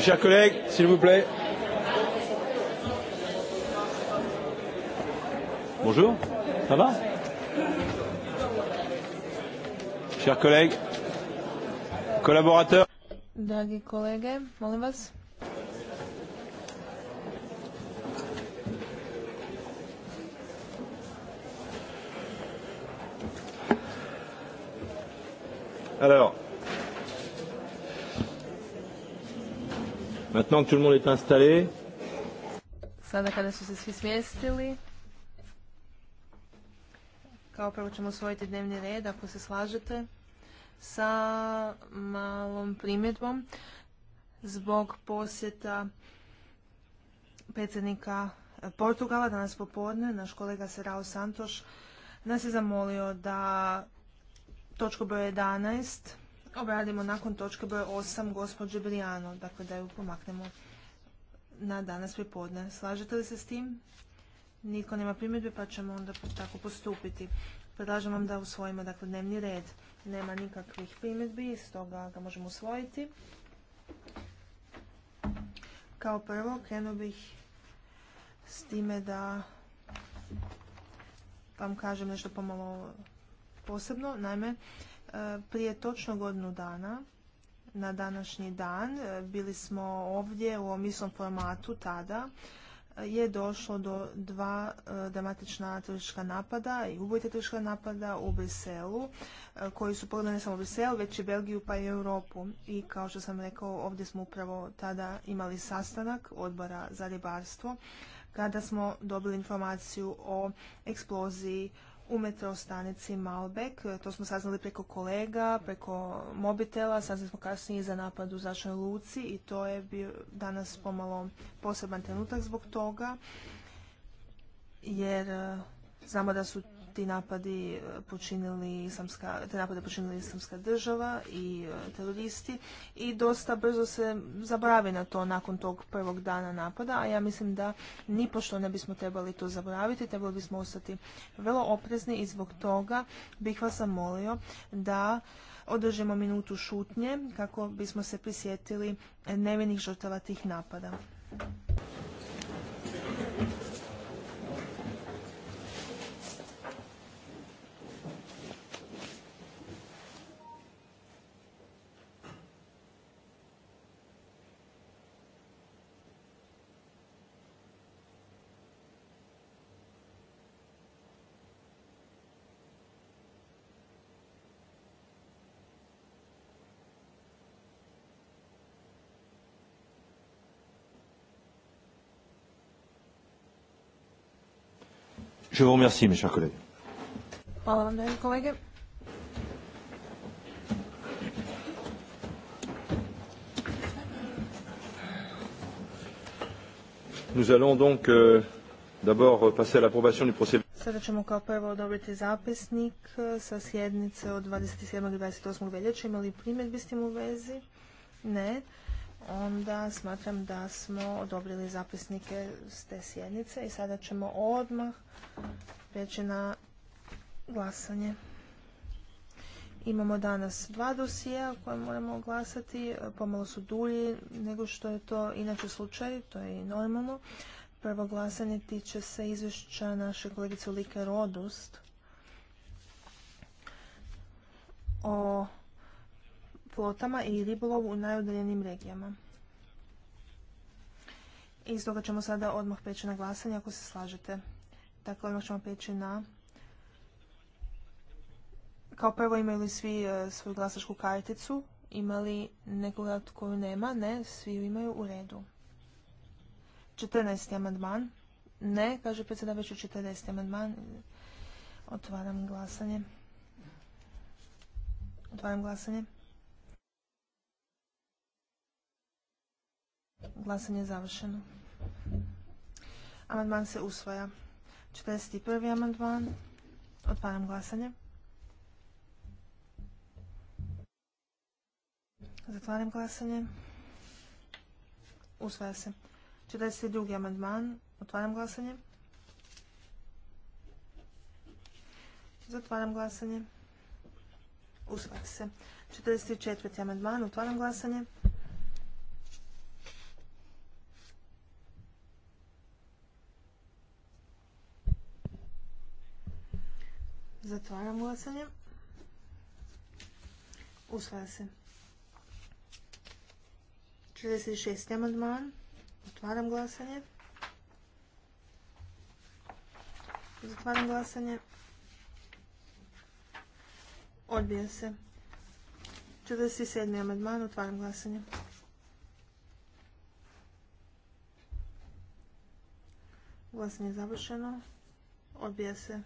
Mes chers collègues, s'il vous plaît. Bonjour, ça va Chers collègues, collaborateurs. Dragi kolege, molim vas. Alors, Maintenant Sada kada su se svi smjestili, kao prvo ćemo usvojiti dnevni red, ako se slažete, sa malom primjedbom zbog posjeta predsjednika Portugala danas popodne. Naš kolega Serao Santoš nas je zamolio da točku broj 11 obradimo nakon točke broj 8 gospođe Brijano, dakle da ju pomaknemo na danas podne. Slažete li se s tim? Niko nema primjedbe pa ćemo onda tako postupiti. Predlažem vam da usvojimo dakle, dnevni red. Nema nikakvih primjedbi, stoga ga možemo usvojiti. Kao prvo krenuo bih s time da vam kažem nešto pomalo posebno. Naime, prije točno godinu dana, na današnji dan, e, bili smo ovdje u ovom formatu tada, e, je došlo do dva e, dramatična teroristička napada i ubojte teroristička napada u Briselu, koji su pogodili ne samo Brisel, već i Belgiju pa i Europu. I kao što sam rekao, ovdje smo upravo tada imali sastanak odbora za ribarstvo, kada smo dobili informaciju o eksploziji u metrostanici Malbek. To smo saznali preko kolega, preko mobitela, saznali smo kasnije za napad u zračnoj luci i to je bio danas pomalo poseban trenutak zbog toga, jer eh, znamo da su ti napadi e, počinili islamska, te napade počinili islamska država i e, teroristi i dosta brzo se zaboravi na to nakon tog prvog dana napada, a ja mislim da nipošto ne bismo trebali to zaboraviti, trebali bismo ostati vrlo oprezni i zbog toga bih vas zamolio da održimo minutu šutnje kako bismo se prisjetili nevinih žrtava tih napada. Je vous remercie, mes chers collègues. Hvala vam, dragi kolege. Nous allons donc euh, d'abord passer à l'approbation du procès. Sada ćemo kao prvo odobriti zapisnik e, sa sjednice od 27. i 28. veljače. Imali primjedbi s tim u vezi? Ne onda smatram da smo odobrili zapisnike s te sjednice i sada ćemo odmah preći na glasanje. Imamo danas dva dosija koje moramo glasati, pomalo su dulji nego što je to inače slučaj, to je i normalno. Prvo glasanje tiče se izvješća naše kolegice like Rodust o flotama i ribolovu u najudaljenim regijama. I stoga ćemo sada odmah peći na glasanje ako se slažete. Dakle, odmah ćemo peći na... Kao prvo imaju li svi e, svoju glasačku karticu? Imali nekoga koju nema? Ne, svi ju imaju u redu. 14. amandman. Ne, kaže predsjedavajući 40. amandman. Otvaram glasanje. Otvaram glasanje. Glasanje je završeno. Amandman se usvaja. 41. amandman. Otvaram glasanje. Zatvaram glasanje. Usvaja se. 42. amandman. Otvaram glasanje. Zatvaram glasanje. Usvaja se. 44. amandman. Otvaram glasanje. Zatvaram glasanje. Usvaja se. 46. amandman. Otvaram glasanje. Zatvaram glasanje. Odbija se. 47. amandman. Otvaram glasanje. Glasanje je završeno. Odbija se.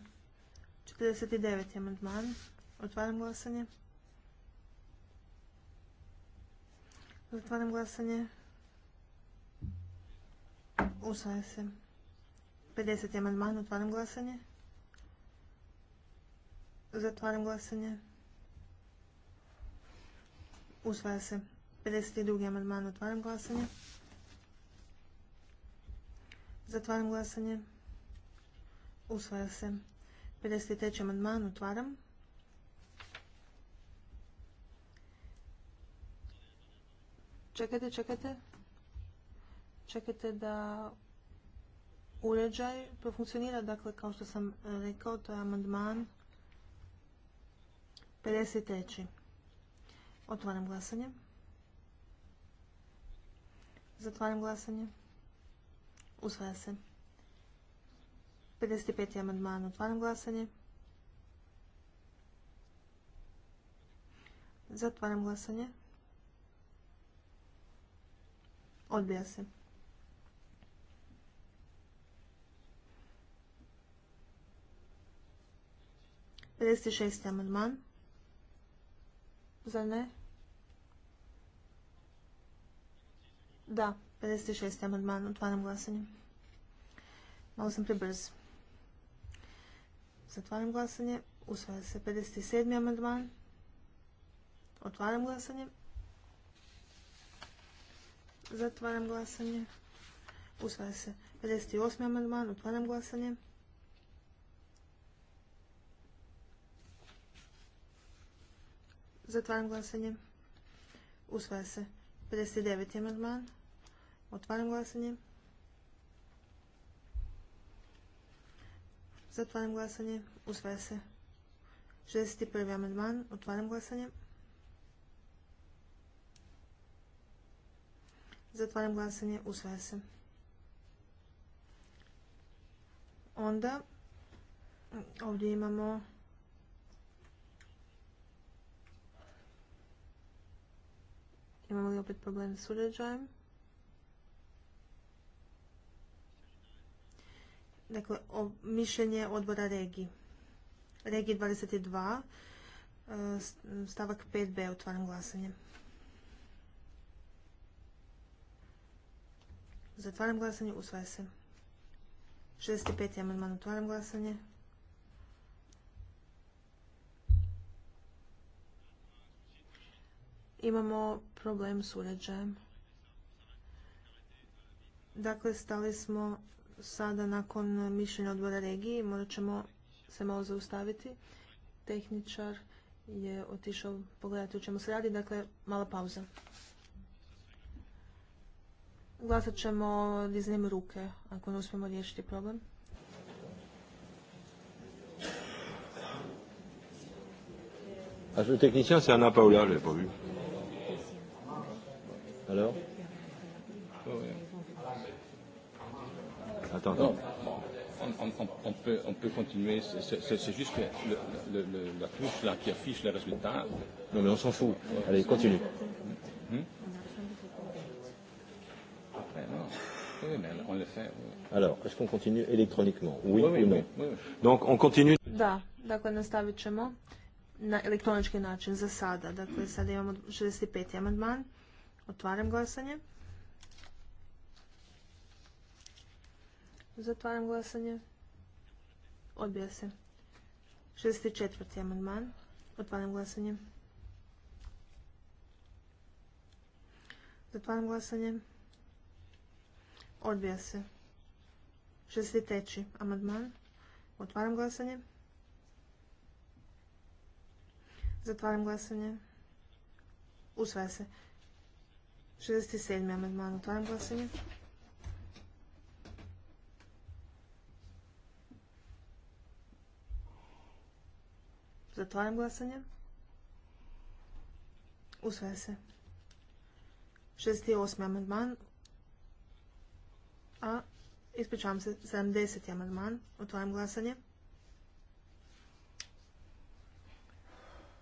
49. amandman. Otvaram glasanje. Zatvaram glasanje. Usvaja se. 50. amandman. Otvaram glasanje. Zatvaram glasanje. Usvaja se. 52. amandman. Otvaram glasanje. Zatvaram glasanje. Usvaja se. 53. amandman otvaram. Čekajte, čekajte. Čekajte da uređaj profunkcionira. Dakle, kao što sam e, rekao, to je amandman 53. Otvaram glasanje. Zatvaram glasanje. Usvaja se. 55. amandman. Otvaram glasanje. Zatvaram glasanje. Odbija se. Pedeset šest amandman. Zar ne? Da, 56. amandman. Otvaram glasanje. Malo sam prebrzo. Zatvaram glasanje. Usvaja se 57. amandman. Otvaram glasanje. Zatvaram glasanje. Usvaja se 58. amandman. Otvaram glasanje. Zatvaram glasanje. Usvaja se 59. amandman. Otvaram glasanje. Zatvaram glasanje. Usvaja se. 61. amandman. Otvaram glasanje. Zatvaram glasanje. Usvaja se. Onda mm, ovdje imamo imamo li opet problem s uređajem? Dakle, mišljenje odbora Regi. Regi 22, stavak 5b, otvaram glasanje. Zatvaram glasanje, usvaja se. 65. amandman, otvaram glasanje. Imamo problem s uređajem. Dakle, stali smo sada nakon mišljenja odbora regiji morat ćemo se malo zaustaviti. Tehničar je otišao pogledati u čemu se radi, dakle mala pauza. Glasat ćemo dizanjem ruke ako ne uspijemo riješiti problem. le technicien, c'est Anna Paola, je pas Attends, attends. Non, on, on, on, peut, on peut continuer. C'est juste que le, le, le, la touche là qui affiche les résultats. Non, mais on s'en fout. Ouais. Allez, continue. Hmm? Ouais, non. Oui, mais on le fait. Oui. Alors, est-ce qu'on continue électroniquement Oui, oui, oui ou non oui, Donc, on continue. Da, dakle, nastavit ćemo na elektronički način za sada. Dakle, sada imamo 65. amandman. Otvaram glasanje. Zatvaram glasanje. Odbija se. 64. amandman. Otvaram glasanje. Zatvaram glasanje. Odbija se. 63. amandman. Otvaram glasanje. Zatvaram glasanje. Usvaja se. 67. amandman. Otvaram glasanje. Zatvaram glasanje. Usvaja se. 68. amandman. A, ispričavam se, 70. amandman. Otvaram glasanje.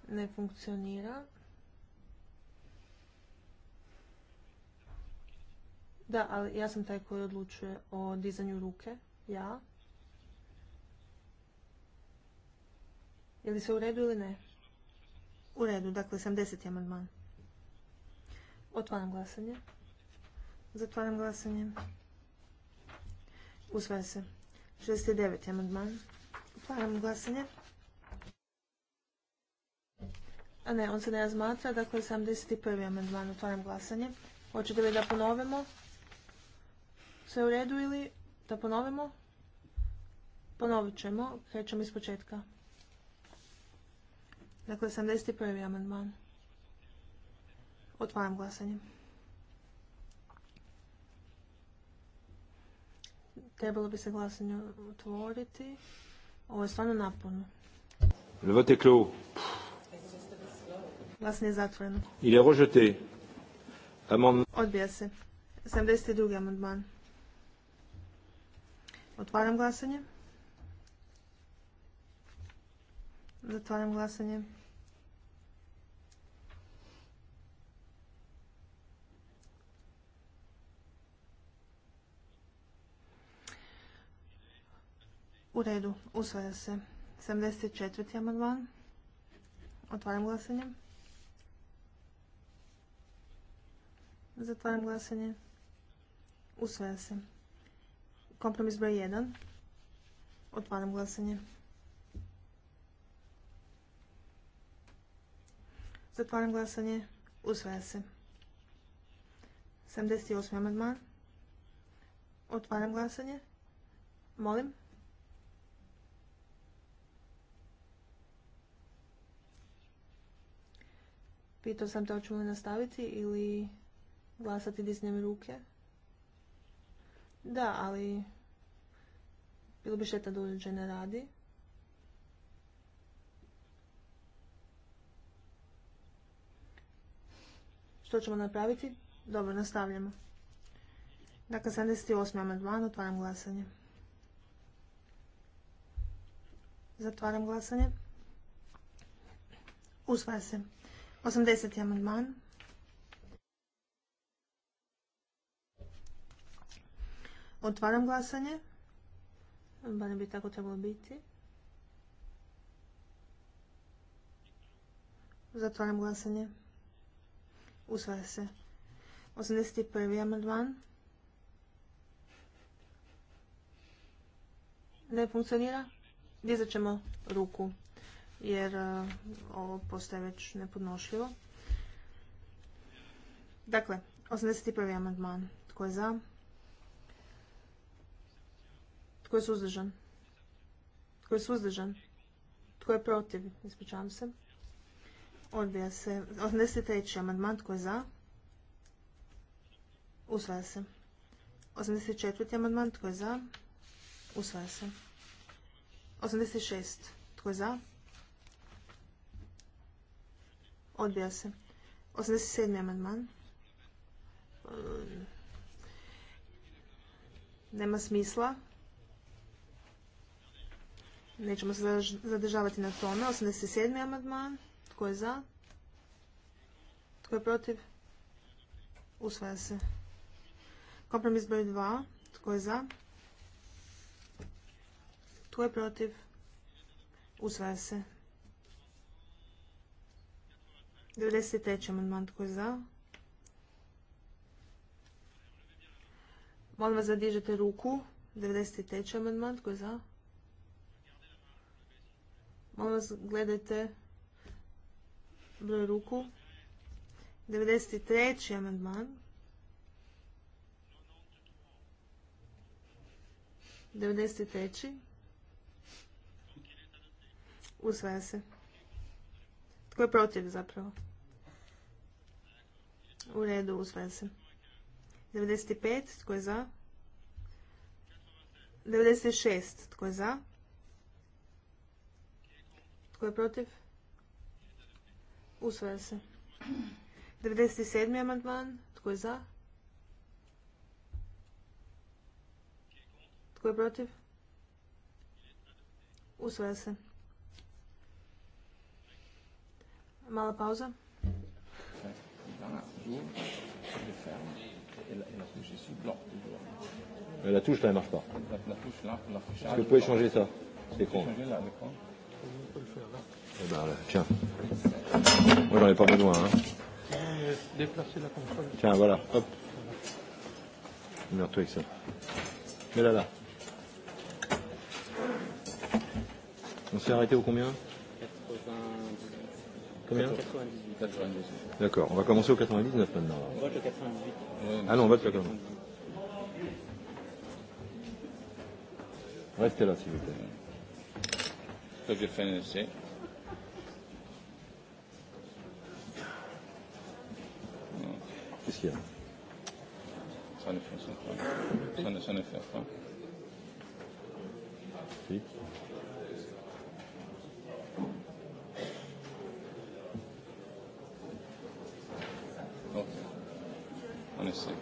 Ne funkcionira. Da, ali ja sam taj koji odlučuje o dizanju ruke. Ja. Je li se u redu ili ne? U redu, dakle 70. amandman. Otvaram glasanje. Zatvaram glasanje. Usvaja se. 69. amandman. Otvaram glasanje. A ne, on se ne razmatra, dakle 71. amandman. Otvaram glasanje. Hoćete li da ponovimo? Sve u redu ili da ponovimo? Ponovit ćemo. Krećemo iz početka. Dakle, 71. amandman. Otvaram glasanje. Trebalo bi se glasanje otvoriti. Ovo je stvarno naporno. Le vote Glasanje je zatvoreno. Il est rejeté. Odbija se. 72. amandman. Otvaram glasanje. Zatvaram glasanje. U redu, usvaja se. 74. amandman. Otvaram glasanje. Zatvaram glasanje. Usvaja se. Kompromis broj 1. Otvaram glasanje. Zatvaram glasanje. Usvaja se. 78. amandman. Otvaram glasanje. Molim. Pitao sam te hoću li nastaviti ili glasati diznem ruke. Da, ali bilo bi šteta da uđe ne radi. Što ćemo napraviti? Dobro, nastavljamo. Dakle, 78. amandman, otvaram glasanje. Zatvaram glasanje. Usvaja se. 80. amandman. Otvaram glasanje. Barem bi tako trebalo biti. Zatvaram glasanje. Usvaja se. 81. amandman. Ne funkcionira. Dizat ćemo ruku jer e, ovo postaje već nepodnošljivo. Dakle, 81. amandman. Tko je za? Tko je suzdržan? Tko je suzdržan? Tko je protiv? Ispričavam se. Odbija se. 83. amandman. Tko je za? Usvaja se. 84. amandman. Tko je za? Usvaja se. 86. Tko je za? Odbija se. 87. amandman. Um, nema smisla. Nećemo se zadržavati na tome. 87. amandman. Tko je za? Tko je protiv? Usvaja se. Kompromis broj 2. Tko je za? Tko je protiv? Usvaja se. 93. amandman tko je za? Molim vas da dižete ruku. 93. amandman tko je za? Molim vas gledajte broj ruku. 93. amandman. 93. Usvaja se. Tko je protiv zapravo? U redu, usvaja se. 95, tko je za? 96, tko je za? Tko je protiv? Usvaja se. 97. amandman, tko je za? Tko je protiv? Usvaja se. Mala pauza. Euh, la touche là, elle marche pas. La, touche là, la Est-ce que vous pouvez changer ça C'est con. Eh ben, là, tiens. Moi, j'en ai pas besoin. Hein. Déplacer la console. Tiens, voilà. Hop. Mets-toi avec ça. Mais là, là. On s'est arrêté au combien 80. Combien 99. D'accord, on va commencer au 99 maintenant. On vote le 98. Ah non, on vote le 98. Restez là, s'il vous plaît. Je vais faire un essai. Qu'est-ce qu'il y a Ça ne fonctionne pas. Ça ne, ça ne fait pas. Si.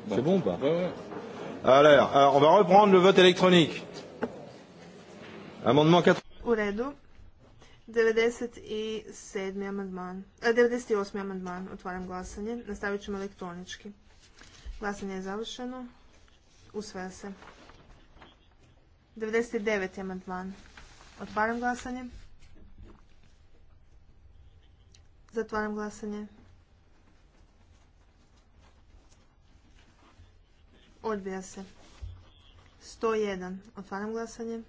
C'est bon ou pas ouais, ouais. Alors, alors, euh, on va reprendre le vote électronique. Amendement 4. U redu. 97. amandman. A, e, 98. amandman. Otvaram glasanje. Nastavit ćemo elektronički. Glasanje je završeno. Usvaja se. 99. amandman. Otvaram glasanje. Zatvaram glasanje. Odbija se. 101. Otvaram glasanje.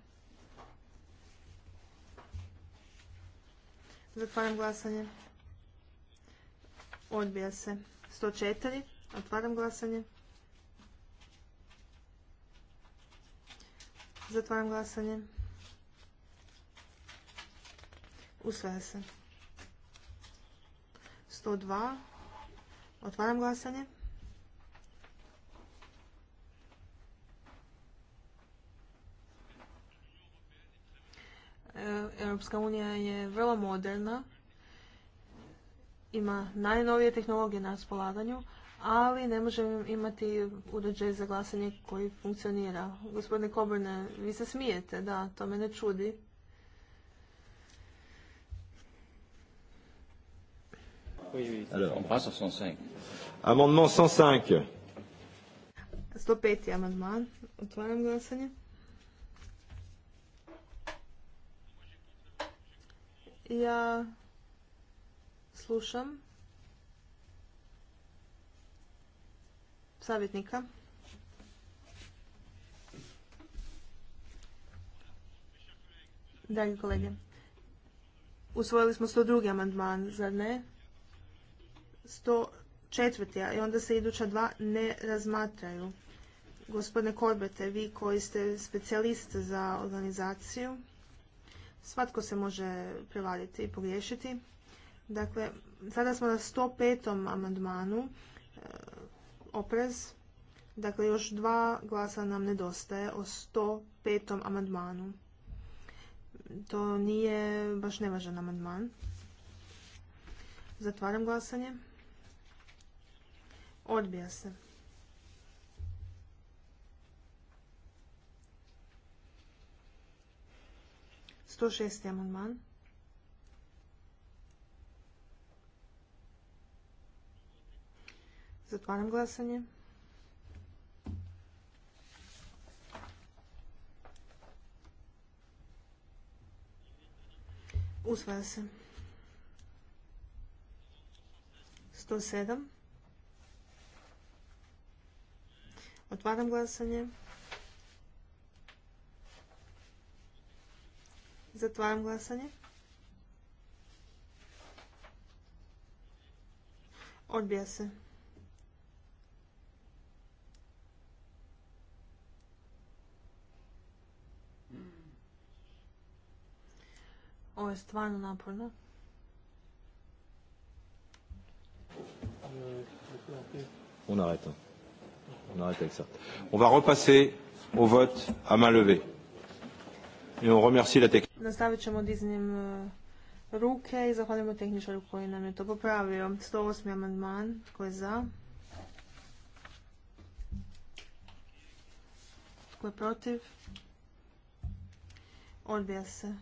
Zatvaram glasanje. Odbija se. 104. Otvaram glasanje. Zatvaram glasanje. Usvaja se. 102. Otvaram glasanje. E, Europska unija je vrlo moderna, ima najnovije tehnologije na raspolaganju, ali ne može imati uređaj za glasanje koji funkcionira. Gospodine Koborne, vi se smijete, da, to me ne čudi. Alors, 105. 105. amandman. Otvaram glasanje. Ja slušam savjetnika. Dragi kolege, usvojili smo drugi amandman, zar ne? 104. i onda se iduća dva ne razmatraju. Gospodine Korbete, vi koji ste specijalist za organizaciju, Svatko se može prevaditi i pogriješiti. Dakle, sada smo na 105. amandmanu e, oprez. Dakle, još dva glasa nam nedostaje o 105. amandmanu. To nije baš nevažan amandman. Zatvaram glasanje. Odbija se. 106. amandman. Zatvaram glasanje. Usvaja se. 107. Otvaram glasanje. Zatvaram glasanje. Odbija se. Ovo je stvarno naporno. On arrête. On arrête avec ça. On va repasser au vote à main levée. Et on remercie la technique. Nastavit ćemo dizanjem e, ruke i zahvaljujemo tehničaru koji nam je to popravio. 108. amandman, tko je za? Tko je protiv? Odbija se.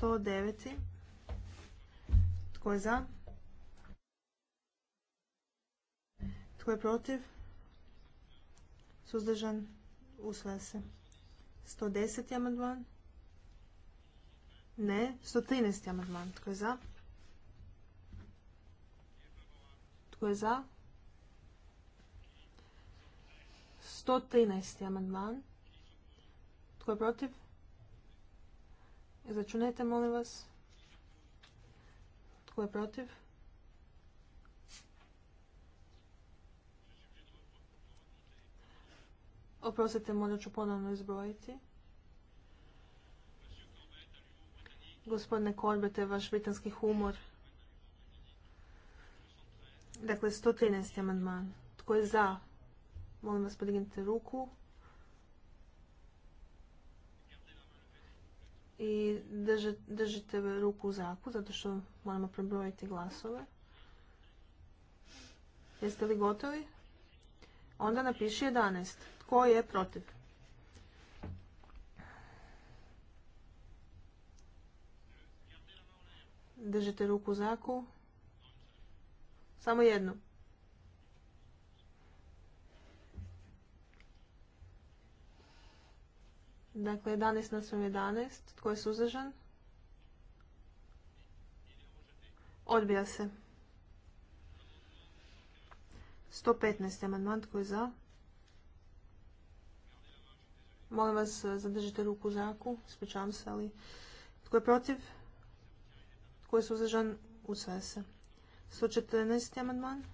109. Tko je za? Tko je protiv? Suzdržan? Usvaja se. 110. amandman. Ne. 113. amandman. Tko je za? Tko je za? 113. amandman. Tko je protiv? Izračunajte, molim vas. Tko je protiv? Oprostite, molim ću ponovno izbrojiti. Gospodine Korbete, vaš britanski humor. Dakle, 113. amandman. Tko je za? Molim vas, podignite ruku. I držite, ruku u zaku, zato što moramo prebrojiti glasove. Jeste li gotovi? Onda napiši 11. Tko je protiv? Držite ruku u zraku. Samo jednu. Dakle, 11 na 11. Tko je suzdržan? Odbija se. 115. amandman. Tko je za? Molim vas, zadržite ruku u zraku. Ispričavam se, ali... Tko je protiv? Tko je suzdržan? u se. 114. amandman.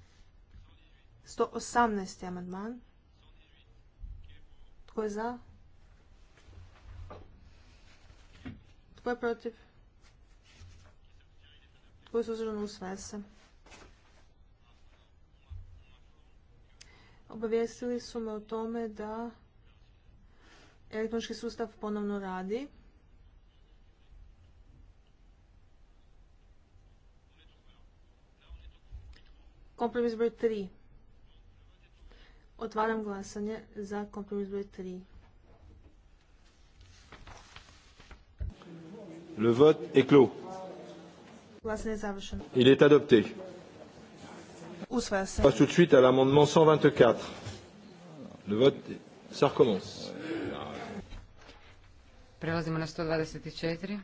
118. amandman. Tko je za? Tko je protiv? Tko je suzdržan? u se. Obavijestili su me o tome da elektronički sustav ponovno radi. Kompromis broj 3. Otvaram glasanje za kompromis broj 3. Le vote est clos. Glasanje je završeno. Il est adopté. Usvaja se. Passe tout de suite à l'amendement 124. Le vote, ça recommence. Prelazimo na 124.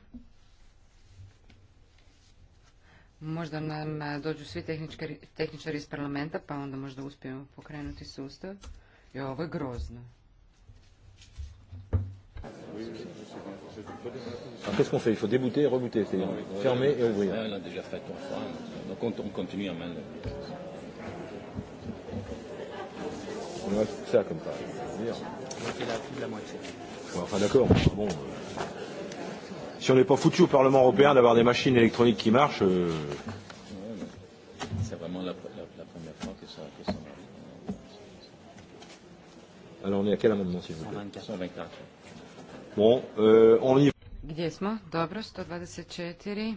Možda nam dođu svi tehničari iz parlamenta, pa onda možda uspijemo pokrenuti sustav. I ovo je grozno. Qu'est-ce qu'on fait Il faut débouter et rebouter. C'est fermer et ouvrir. On l'a déjà fait trois fois. Donc on, on continue à main. On a ça comme ça. C'est la plus de la moitié. Enfin d'accord. Bon. Euh... Si on n'est pas foutu au Parlement européen d'avoir des machines électroniques qui marchent. Euh... C'est vraiment la, la, la, première fois que ça, que ça marche. Alors on est à quel amendement s'il vous plaît 124. Bon, euh, on y Gdje smo? Dobro, 124.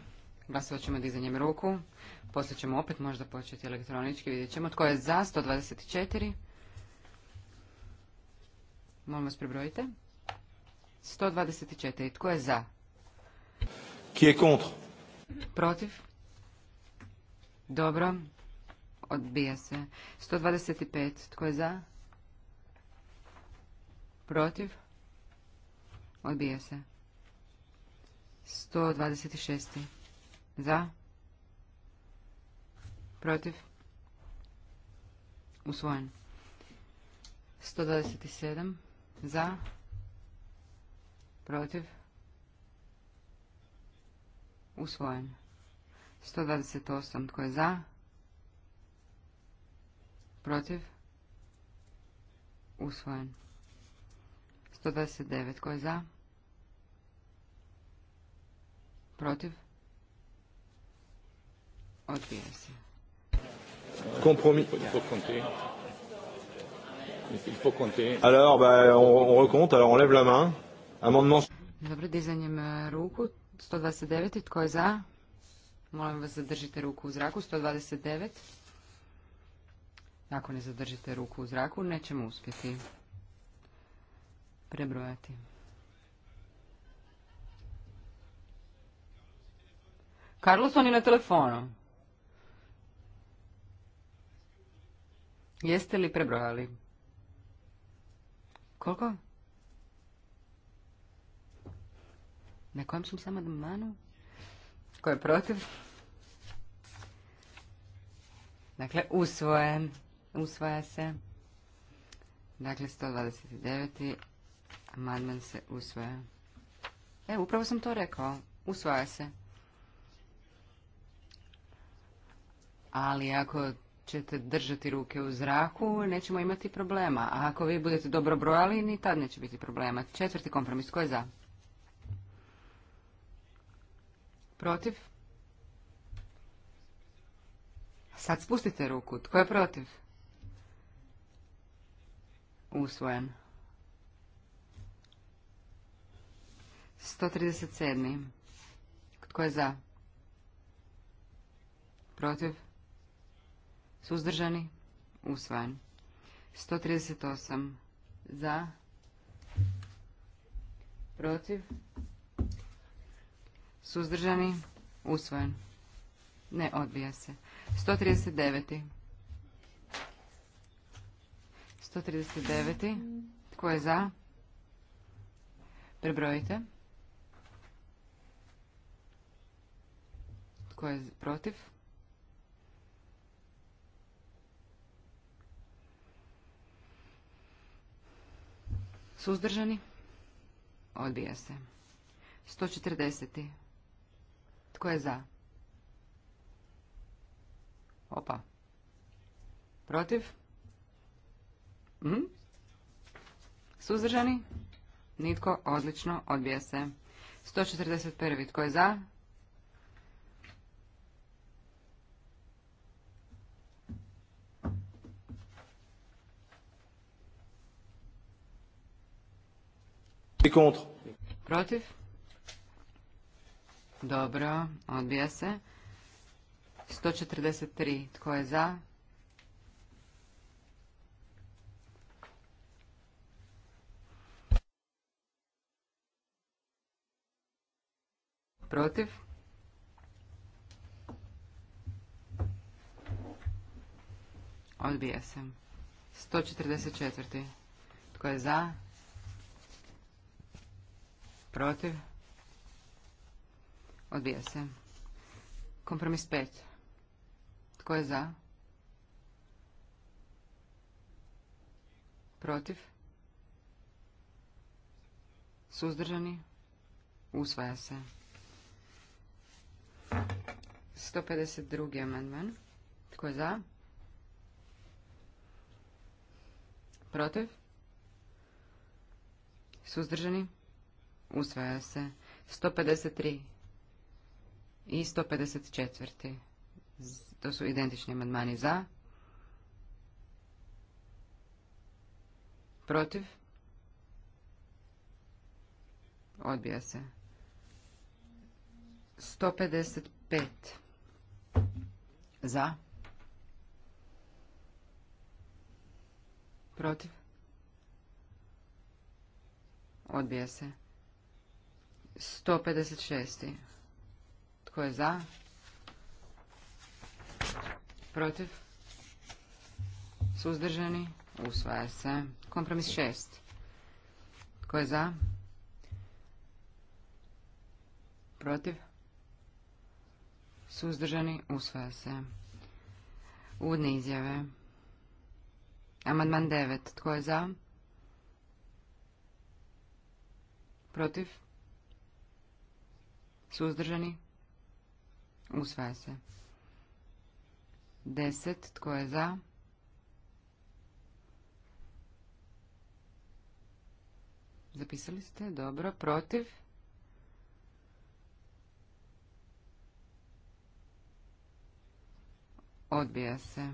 Glasovat ćemo dizanjem ruku. Poslije ćemo opet možda početi elektronički. Vidjet ćemo tko je za 124. Molim vas prebrojite. 124. Tko je za? Qui je contre? Protiv? Dobro. Odbija se. 125. Tko je za? Protiv? Odbija se. 126. Za? Protiv? Usvojen. 127. Za? Protiv? Usvojen. 128. Tko je za? Protiv? Usvojen. 129. Tko je za? Protiv? Odbija se. Kompromis. Il faut compter. Alors, on, on recompte, alors on lève la main. Amendement. Dobro, dizanjem e, ruku, 129. Tko je za? Molim vas zadržite ruku u zraku. 129. Ako ne zadržite ruku u zraku, nećemo uspjeti prebrojati. Carlos, on je na telefonu. Jeste li prebrojali? Koliko? Na kojem sam samo manu? Ko je protiv? Dakle, usvojen. Usvaja se. Dakle, 129. Amandman se usvaja. E, upravo sam to rekao. Usvaja se. Ali ako ćete držati ruke u zraku, nećemo imati problema. A ako vi budete dobro brojali, ni tad neće biti problema. Četvrti kompromis, Ko je za? Protiv? Sad spustite ruku. Tko je protiv? Usvojen. 137. Tko je za? Protiv? Suzdržani? Usvojen. 138. Za? Protiv? Suzdržani? Usvojen. Ne, odbija se. 139. 139. Tko je za? Prebrojite. Tko je protiv? Suzdržani? Odbija se. 140. Tko je za? Opa. Protiv? Mhm. Suzdržani? Nitko. Odlično. Odbija se. 141. Tko je za? Protiv? Dobro, odbija se. 143. Tko je za? Protiv? Odbija se. 144. Tko je za? Protiv? Odbija se. Kompromis pet. Tko je za? Protiv? Suzdržani? Usvaja se. 152. amandman. Tko je za? Protiv? Suzdržani? Usvaja se. 153 i 154. To su identični amandmani za. Protiv. Odbija se. 155. Za. Protiv. Odbija se. 156. Tko je za? Protiv? Suzdržani? Usvaja se. Kompromis šest. Tko je za? Protiv? Suzdržani? Usvaja se. Uvodne izjave. Amandman devet. Tko je za? Protiv? Suzdržani? Usvaja se. deset Tko je za? Zapisali ste? Dobro. Protiv? Odbija se.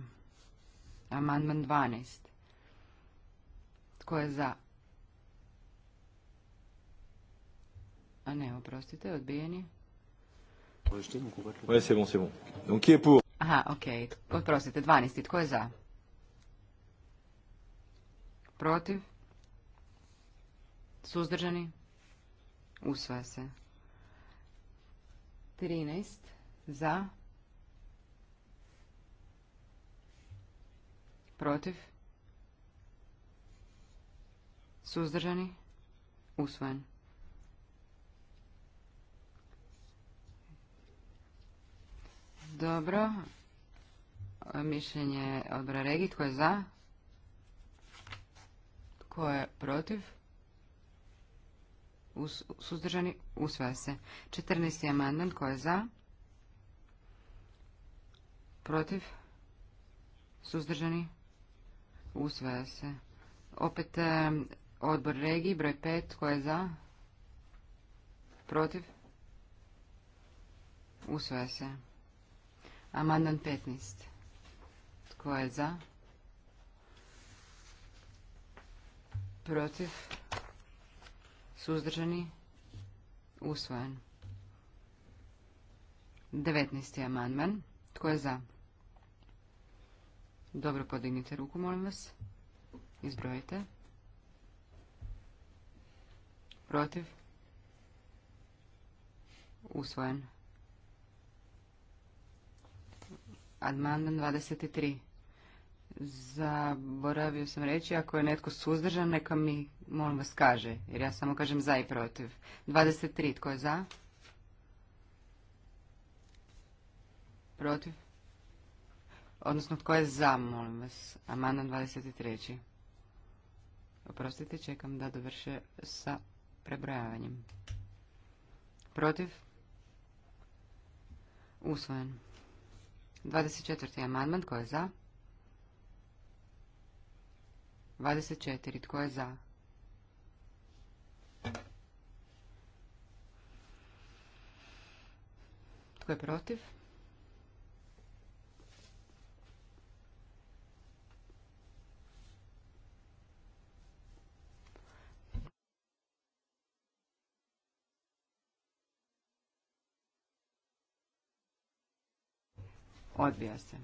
Amandman 12. Tko je za? A ne, oprostite, odbijen je. Ouais, c'est bon, c'est bon. Donc, qui est pour? Aha, ok. Oprostite, 12. Tko je za? Protiv? Suzdržani? Usvaja se. 13. Za? Protiv? Suzdržani? Usvojen. Dobro. Mišljenje odbora Regi. Tko je za? Tko je protiv? suzdržani? Usvaja se. 14. amandman. Tko je za? Protiv? Suzdržani? Usvaja se. Opet e, odbor Regi. Broj 5. Tko je za? Protiv? Usvaja se. Amandman 15. Tko je za? Protiv? Suzdržani? Usvojen. 19. amandman. Tko je za? Dobro, podignite ruku, molim vas. Izbrojite. Protiv? Usvojen. Amandman 23. Zaboravio sam reći, ako je netko suzdržan, neka mi, molim vas, kaže, jer ja samo kažem za i protiv. 23, tko je za? Protiv? Odnosno, tko je za, molim vas, amandman 23. Oprostite, čekam da dovrše sa prebrojavanjem. Protiv? Usvojen. 24. amandman, tko je za? 24. Tko je za? Tko je protiv? Odbija se.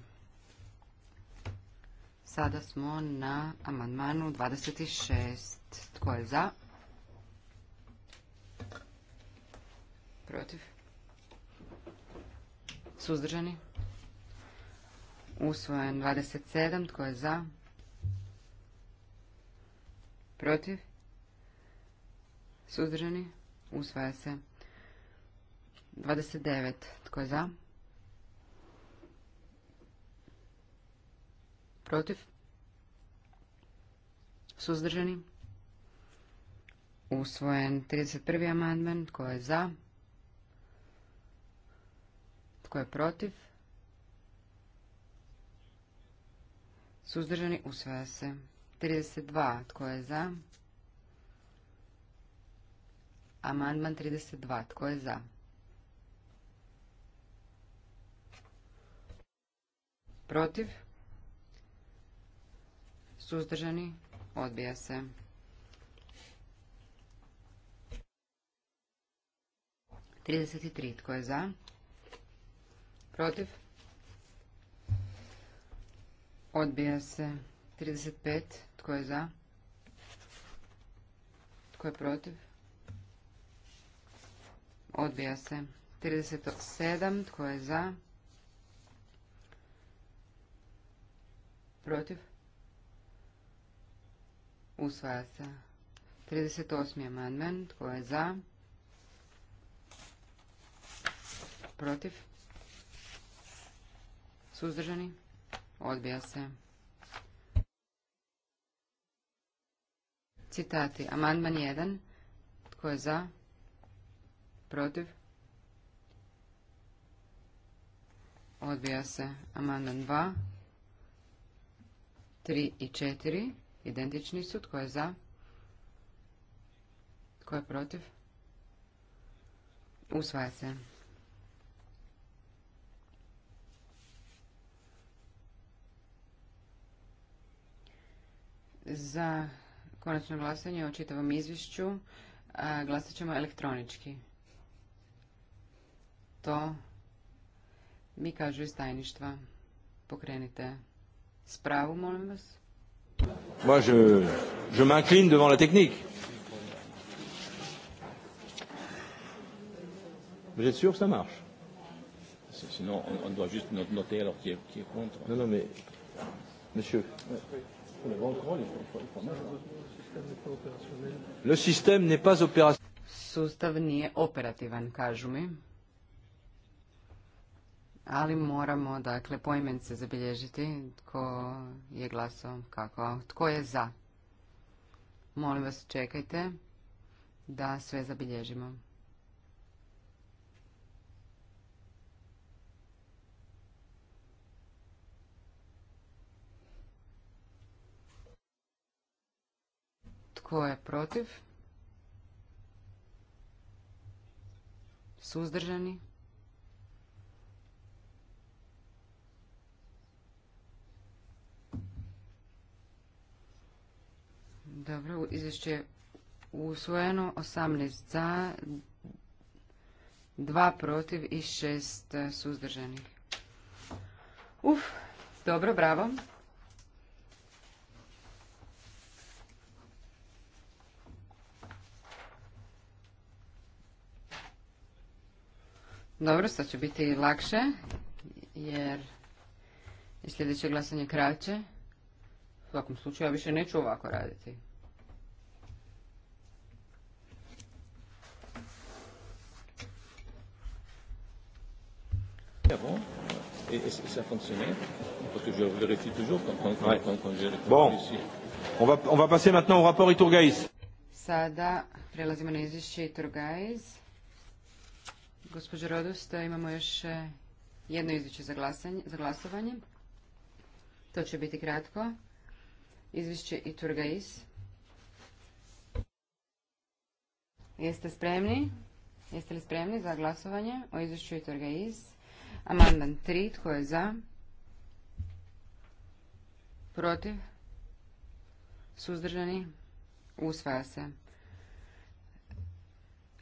Sada smo na amandmanu 26. Tko je za? Protiv? Suzdržani? Usvojen 27. Tko je za? Protiv? Suzdržani? Usvaja se. 29. Tko je za? Protiv? Suzdržani? Usvojen 31. amandman. Tko je za? Tko je protiv? Suzdržani usvaja se. 32. Tko je za? Amandman 32. Tko je za? Protiv? Suzdržani? Odbija se. Trideset tri. Tko je za? Protiv? Odbija se. 35. Tko je za? Tko je protiv? Odbija se. 37. Tko je za? Protiv? Usvaja se. 38. amandman. Tko je za? Protiv? Suzdržani? Odbija se. Citati. Amandman 1. Tko je za? Protiv? Odbija se. Amandman 2. 3 i 4. Identični su. Tko je za? Tko je protiv? Usvaja se. Za konačno glasanje o čitavom izvišću glasat ćemo elektronički. To mi kažu iz tajništva. Pokrenite spravu, molim vas. Moi, je, je m'incline devant la technique. Vous êtes sûr que ça marche Sinon, on, on doit juste noter alors qui est, qui est contre. Non, non, mais. Monsieur. Le système n'est pas opérationnel. Sustav nije operativan, kažu mi ali moramo dakle poimence zabilježiti tko je glasao kako. Tko je za? Molim vas čekajte da sve zabilježimo. Tko je protiv? Suzdržani? Dobro, izvješće je usvojeno, 18 za, 2 protiv i 6 suzdržanih. Uf, dobro, bravo. Dobro, sad će biti lakše, jer je sljedeće glasanje kraće. U svakom slučaju ja više neću ovako raditi. avant ah et, et, et ça fonctionnait Parce que je vérifie toujours quand, quand, ouais. quand, quand, quand j'ai Bon, ici. On, va, on va passer maintenant au rapport Iturgaïs. Sada prelazimo na izvješće Iturgaïs. Gospođo Rodosto, imamo još e, jedno izvješće za, glasanje, za glasovanje. To će biti kratko. Izvješće Iturgaïs. Jeste spremni? Jeste li spremni za glasovanje o izvješću Iturgaïs? Amandman 3. Tko je za? Protiv? Suzdržani? Usvaja se.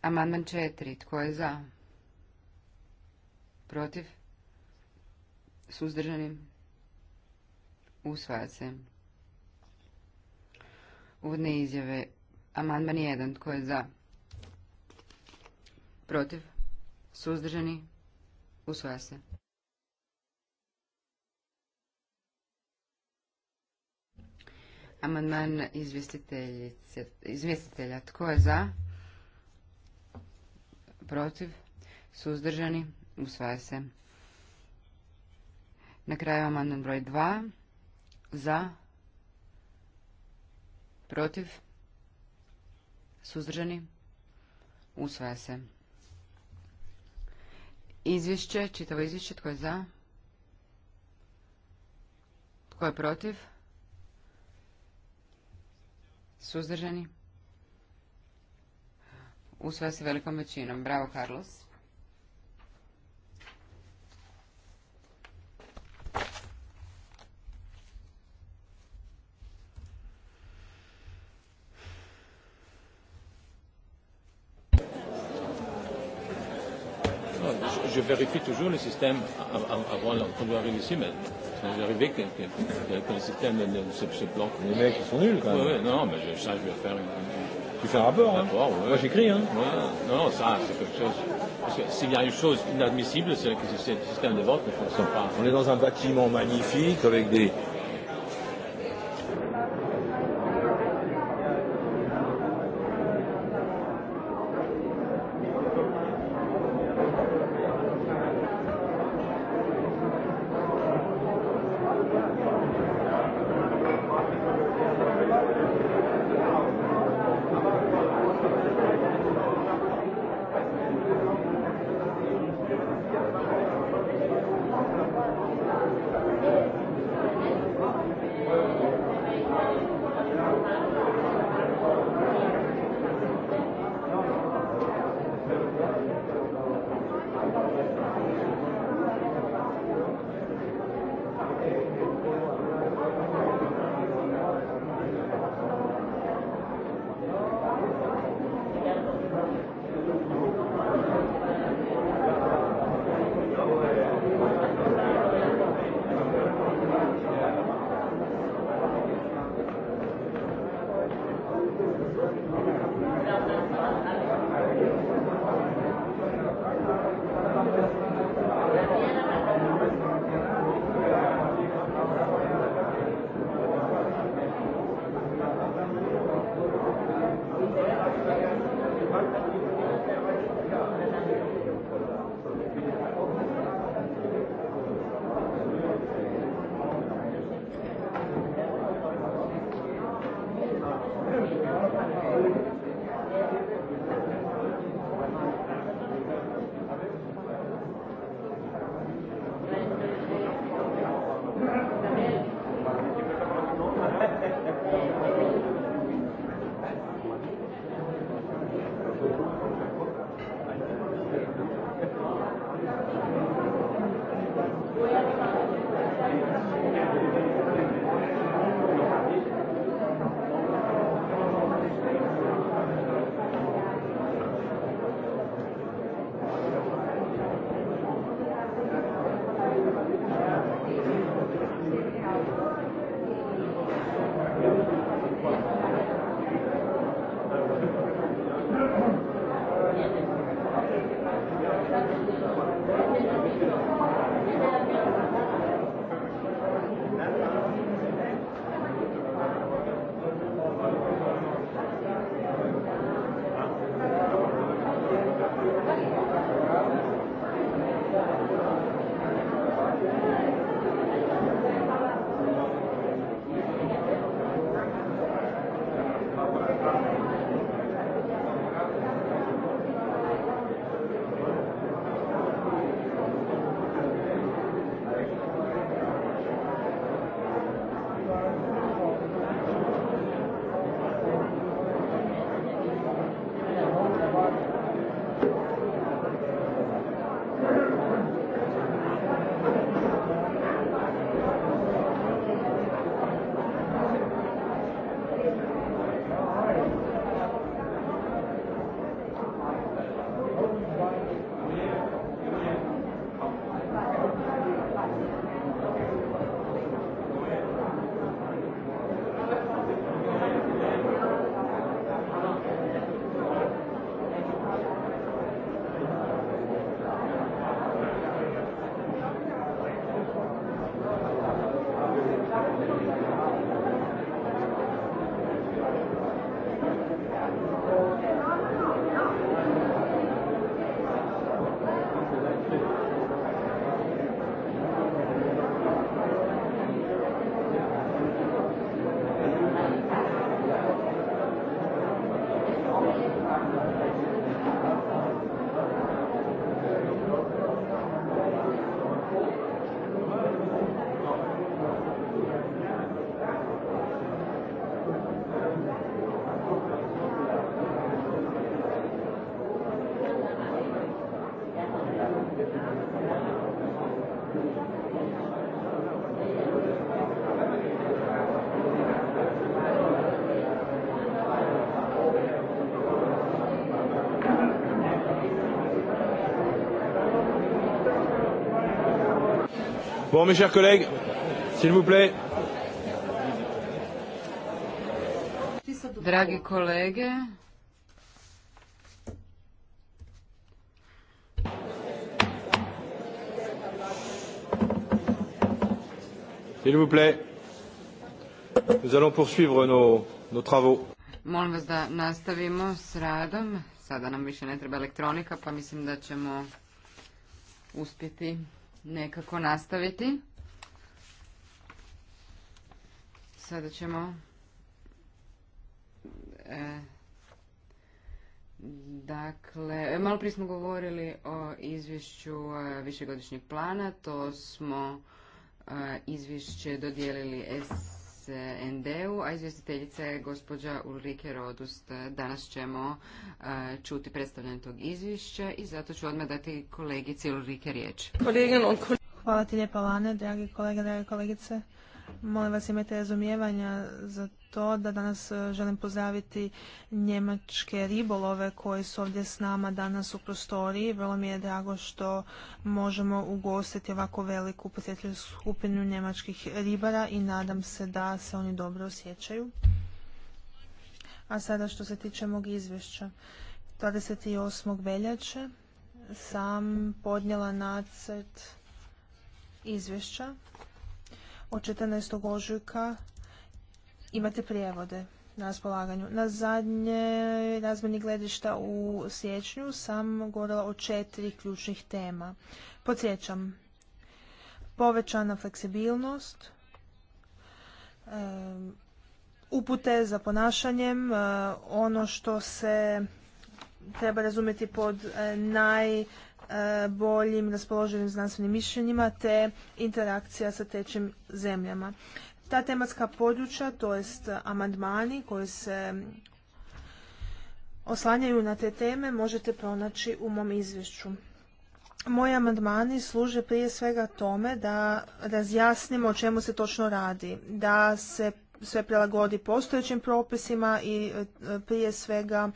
Amandman 4. Tko je za? Protiv? Suzdržani? Usvaja se. Uvodne izjave. Amandman 1. Tko je za? Protiv? Suzdržani? Usvaja se. Amandman izvjestitelja. Tko je za? Protiv? Suzdržani? Usvaja se. Na kraju amandman broj 2. Za? Protiv? Suzdržani? Usvaja se izvješće, čitavo izvješće, tko je za? Tko je protiv? Suzdržani? Usvaja se velikom većinom. Bravo, Carlos. vérifie toujours le système avant qu'on doit arriver ici, mais on est arrivé que, que, que le système ne se, se plante. Les mecs, ils sont nuls quand même. Ouais, ouais, non, mais je, ça, je vais faire une. Tu fais un rapport, hein rapport ouais. Moi, j'écris, hein ouais. Non, non, ça, c'est quelque chose. Parce que s'il y a une chose inadmissible, c'est que ce système de vote ne fonctionne pas. On est dans un bâtiment magnifique avec des Bon, mes chers collègues, s'il vous plaît. Dragi kolege, S'il vous plaît, nous allons poursuivre nos, nos travaux. Molim vas da nastavimo s radom. Sada nam više ne treba elektronika, pa mislim da ćemo uspjeti nekako nastaviti. Sada ćemo e, Dakle, e, malo prije smo govorili o izvješću e, višegodišnjeg plana, to smo izvješće dodijelili S NDU, a izvjestiteljica je gospođa Ulrike Rodust. Danas ćemo e, čuti predstavljanje tog izvješća i zato ću odmah dati kolegici Ulrike riječ. Hvala ti lijepa, Lane, dragi kolega, drage kolegice. Molim vas imajte razumijevanja za to da danas e, želim pozdraviti njemačke ribolove koji su ovdje s nama danas u prostoriji. Vrlo mi je drago što možemo ugostiti ovako veliku posjetljivu skupinu njemačkih ribara i nadam se da se oni dobro osjećaju. A sada što se tiče mog izvješća. 28. veljače sam podnijela nacrt izvješća od 14. ožujka imate prijevode na raspolaganju. Na zadnje razmjeni gledišta u siječnju sam govorila o četiri ključnih tema. Podsjećam, povećana fleksibilnost, upute za ponašanjem, ono što se treba razumjeti pod naj E, boljim raspoloženim znanstvenim mišljenjima te interakcija sa trećim zemljama. Ta tematska područja, to jest amandmani koji se oslanjaju na te teme, možete pronaći u mom izvješću. Moji amandmani služe prije svega tome da razjasnimo o čemu se točno radi, da se sve prilagodi postojećim propisima i e, prije svega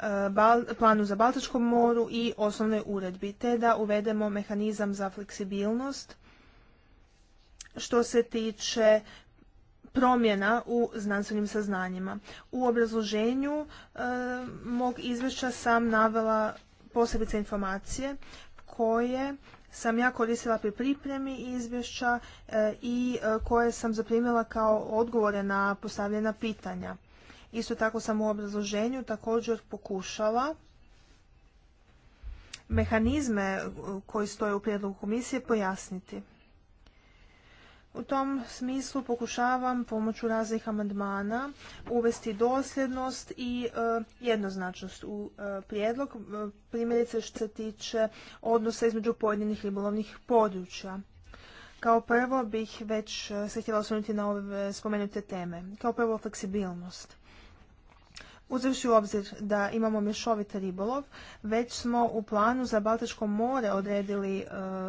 Eh, planu za Baltičkom moru i osnovnoj uredbi, te da uvedemo mehanizam za fleksibilnost što se tiče promjena u znanstvenim saznanjima. U obrazloženju eh, mog izvješća sam navela posebice informacije koje sam ja koristila pri pripremi izvješća eh, i koje sam zaprimila kao odgovore na postavljena pitanja. Isto tako sam u obrazloženju također pokušala mehanizme e, koji stoje u prijedlogu komisije pojasniti. U tom smislu pokušavam pomoću raznih amandmana uvesti dosljednost i e, jednoznačnost u e, prijedlog, primjerice što se tiče odnosa između pojedinih ribolovnih područja. Kao prvo bih već se htjela osvrnuti na ove spomenute teme. Kao prvo fleksibilnost. Uzevši u obzir da imamo mješovit ribolov, već smo u planu za Baltičko more odredili e,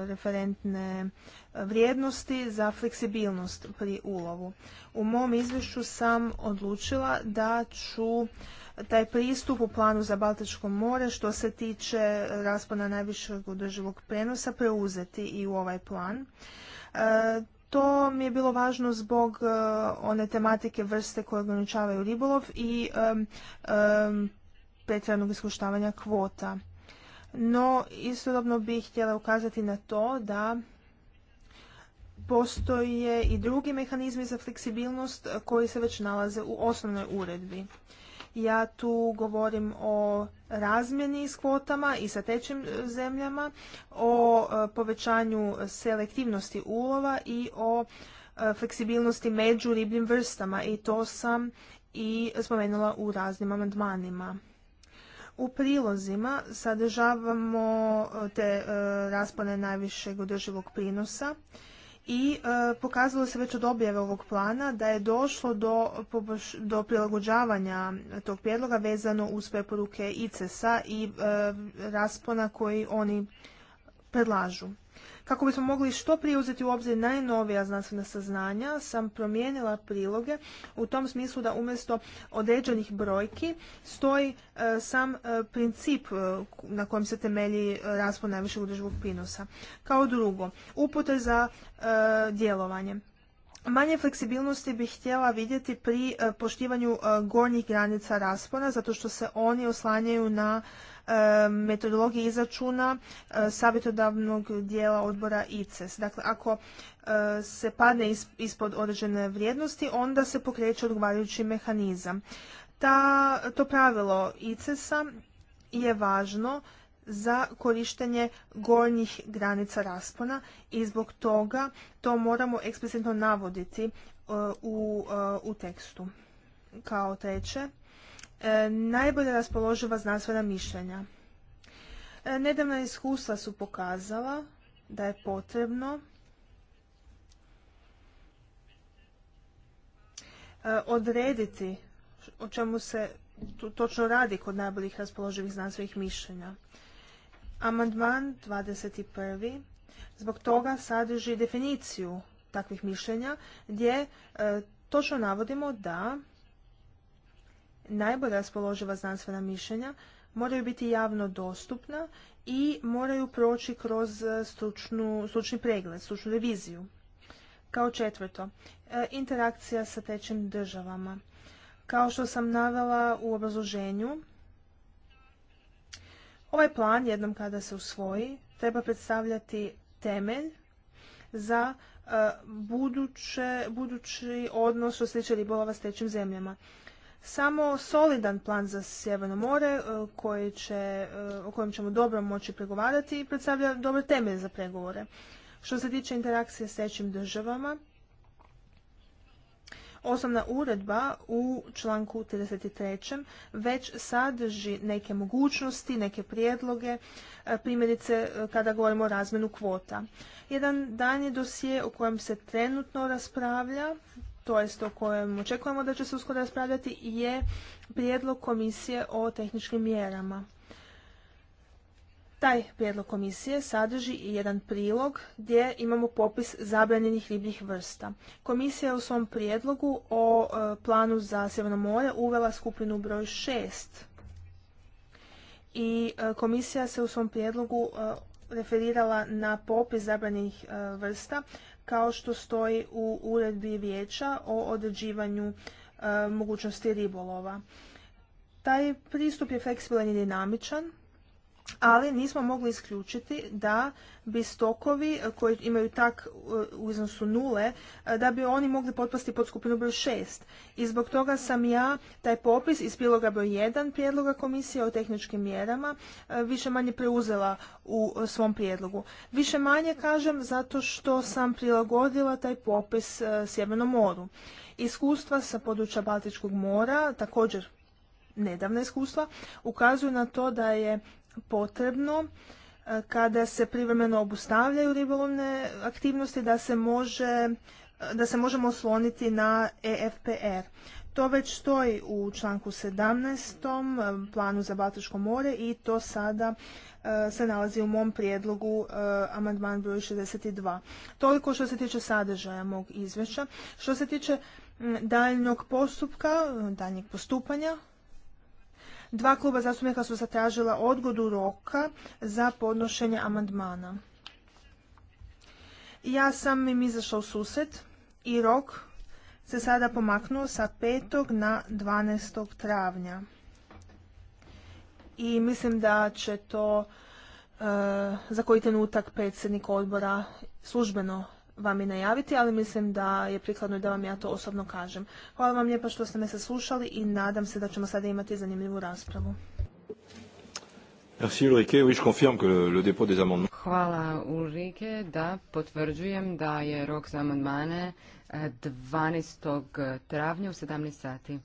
referentne e, vrijednosti za fleksibilnost pri ulovu. U mom izvješću sam odlučila da ću taj pristup u planu za Baltičko more što se tiče raspona najvišeg održivog prenosa preuzeti i u ovaj plan. E, to mi je bilo važno zbog e, one tematike vrste koje ograničavaju ribolov i um, um, pretjeranog iskuštavanja kvota. No, istodobno bih htjela ukazati na to da postoje i drugi mehanizmi za fleksibilnost koji se već nalaze u osnovnoj uredbi. Ja tu govorim o razmjeni s kvotama i sa trećim e, zemljama, o e, povećanju selektivnosti ulova i o e, fleksibilnosti među ribljim vrstama i to sam i spomenula u raznim amandmanima. U prilozima sadržavamo te raspone najvišeg održivog prinosa i e, pokazalo se već od objave ovog plana da je došlo do, prilagođavanja tog prijedloga vezano uz preporuke ICES-a i e, raspona koji oni predlažu. Kako bismo mogli što prije uzeti u obzir najnovija znanstvena saznanja, sam promijenila priloge u tom smislu da umjesto određenih brojki stoji e, sam e, princip e, na kojem se temelji raspon najvišeg održivog prinosa. Kao drugo, upute za djelovanje. Manje fleksibilnosti bih htjela vidjeti pri poštivanju gornjih granica raspona, zato što se oni oslanjaju na E, metodologije izračuna e, savjetodavnog dijela odbora ICES. Dakle, ako e, se padne ispod određene vrijednosti, onda se pokreće odgovarajući mehanizam. Ta, to pravilo ICES-a je važno za korištenje gornjih granica raspona i zbog toga to moramo eksplicitno navoditi u, u tekstu. Kao treće, E, najbolje raspoloživa znanstvena mišljenja. E, nedavna iskustva su pokazala da je potrebno e, odrediti o čemu se točno radi kod najboljih raspoloživih znanstvenih mišljenja. Amandman 21. zbog toga sadrži definiciju takvih mišljenja gdje točno navodimo da najbolja raspoloživa znanstvena mišljenja moraju biti javno dostupna i moraju proći kroz e, stručnu, stručni pregled, stručnu reviziju. Kao četvrto, e, interakcija sa trećim državama. Kao što sam navela u obrazloženju, ovaj plan, jednom kada se usvoji, treba predstavljati temelj za e, budući odnos što se tiče ribolova s trećim zemljama samo solidan plan za Sjeverno more e, koji će, e, o kojem ćemo dobro moći pregovarati i predstavlja dobre temelj za pregovore. Što se tiče interakcije s trećim državama, osnovna uredba u članku 33. već sadrži neke mogućnosti, neke prijedloge, e, primjerice kada govorimo o razmenu kvota. Jedan dan je dosije o kojem se trenutno raspravlja, to jest o kojem očekujemo da će se uskoro raspravljati, je prijedlog komisije o tehničkim mjerama. Taj prijedlog komisije sadrži i jedan prilog gdje imamo popis zabranjenih ribljih vrsta. Komisija je u svom prijedlogu o e, planu za Sjeverno more uvela skupinu broj 6. I e, komisija se u svom prijedlogu e, referirala na popis zabranjenih vrsta kao što stoji u uredbi vijeća o određivanju e, mogućnosti ribolova. Taj pristup je fleksibilan i dinamičan ali nismo mogli isključiti da bi stokovi koji imaju tak e, u iznosu nule, e, da bi oni mogli potpasti pod skupinu broj 6. I zbog toga sam ja taj popis iz priloga broj 1 prijedloga komisije o tehničkim mjerama e, više manje preuzela u svom prijedlogu. Više manje kažem zato što sam prilagodila taj popis Sjevernom moru. Iskustva sa područja Baltičkog mora također nedavna iskustva ukazuju na to da je potrebno e, kada se privremeno obustavljaju ribolovne aktivnosti da se može da se možemo osloniti na EFPR. To već stoji u članku 17. E, planu za Baltičko more i to sada e, se nalazi u mom prijedlogu amandman broj 62. Toliko što se tiče sadržaja mog izvješća. Što se tiče daljnjeg postupka, daljnjeg postupanja, dva kluba zastupnika su zatražila odgodu roka za podnošenje amandmana. Ja sam im izašla u susjed i rok se sada pomaknuo sa 5. na 12. travnja. I mislim da će to e, za koji trenutak predsjednik odbora službeno vam i najaviti, ali mislim da je prikladno da vam ja to osobno kažem. Hvala vam lijepa što ste me saslušali i nadam se da ćemo sada imati zanimljivu raspravu. Hvala Ulrike, da potvrđujem da je rok za amandmane 12. Eh, travnja u 17 sati.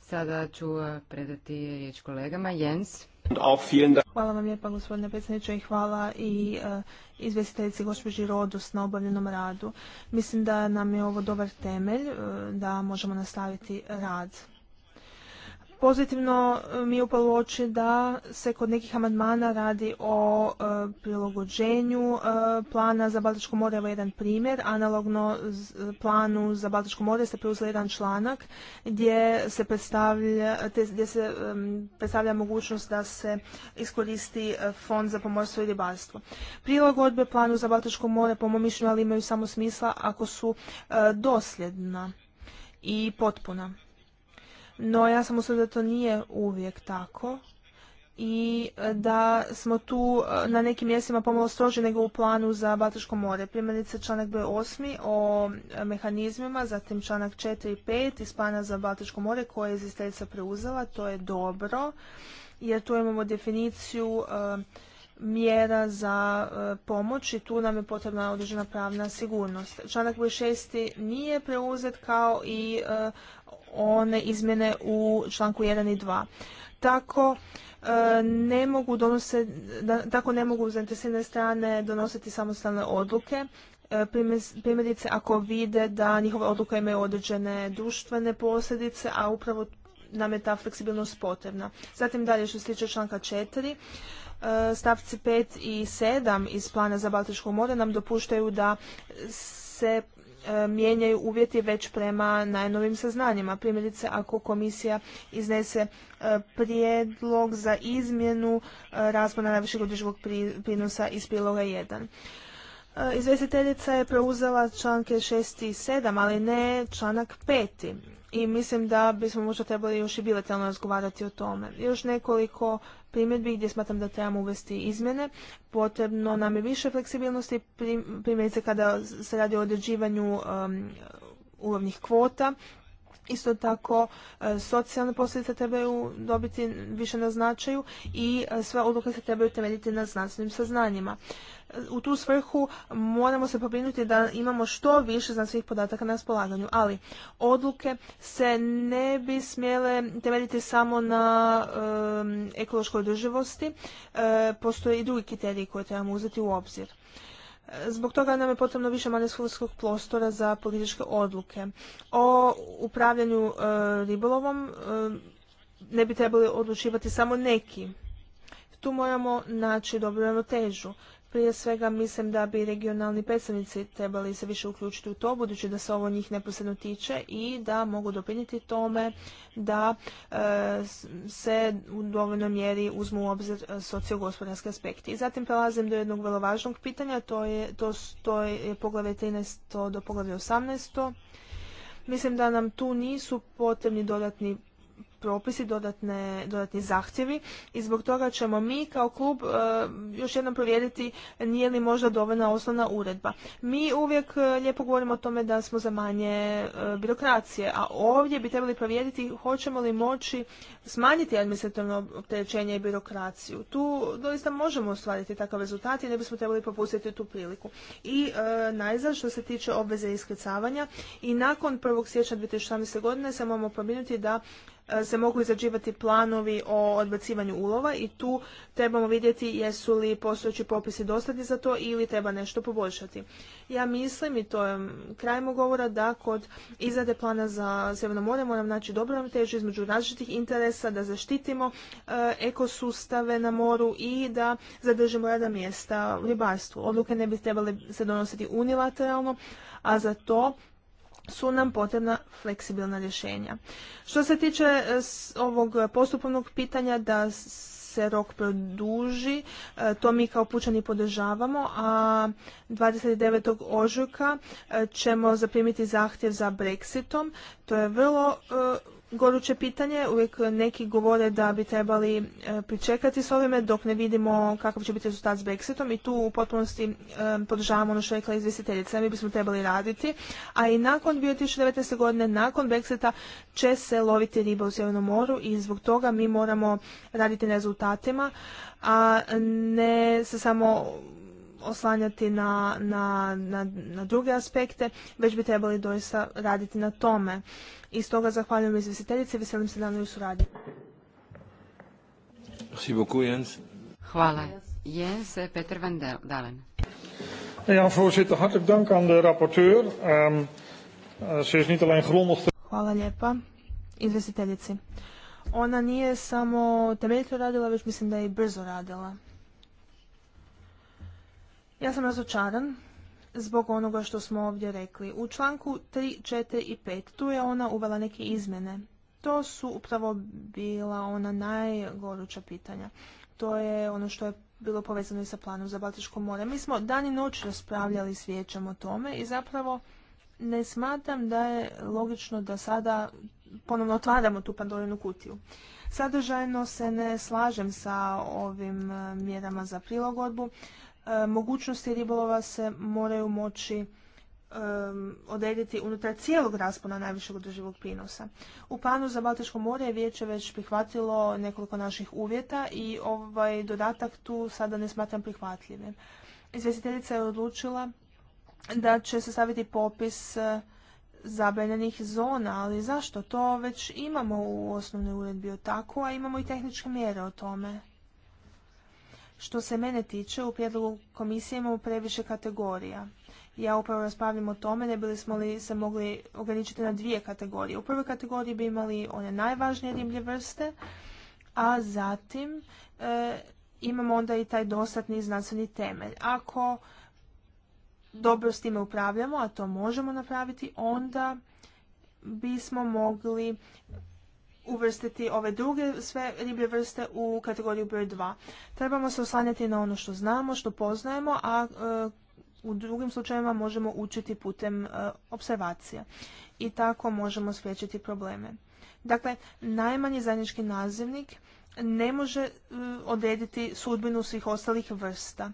Sada ću eh, predati riječ kolegama. Jens. Hvala vam lijepa gospodine predsjedniče i hvala i e, izvjestiteljici gospođi Rodus na obavljenom radu. Mislim da nam je ovo dobar temelj, e, da možemo nastaviti rad Pozitivno e, mi je upalo oči da se kod nekih amandmana radi o e, prilagođenju e, plana za Baltičko more, evo jedan primjer, analogno planu za Baltičko more ste preuzeli jedan članak gdje se predstavlja, gdje se predstavlja mogućnost da se iskoristi fond za pomorstvo i ribarstvo. Prilagodbe planu za Baltičko more po mom mišljenju ali imaju samo smisla ako su dosljedna i potpuna no ja sam usudila da to nije uvijek tako i e, da smo tu e, na nekim mjestima pomalo stroži nego u planu za Baltičko more. Primjerice članak broj 8 o e, mehanizmima, zatim članak 4 i 5 iz plana za Baltičko more koje je izistelica preuzela, to je dobro jer tu imamo definiciju mjera za pomoć i tu nam je potrebna određena pravna sigurnost. Članak broj 6 nije preuzet kao i one izmjene u članku 1 i 2. Tako e, ne mogu donose, tako ne mogu zainteresirane strane donositi samostalne odluke, e, primjerice ako vide da njihove odluke imaju određene društvene posljedice, a upravo nam je ta fleksibilnost potrebna. Zatim dalje što se tiče članka 4, e, stavci 5 i 7 iz plana za Baltičko more nam dopuštaju da se E, mijenjaju uvjeti već prema najnovim saznanjima. Primjerice, ako komisija iznese e, prijedlog za izmjenu e, raspona najvišeg održivog prinosa iz priloga 1. Izvjestiteljica je preuzela članke 6 i 7, ali ne članak 5. I mislim da bismo možda trebali još i bilateralno razgovarati o tome. Još nekoliko primjedbi gdje smatram da trebamo uvesti izmjene. Potrebno nam je više fleksibilnosti, primjerice kada se radi o određivanju um, ulovnih kvota Isto tako, e, socijalne posljedice trebaju dobiti više na značaju i e, sve odluke se trebaju temeljiti na znanstvenim saznanjima. U tu svrhu moramo se pobrinuti da imamo što više znanstvenih podataka na raspolaganju, ali odluke se ne bi smjele temeljiti samo na ekološkoj održivosti. E, postoje i drugi kriteriji koje trebamo uzeti u obzir. Zbog toga nam je potrebno više manevarskog prostora za političke odluke. O upravljanju e, ribolovom e, ne bi trebali odlučivati samo neki. Tu moramo naći dobru ravnotežu. Prije svega mislim da bi regionalni predstavnici trebali se više uključiti u to, budući da se ovo njih neposredno tiče i da mogu doprinijeti tome da e, se u dovoljnoj mjeri uzmu u obzir e, sociogospodarski aspekti. I zatim prelazim do jednog vrlo važnog pitanja, to je, to, je poglavlje 13. do poglavlje 18. Mislim da nam tu nisu potrebni dodatni propisi, dodatne, dodatni zahtjevi i zbog toga ćemo mi kao klub e, još jednom provjeriti nije li možda dovoljna osnovna uredba. Mi uvijek e, lijepo govorimo o tome da smo za manje e, birokracije, a ovdje bi trebali provjeriti hoćemo li moći smanjiti administrativno opterećenje i birokraciju. Tu doista možemo ostvariti takav rezultat i ne bismo trebali popustiti tu priliku. I e, najzad što se tiče obveze iskrcavanja i nakon 1. siječnja 2018. godine samo moramo pominuti da E, se mogu izrađivati planovi o odbacivanju ulova i tu trebamo vidjeti jesu li postojeći popisi dostatni za to ili treba nešto poboljšati. Ja mislim, i to je kraj mog govora, da kod izrade plana za Sjeverno more moram naći dobro težu između različitih interesa, da zaštitimo e, ekosustave na moru i da zadržimo rada mjesta u ribarstvu. Odluke ne bi trebale se donositi unilateralno, a za to su nam potrebna fleksibilna rješenja. Što se tiče e, ovog postupovnog pitanja da se rok produži, e, to mi kao pučani podržavamo, a 29. ožujka e, ćemo zaprimiti zahtjev za Brexitom. To je vrlo goruće pitanje. Uvijek neki govore da bi trebali e, pričekati s ovime dok ne vidimo kakav će biti rezultat s Brexitom i tu u potpunosti e, podržavamo ono što je rekla izvjestiteljica. Mi bismo trebali raditi, a i nakon 2019. godine, nakon Brexita će se loviti riba u Sjevernom moru i zbog toga mi moramo raditi na rezultatima, a ne se samo oslanjati na, na, na, na druge aspekte, već bi trebali doista raditi na tome. I stoga zahvaljujem izvjestiteljici i veselim se u suradnji. Hvala. Jens, Peter van Dalen. Ja, voorzitter, hartelijk dank aan de rapporteur. Um, ze is niet alleen grondig... Hvala lijepa izvjestiteljici. Ona nije samo temeljito radila, već mislim da je i brzo radila. Ja sam razočaran zbog onoga što smo ovdje rekli. U članku 3, 4 i 5 tu je ona uvela neke izmjene. To su upravo bila ona najgoruća pitanja. To je ono što je bilo povezano i sa planom za Baltičko more. Mi smo dan i noć raspravljali s vijećem o tome i zapravo ne smatram da je logično da sada ponovno otvaramo tu pandorinu kutiju. Sadržajno se ne slažem sa ovim eh, mjerama za prilagodbu. E, mogućnosti ribolova se moraju moći e, odrediti unutar cijelog raspona najvišeg održivog prinosa. U planu za Baltičko more je vijeće već prihvatilo nekoliko naših uvjeta i ovaj dodatak tu sada ne smatram prihvatljivim. Izvjestiteljica je odlučila da će se staviti popis e, zabranjenih zona, ali zašto? To već imamo u osnovnoj uredbi o tako, a imamo i tehničke mjere o tome. Što se mene tiče, u prijedlogu komisije imamo previše kategorija. Ja upravo raspravljam o tome ne bili smo li se mogli ograničiti na dvije kategorije. U prvoj kategoriji bi imali one najvažnije riblje vrste, a zatim e, imamo onda i taj dostatni znanstveni temelj. Ako dobro s time upravljamo, a to možemo napraviti, onda bismo mogli uvrstiti ove druge sve riblje vrste u kategoriju broj 2. Trebamo se oslanjati na ono što znamo, što poznajemo, a e, u drugim slučajevima možemo učiti putem e, observacija. I tako možemo spriječiti probleme. Dakle, najmanji zajednički nazivnik ne može e, odrediti sudbinu svih ostalih vrsta.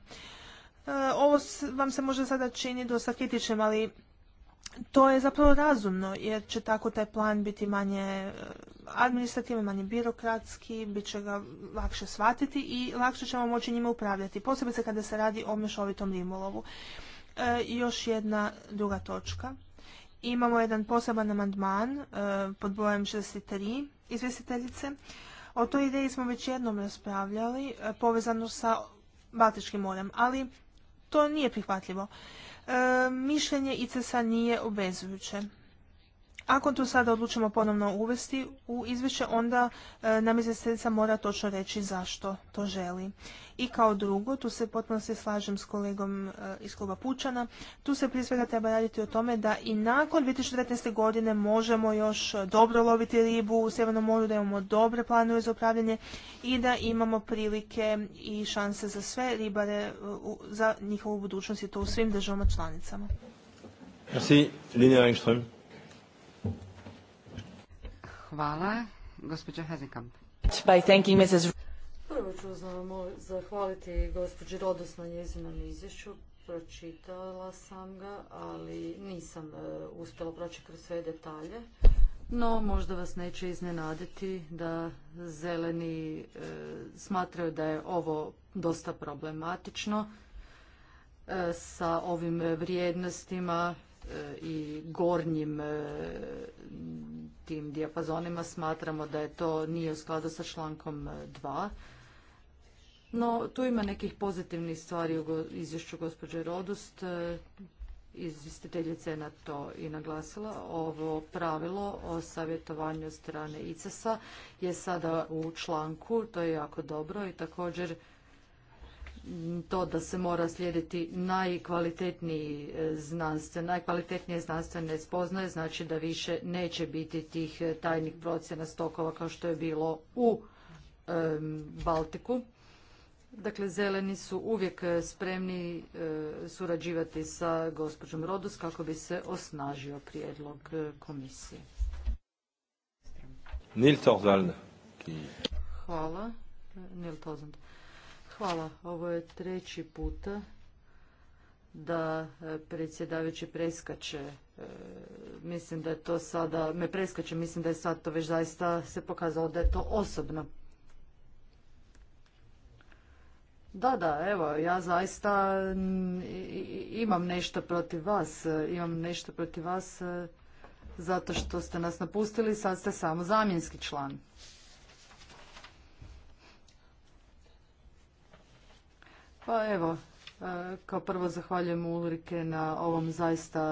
Ovo vam se možda sada čini dosta kritičnim, ali to je zapravo razumno, jer će tako taj plan biti manje eh, administrativan, manje birokratski, bit će ga lakše shvatiti i lakše ćemo moći njima upravljati, posebice kada se radi o mješovitom rimolovu. E, eh, još jedna druga točka. Imamo jedan poseban amandman e, pod brojem 63 izvjestiteljice. O toj ideji smo već jednom raspravljali, e, povezano sa Baltičkim morem, ali to nije prihvatljivo. E, mišljenje ICES-a nije obvezujuće. Ako to sada odlučimo ponovno uvesti u izvješće, onda nam e, nam izvjestiteljica mora točno reći zašto to želi. I kao drugo, tu se potpuno se slažem s kolegom e, iz kluba Pučana, tu se prije svega treba raditi o tome da i nakon 2019. godine možemo još dobro loviti ribu u Sjevernom moru, da imamo dobre planove za upravljanje i da imamo prilike i šanse za sve ribare e, za njihovu budućnost i to u svim državama članicama. Merci, Hvala. Gospođa Prvo ću zahvaliti gospođi Rodos na njezinom izvješću. Pročitala sam ga, ali nisam e, uspjela proći kroz sve detalje. No, možda vas neće iznenaditi da zeleni e, smatraju da je ovo dosta problematično e, sa ovim vrijednostima i gornjim e, tim dijapazonima smatramo da je to nije u skladu sa člankom 2. E, no, tu ima nekih pozitivnih stvari u izvješću gospođe Rodust. E, izvjestiteljica je na to i naglasila. Ovo pravilo o savjetovanju strane ICES-a je sada u članku, to je jako dobro i također to da se mora slijediti najkvalitetniji e, znanstven, najkvalitetnije znanstvene spoznaje, znači da više neće biti tih e, tajnih procjena stokova kao što je bilo u Baltiku. Dakle, zeleni su uvijek spremni e, surađivati sa gospođom Rodus kako bi se osnažio prijedlog komisije. Nil Hvala. Nil Hvala. Ovo je treći puta da e, predsjedavajući preskače. E, mislim da je to sada, me preskače, mislim da je sad to već zaista se pokazalo da je to osobno. Da, da, evo, ja zaista mm, imam nešto protiv vas, e, imam nešto protiv vas zato što ste nas napustili, sad ste samo zamjenski član. Pa evo, e, kao prvo zahvaljujem Ulrike na ovom zaista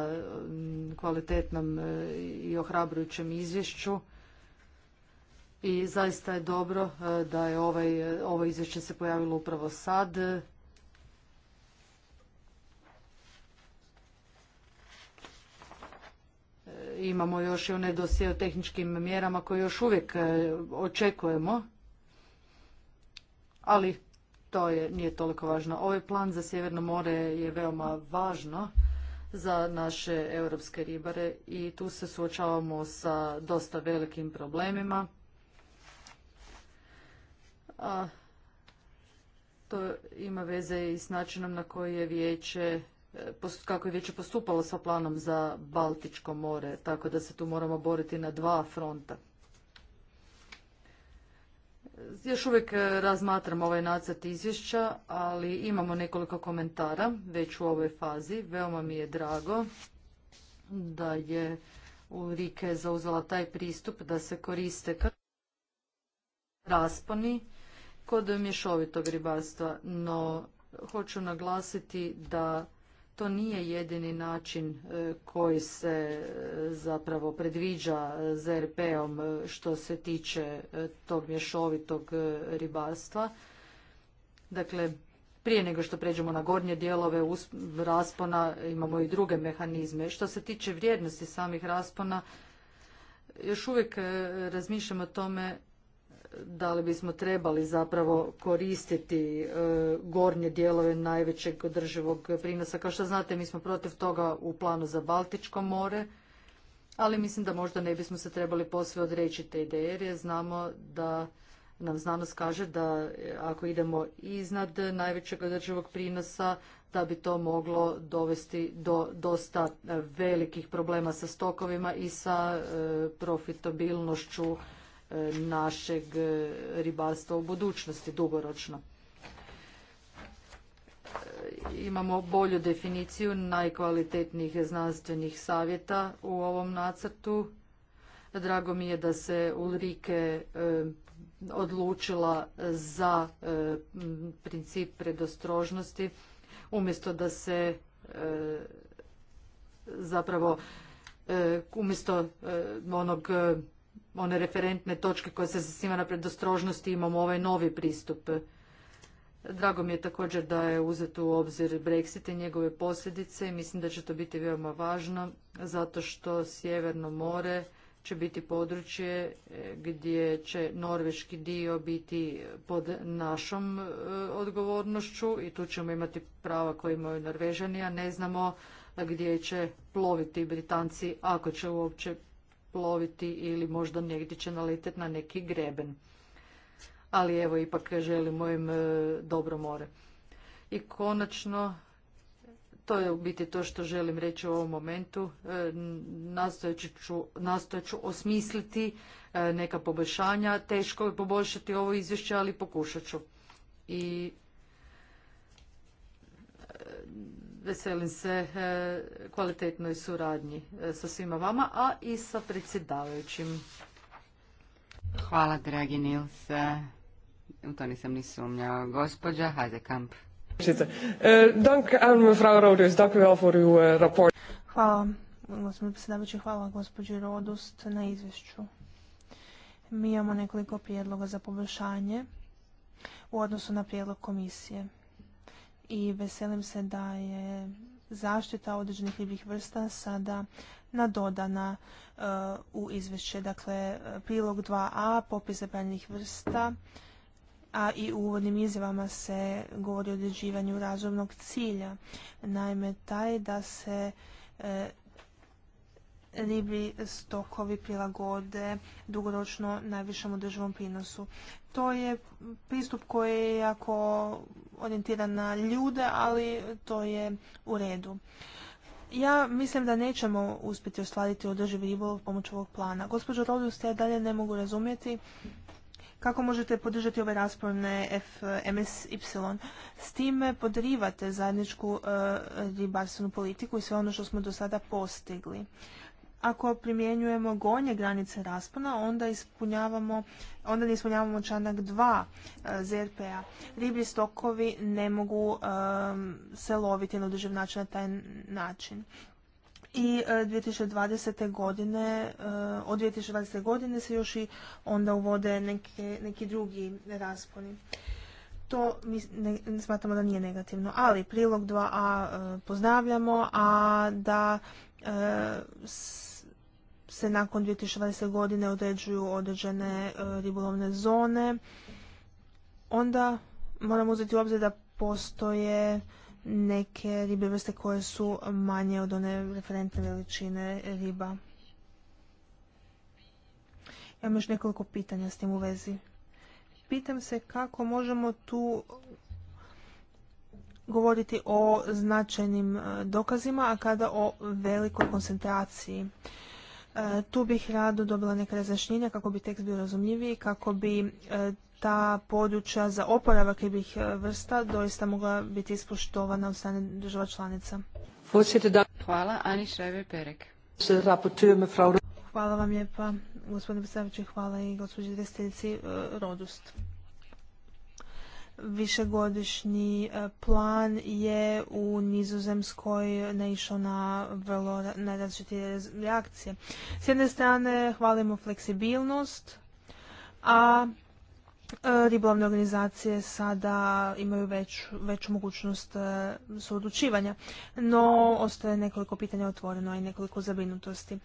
kvalitetnom e, i ohrabrujućem izvješću. I zaista je dobro e, da je ovaj, ovo izvješće se pojavilo upravo sad. Imamo još i one dosije o tehničkim mjerama koje još uvijek očekujemo, ali to je, nije toliko važno. Ovaj plan za Sjeverno more je veoma važno za naše europske ribare i tu se suočavamo sa dosta velikim problemima. A to ima veze i s načinom na koji je vijeće e, kako je vijeće postupalo sa planom za Baltičko more, tako da se tu moramo boriti na dva fronta. Još uvijek e, razmatram ovaj nacrt izvješća, ali imamo nekoliko komentara već u ovoj fazi. Veoma mi je drago da je Rike zauzela taj pristup da se koriste rasponi kod mješovitog ribarstva, no hoću naglasiti da to nije jedini način e, koji se e, zapravo predviđa e, ZRP-om što se tiče tog mješovitog ribarstva. Dakle, prije nego što pređemo na gornje dijelove raspona imamo i druge mehanizme. Što se tiče vrijednosti samih raspona, još uvijek razmišljam o tome da li bismo trebali zapravo koristiti e, gornje dijelove najvećeg održivog prinosa. Kao što znate, mi smo protiv toga u planu za Baltičko more, ali mislim da možda ne bismo se trebali posve odreći te ideje, jer znamo da nam znanost kaže da e, ako idemo iznad najvećeg održivog prinosa, da bi to moglo dovesti do dosta e, velikih problema sa stokovima i sa profitabilnošću našeg eh, ribarstva u budućnosti dugoročno. Eh, imamo bolju definiciju najkvalitetnijih znanstvenih savjeta u ovom nacrtu. Drago mi je da se Ulrike eh, odlučila za princip predostrožnosti umjesto da se zapravo umjesto onog one referentne točke koje se zasniva na predostrožnosti imamo ovaj novi pristup. Drago mi je također da je uzet u obzir Brexit i njegove posljedice i mislim da će to biti veoma važno zato što Sjeverno more će biti područje e, gdje će norveški dio biti pod našom e, odgovornošću i tu ćemo imati prava koje imaju Norvežani, a ne znamo gdje će ploviti Britanci ako će uopće ploviti ili možda negdje će naletet na neki greben. Ali evo, ipak želimo im e, dobro more. I konačno, to je u biti to što želim reći u ovom momentu. E, nastojat ću osmisliti e, neka poboljšanja. Teško je poboljšati ovo izvješće, ali pokušat ću. I veselim se e, kvalitetnoj suradnji e, sa svima vama, a i sa predsjedavajućim. Hvala, dragi Nils. U to nisam ni sumnjao. Gospođa Hazekamp. E, dank aan mevrouw Rodus, dank u wel voor uw rapport. Hvala, gospodin predsjedavajući, hvala gospodin Rodust na izvješću. Mi imamo nekoliko prijedloga za poboljšanje u odnosu na prijedlog komisije i veselim se da je zaštita određenih ribljih vrsta sada nadodana e, u izvješće. Dakle, prilog 2a, popis zabranjenih vrsta, a i u uvodnim izjavama se govori o određivanju razumnog cilja. Naime, taj da se e, ribi, stokovi prilagode dugoročno najvišem održivom prinosu. To je pristup koji je jako orijentiran na ljude, ali to je u redu. Ja mislim da nećemo uspjeti ostvariti održiv ribolov pomoću ovog plana. Gospođo Rodust, ja dalje ne mogu razumjeti kako možete podržati ove FMS FMSY? S time podrivate zajedničku e, ribarstvenu politiku i sve ono što smo do sada postigli ako primjenjujemo gonje granice raspona, onda ispunjavamo, onda ne ispunjavamo članak 2 e, ZRP-a. Riblji stokovi ne mogu e, se loviti na održiv način na taj način. I 2020. E, godine, od 2020. godine se još i onda uvode neki drugi rasponi. To mi ne, smatramo da nije negativno, ali prilog 2a poznavljamo, pozdravljamo, a da se se nakon 2020. godine određuju određene e, ribolovne zone, onda moramo uzeti u obzir da postoje neke ribe vrste koje su manje od one referentne veličine riba. Ja imam još nekoliko pitanja s tim u vezi. Pitam se kako možemo tu govoriti o značajnim e, dokazima, a kada o velikoj koncentraciji E, tu bih rado dobila neka razjašnjenja kako bi tekst bio razumljiviji, kako bi e, ta područja za oporavak bih e, vrsta doista mogla biti ispoštovana od strane država članica. Hvala, Hvala vam lijepa, gospodine predstavljajući, hvala i gospođi izvjestiteljici Rodust višegodišnji e, plan je u Nizozemskoj naišao na vrlo reakcije. S jedne strane hvalimo fleksibilnost, a e, ribolovne organizacije sada imaju veću, veću mogućnost e, suodlučivanja, no ostaje nekoliko pitanja otvoreno i nekoliko zabrinutosti.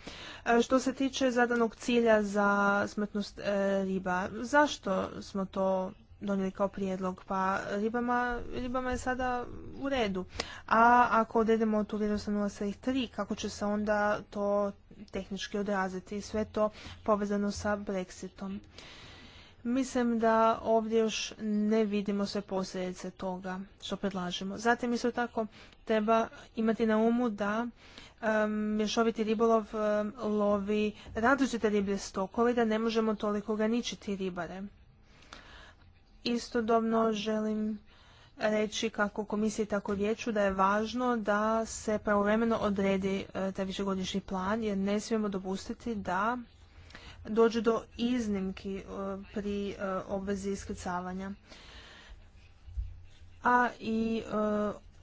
Što se tiče zadanog cilja za smrtnost riba, zašto smo to donijeli kao prijedlog. Pa ribama, je sada u redu. A ako odredemo tu vrijednost na 0,3, kako će se onda to tehnički odraziti i sve to povezano sa Brexitom. Mislim da ovdje još ne vidimo sve posljedice toga što predlažemo. Zatim isto tako treba imati na umu da mješoviti ribolov lovi različite riblje stokove da ne možemo toliko ograničiti ribare. Istodobno želim reći kako komisiji tako vijeću da je važno da se pravovremeno odredi e, taj višegodišnji plan jer ne smijemo dopustiti da dođe do iznimki e, pri e, obvezi iskrcavanja. A i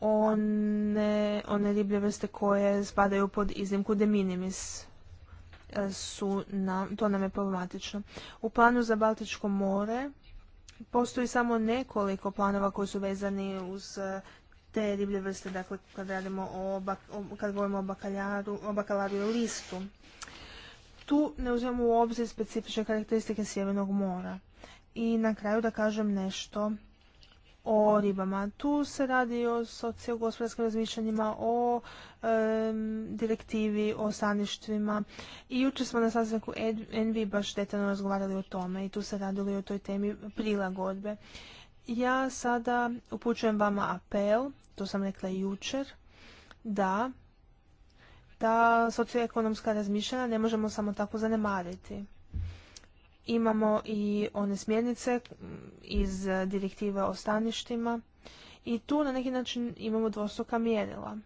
one, one riblje vrste koje spadaju pod iznimku de minimis su nam, to nam je problematično. U planu za Baltičko more postoji samo nekoliko planova koji su vezani uz e, te riblje vrste, dakle kad, radimo kad govorimo o bakaljaru, o bakalaru i listu. Tu ne uzmemo u obzir specifične karakteristike Sjevernog mora. I na kraju da kažem nešto o ribama. Tu se radi o sociogospodarskim razmišljanjima, o direktivi, o saništvima. I jučer smo na sastanku Envi baš detaljno razgovarali o tome i tu se radili o toj temi prilagodbe. Ja sada upućujem vama apel, to sam rekla jučer, da ta socioekonomska razmišljanja ne možemo samo tako zanemariti. Imamo i one smjernice mm, iz direktive o staništima i tu na neki način imamo dvostruka mjerila.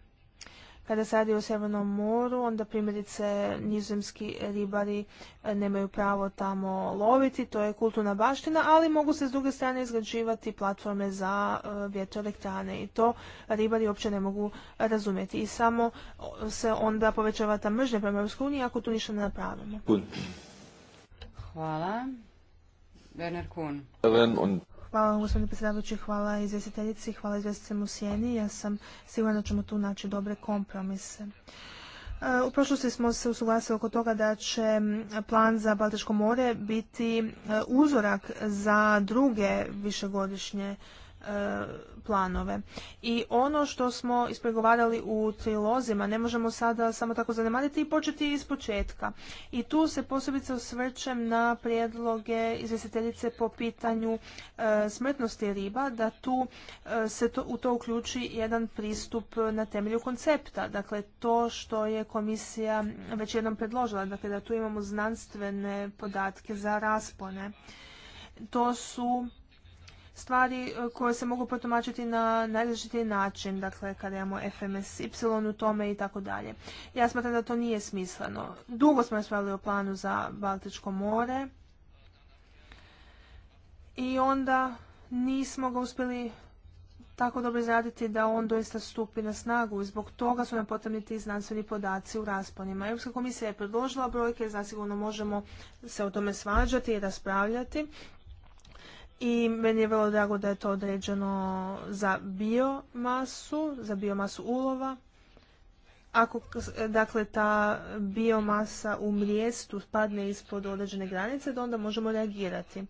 Kada se radi o Sjevernom moru, onda primjerice nizozemski ribari e, nemaju pravo tamo loviti, to je kulturna baština, ali mogu se s druge strane izgrađivati platforme za e, vjetroelektrane i to ribari uopće ne mogu razumjeti. I samo se onda povećava ta mržnja prema EU ako tu ništa ne napravimo. Hvala. Werner Kuhn. Hvala gospodine predsjedavajući, hvala izvjestiteljici, hvala izvjestiteljem u Sjeni. Ja sam sigurna da ćemo tu naći dobre kompromise. E, u prošlosti smo se usuglasili oko toga da će plan za Baltičko more biti e, uzorak za druge višegodišnje planove. I ono što smo ispregovarali u trilozima ne možemo sada samo tako zanemariti i početi iz početka. I tu se posebice osvrćem na prijedloge izvjestiteljice po pitanju e, smrtnosti riba, da tu e, se to, u to uključi jedan pristup na temelju koncepta. Dakle, to što je komisija već jednom predložila, dakle da tu imamo znanstvene podatke za raspone. To su stvari e, koje se mogu protumačiti na najrežitiji način, dakle kada imamo FMS, Y u tome i tako dalje. Ja smatram da to nije smisleno. Dugo smo raspravili o planu za Baltičko more i onda nismo ga uspjeli tako dobro izraditi da on doista stupi na snagu i zbog toga su nam potrebni ti znanstveni podaci u rasponima. Europska komisija je predložila brojke, zasigurno možemo se o tome svađati i raspravljati i meni je vrlo drago da je to određeno za biomasu, za biomasu ulova. Ako dakle ta biomasa u mrijestu padne ispod određene granice, da onda možemo reagirati.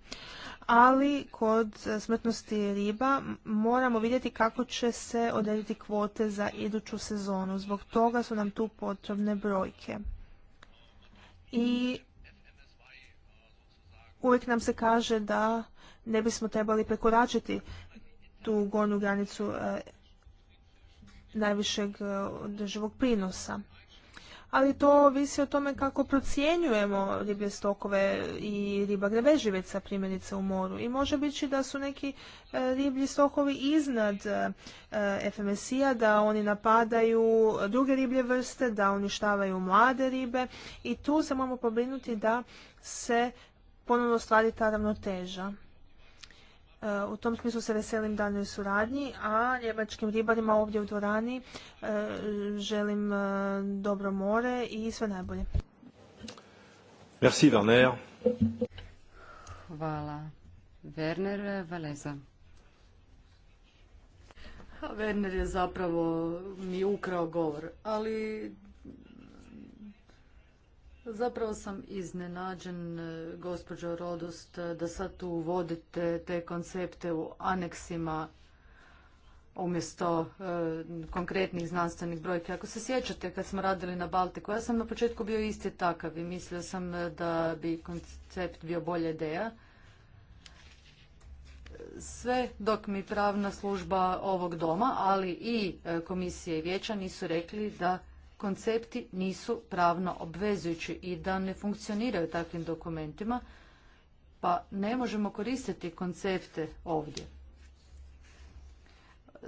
Ali kod smrtnosti riba moramo vidjeti kako će se odrediti kvote za iduću sezonu. Zbog toga su nam tu potrebne brojke. I uvijek nam se kaže da ne bismo trebali prekoračiti tu gornu granicu e, najvišeg e, održivog prinosa. Ali to ovisi o tome kako procjenjujemo riblje stokove i riba grebeživeca primjerice u moru. I može biti da su neki e, riblji stokovi iznad FMSI-a, da oni napadaju druge riblje vrste, da uništavaju mlade ribe i tu se moramo pobrinuti da se ponovno stvari ta ravnoteža. E, u tom smislu se veselim danoj suradnji, a njemačkim ribarima ovdje u dvorani e, želim e, dobro more i sve najbolje. Merci Werner. Hvala. Werner Valeza. Werner je zapravo mi ukrao govor, ali Zapravo sam iznenađen, e, gospođo Rodost, da sad tu uvodite te koncepte u aneksima umjesto e, konkretnih znanstvenih brojki. Ako se sjećate kad smo radili na Baltiku, ja sam na početku bio isti takav i mislio sam e, da bi koncept bio bolja ideja. Sve dok mi pravna služba ovog doma, ali i komisije i vijeća nisu rekli da koncepti nisu pravno obvezujući i da ne funkcioniraju takvim dokumentima, pa ne možemo koristiti koncepte ovdje.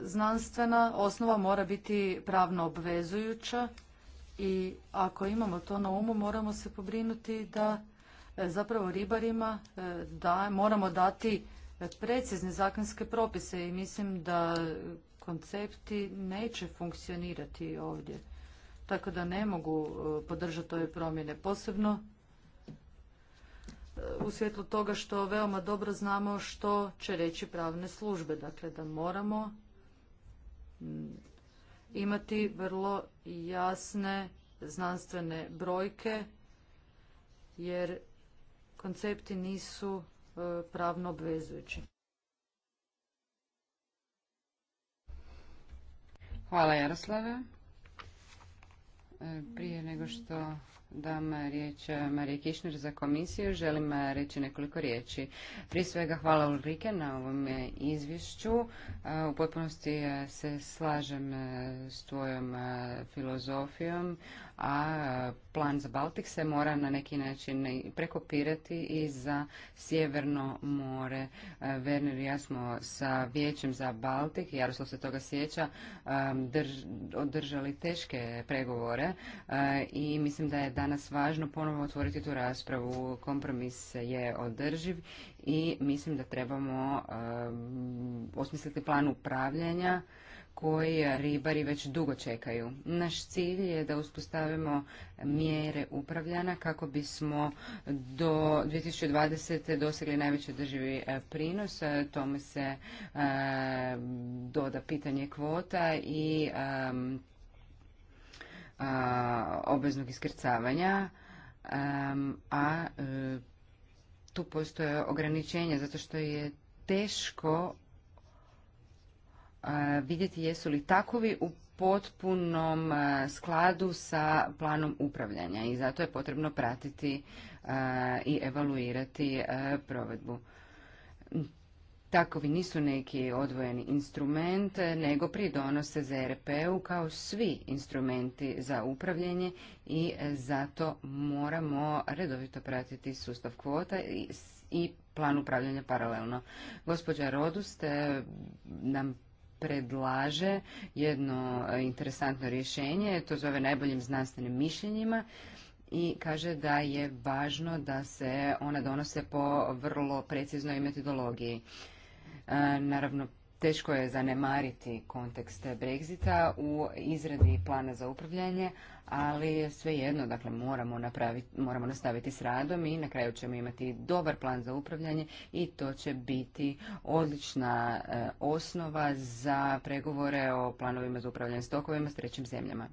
Znanstvena osnova mora biti pravno obvezujuća i ako imamo to na umu moramo se pobrinuti da e, zapravo ribarima e, da, moramo dati precizne zakonske propise i mislim da koncepti neće funkcionirati ovdje tako da ne mogu e, podržati ove promjene. Posebno e, u svjetlu toga što veoma dobro znamo što će reći pravne službe. Dakle, da moramo mm, imati vrlo jasne znanstvene brojke, jer koncepti nisu e, pravno obvezujući. Hvala Jaroslave. E, prije nego što dam riječ e, Marije Kišner za komisiju, želim e, reći nekoliko riječi. Prije svega hvala Ulrike na ovom izvješću. U potpunosti se slažem s tvojom filozofijom a plan za Baltik se mora na neki način prekopirati i za Sjeverno more. E, Werner i ja smo sa Vijećem za Baltik, Jaroslav se toga sjeća, e, održali teške pregovore e, i mislim da je danas važno ponovo otvoriti tu raspravu. Kompromis je održiv i mislim da trebamo osmisliti plan upravljanja koji ribari već dugo čekaju. Naš cilj je da uspostavimo mjere upravljana kako bismo do 2020. dosegli najveći održivi e, prinos. E, tome se e, doda pitanje kvota i obveznog iskrcavanja, a tu postoje ograničenja zato što je teško vidjeti jesu li takovi u potpunom skladu sa planom upravljanja i zato je potrebno pratiti i evaluirati provedbu. Takovi nisu neki odvojeni instrument, nego pridonose ZRP-u kao svi instrumenti za upravljanje i zato moramo redovito pratiti sustav kvota i plan upravljanja paralelno. Gospođa Rodus e, nam predlaže jedno interesantno rješenje, to zove najboljim znanstvenim mišljenjima i kaže da je važno da se ona donose po vrlo preciznoj metodologiji. E, naravno, Teško je zanemariti kontekst Brexita u izradi plana za upravljanje, ali svejedno, dakle, moramo, napraviti, moramo nastaviti s radom i na kraju ćemo imati dobar plan za upravljanje i to će biti odlična e, osnova za pregovore o planovima za upravljanje stokovima s trećim zemljama.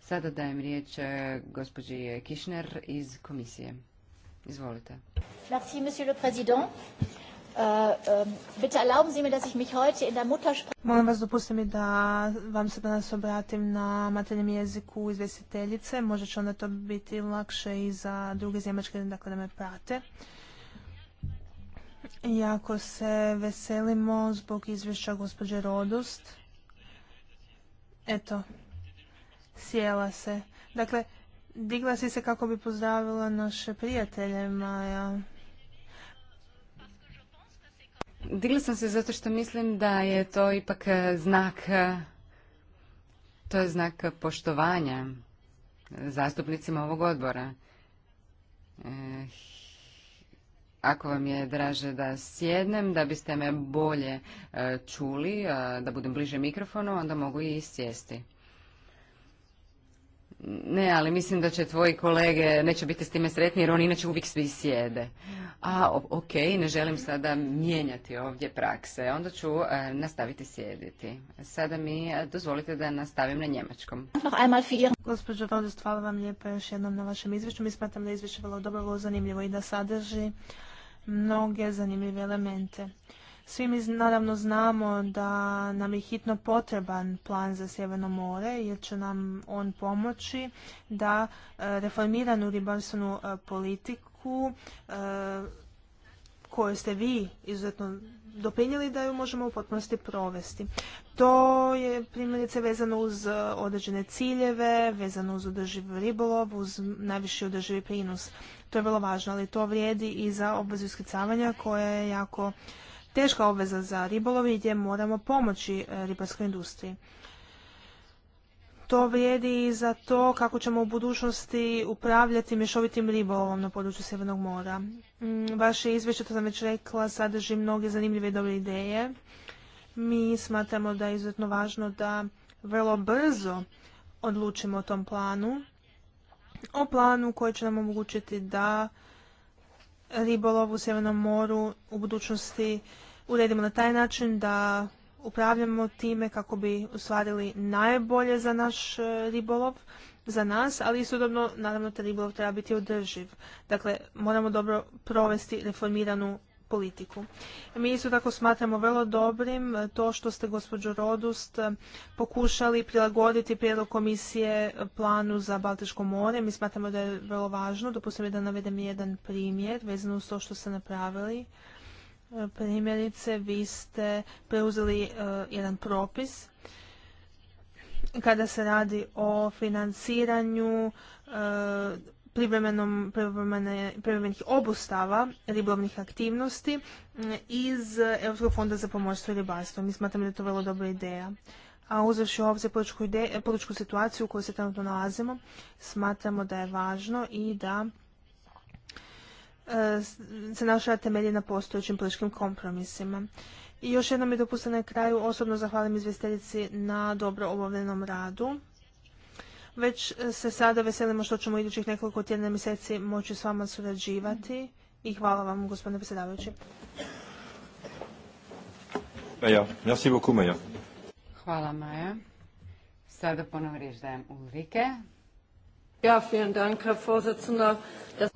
Sada dajem riječ e, gospođi Kišner iz komisije. Izvolite. Merci, Äh, ähm, bitte erlauben Sie mir, dass ich mich heute in der Muttersprache... Molim vas, dopustite mi da vam se danas obratim na maternjem jeziku izvjestiteljice. Možda će onda to biti lakše i za druge zemljačke, dakle da me prate. Jako se veselimo zbog izvješća gospođe Rodust Eto, sjela se. Dakle, digla si se kako bi pozdravila naše prijatelje Maja. Digla sam se zato što mislim da je to ipak e, znak, e, to je znak poštovanja zastupnicima ovog odbora. E, ako vam je draže da sjednem, da biste me bolje čuli, da budem bliže mikrofonu, onda mogu i sjesti. Ne, ali mislim da će tvoji kolege, neće biti s time sretni jer oni inače uvijek svi sjede. A, ok, ne želim sada mijenjati ovdje prakse, onda ću e, nastaviti sjediti. Sada mi e, dozvolite da nastavim na njemačkom. Gospođo Valdes, hvala vam lijepa još jednom na vašem izvješću. Mi smatram da je izvješće vrlo dobro, zanimljivo i da sadrži mnoge zanimljive elemente. Svi mi naravno znamo da nam je hitno potreban plan za Sjeverno more jer će nam on pomoći da e, reformiranu ribarstvenu e, politiku e, koju ste vi izuzetno doprinijeli da ju možemo u potpunosti provesti. To je primjerice vezano uz određene ciljeve, vezano uz održiv ribolov, uz najviši održivi prinos. To je vrlo važno, ali to vrijedi i za obvezu iskrcavanja koja je jako teška obveza za ribolov gdje moramo pomoći e, ribarskoj industriji. To vrijedi i za to kako ćemo u budućnosti upravljati mješovitim ribolovom na području Sjevernog mora. Mm, vaše izvješće, to sam već rekla, sadrži mnoge zanimljive i dobre ideje. Mi smatramo da je izuzetno važno da vrlo brzo odlučimo o tom planu, o planu koji će nam omogućiti da ribolov u Sjevernom moru u budućnosti uredimo na taj način da upravljamo time kako bi ostvarili najbolje za naš e, ribolov, za nas, ali istodobno naravno taj ribolov treba biti održiv. Dakle, moramo dobro provesti reformiranu politiku. Mi isto tako smatramo vrlo dobrim e, to što ste gospođo Rodust e, pokušali prilagoditi prijedlog komisije planu za Baltičko more. Mi smatramo da je vrlo važno. Dopustite da navedem jedan primjer vezano s to što ste napravili Primjerice, vi ste preuzeli e, jedan propis kada se radi o financiranju e, privremenih obustava ribovnih aktivnosti iz Europskog fonda za pomorstvo i ribarstvo. Mi smatramo da je to vrlo dobra ideja. A uzevši ovdje situaciju u kojoj se trenutno nalazimo, smatramo da je važno i da E, se naša temelji na postojećim političkim kompromisima. I još jednom mi dopustite na kraju osobno zahvalim izvjestiteljici na dobro obavljenom radu. Već se sada veselimo što ćemo idućih nekoliko tjedna mjeseci moći s vama surađivati i hvala vam gospodine predsjedavajući. Hvala Maja. Sada ponovno riječ dajem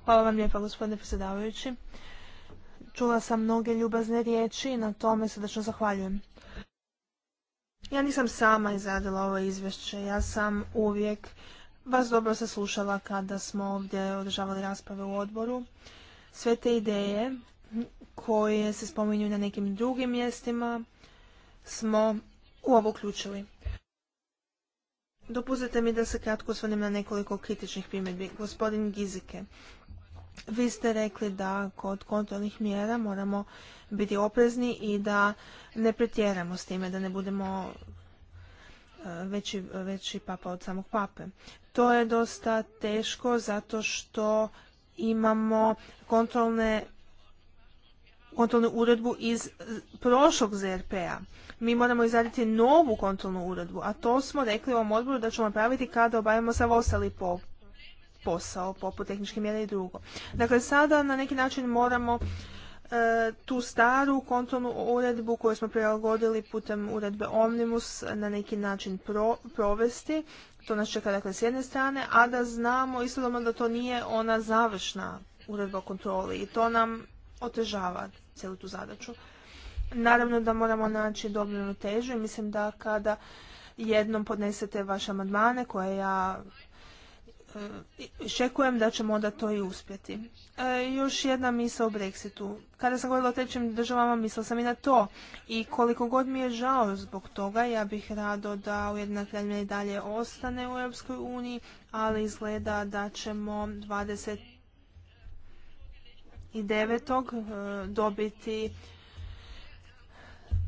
Hvala vam lijepa, gospodine predsjedavajući. Čula sam mnoge ljubazne riječi i na tome srdečno zahvaljujem. Ja nisam sama izradila ovo izvješće, ja sam uvijek vas dobro slušala kada smo ovdje održavali rasprave u odboru. Sve te ideje koje se spominju na nekim drugim mjestima smo u ovo uključili. Dopustite mi da se kratko osvrnem na nekoliko kritičnih primjedbi. Gospodin Gizike, vi ste rekli da kod kontrolnih mjera moramo biti oprezni i da ne pretjeramo s time, da ne budemo e, veći, veći papa od samog pape. To je dosta teško zato što imamo kontrolne kontrolnu uredbu iz prošlog ZRP-a. Mi moramo izraditi novu kontrolnu uredbu, a to smo rekli u ovom odboru da ćemo napraviti kada obavimo sav ostali posao, poput tehničke mjere i drugo. Dakle, sada na neki način moramo e, tu staru kontrolnu uredbu koju smo prilagodili putem uredbe Omnimus na neki način provesti. To nas čeka dakle s jedne strane, a da znamo istodobno da to nije ona završna uredba kontroli i to nam otežava cijelu tu zadaću. Naravno da moramo naći dobru težu i mislim da kada jednom podnesete vaše amandmane koje ja očekujem e, da ćemo onda to i uspjeti. E, još jedna misla o Brexitu. Kada sam govorila o trećim državama, mislila sam i na to. I koliko god mi je žao zbog toga, ja bih rado da Ujedina kraljevina i dalje ostane u Europskoj uniji, ali izgleda da ćemo i devetog e, dobiti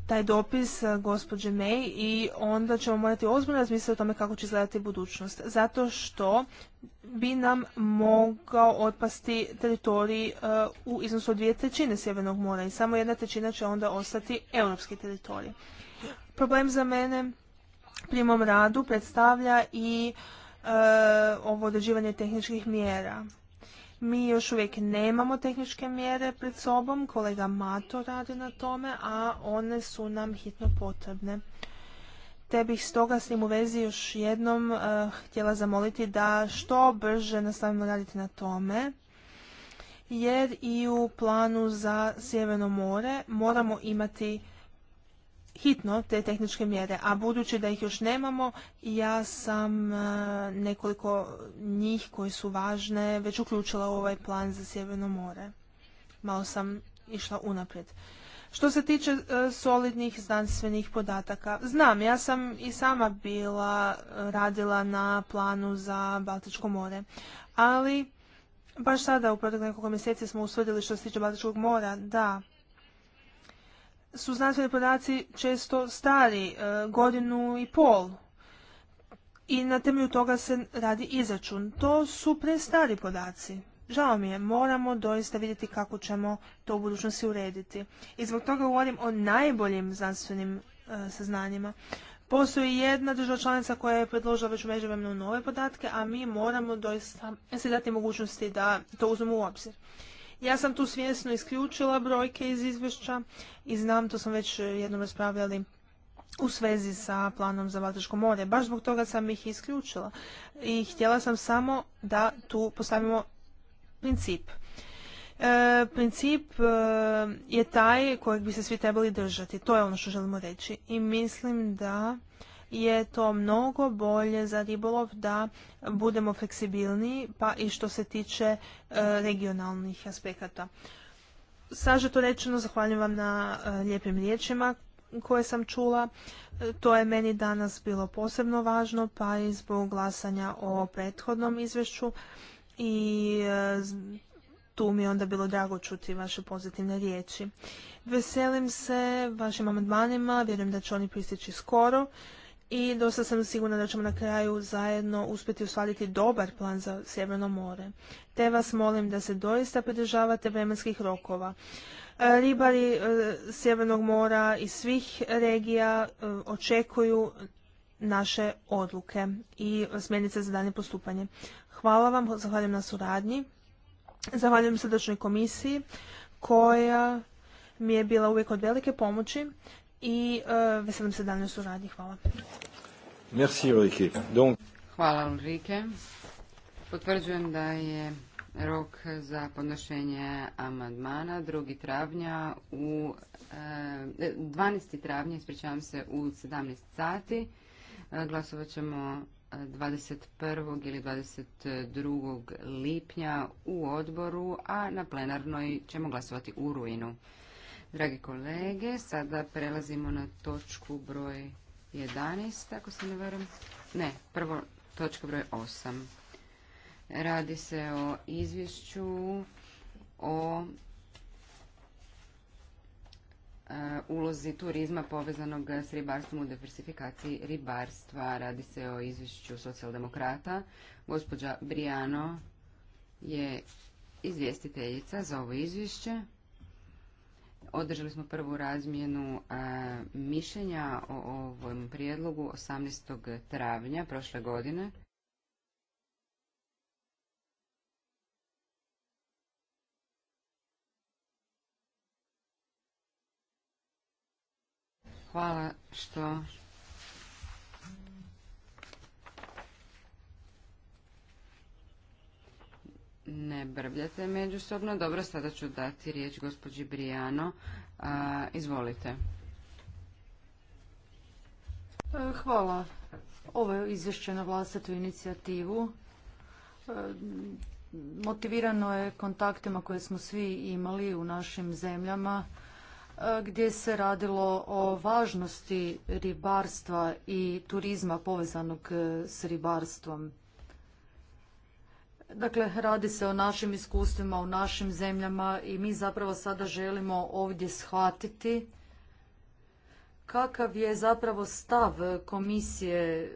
taj dopis e, gospođe May i onda ćemo morati ozbiljno razmisliti o tome kako će izgledati budućnost. Zato što bi nam mogao otpasti teritorij e, u iznosu od dvije trećine Sjevernog mora i samo jedna trećina će onda ostati europski teritorij. Problem za mene pri mom radu predstavlja i ovo određivanje tehničkih mjera. Mi još uvijek nemamo tehničke mjere pred sobom, kolega Mato radi na tome, a one su nam hitno potrebne. Te bih stoga s njim u vezi još jednom eh, htjela zamoliti da što brže nastavimo raditi na tome jer i u planu za Sjeverno more moramo imati hitno te tehničke mjere, a budući da ih još nemamo, ja sam e, nekoliko njih koji su važne već uključila u ovaj plan za Sjeverno more. Malo sam išla unaprijed. Što se tiče e, solidnih znanstvenih podataka, znam, ja sam i sama bila e, radila na planu za Baltičko more, ali baš sada u proteklih nekoliko mjeseci smo usvrdili što se tiče Baltičkog mora da su znanstveni podaci često stari, e, godinu i pol. I na temelju toga se radi izračun. To su prestari podaci. Žao mi je, moramo doista vidjeti kako ćemo to u budućnosti urediti. I zbog toga govorim o najboljim znanstvenim e, saznanjima. Postoji jedna država članica koja je predložila već međuvremenu nove podatke, a mi moramo doista se dati mogućnosti da to uzmemo u obzir. Ja sam tu svjesno isključila brojke iz izvješća i znam, to sam već jednom raspravljali u svezi sa planom za Vatrško more. Baš zbog toga sam ih isključila i htjela sam samo da tu postavimo princip. E, princip e, je taj kojeg bi se svi trebali držati. To je ono što želimo reći. I mislim da je to mnogo bolje za ribolov da budemo fleksibilniji pa i što se tiče e, regionalnih aspekata. Sažeto rečeno, zahvaljujem vam na e, lijepim riječima koje sam čula. E, to je meni danas bilo posebno važno, pa i zbog glasanja o prethodnom izvješću i tu mi je onda bilo drago čuti vaše pozitivne riječi. Veselim se vašim amandmanima, vjerujem da će oni pristići skoro i dosta sam sigurna da ćemo na kraju zajedno uspjeti usvaliti dobar plan za Sjeverno more. Te vas molim da se doista pridržavate vremenskih rokova. E, ribari e, Sjevernog mora iz svih regija e, očekuju naše odluke i smjernice za daljnje postupanje. Hvala vam, zahvaljujem na suradnji, zahvaljujem srdačnoj komisiji koja mi je bila uvijek od velike pomoći i uh, veselim se danas u radnji. Hvala. Merci, Ulrike. Donc... Hvala Ulrike. Potvrđujem da je rok za podnošenje amandmana 2. travnja u 12. E, travnja, ispričavam se, u 17 sati. E, glasovat ćemo 21. E, ili 22. lipnja u odboru, a na plenarnoj ćemo glasovati u Ruinu. Dragi kolege, sada prelazimo na točku broj 11, ako se ne varam. Ne, prvo točka broj 8. Radi se o izvješću o e, ulozi turizma povezanog s ribarstvom u diversifikaciji ribarstva. Radi se o izvješću socijaldemokrata. Gospođa Brijano je izvjestiteljica za ovo izvješće. Održali smo prvu razmjenu e, mišljenja o ovom prijedlogu 18. travnja prošle godine. Hvala što ne brbljate međusobno. Dobro, sada ću dati riječ gospođi Brijano. izvolite. E, hvala. Ovo je izvješće na vlastitu inicijativu. E, motivirano je kontaktima koje smo svi imali u našim zemljama e, gdje se radilo o važnosti ribarstva i turizma povezanog s ribarstvom. Dakle, radi se o našim iskustvima, u našim zemljama i mi zapravo sada želimo ovdje shvatiti kakav je zapravo stav komisije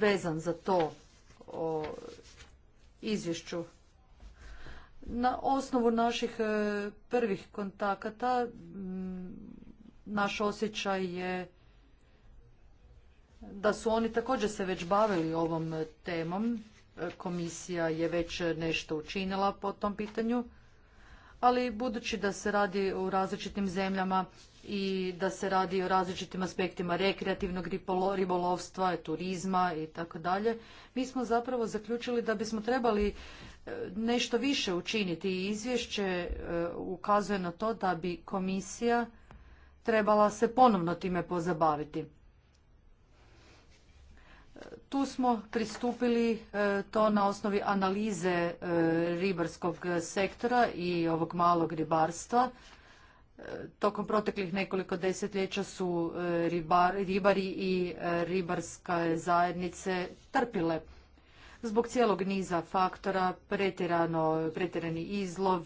vezan za to o izvješću. Na osnovu naših e, prvih kontakata naš osjećaj je da su oni također se već bavili ovom temom komisija je već nešto učinila po tom pitanju, ali budući da se radi u različitim zemljama i da se radi o različitim aspektima rekreativnog ribolovstva, turizma i tako dalje, mi smo zapravo zaključili da bismo trebali e, nešto više učiniti i izvješće e, ukazuje na to da bi komisija trebala se ponovno time pozabaviti tu smo pristupili e, to na osnovi analize e, ribarskog sektora i ovog malog ribarstva. E, tokom proteklih nekoliko desetljeća su ribari i ribarske zajednice trpile zbog cijelog niza faktora, pretjerani izlov,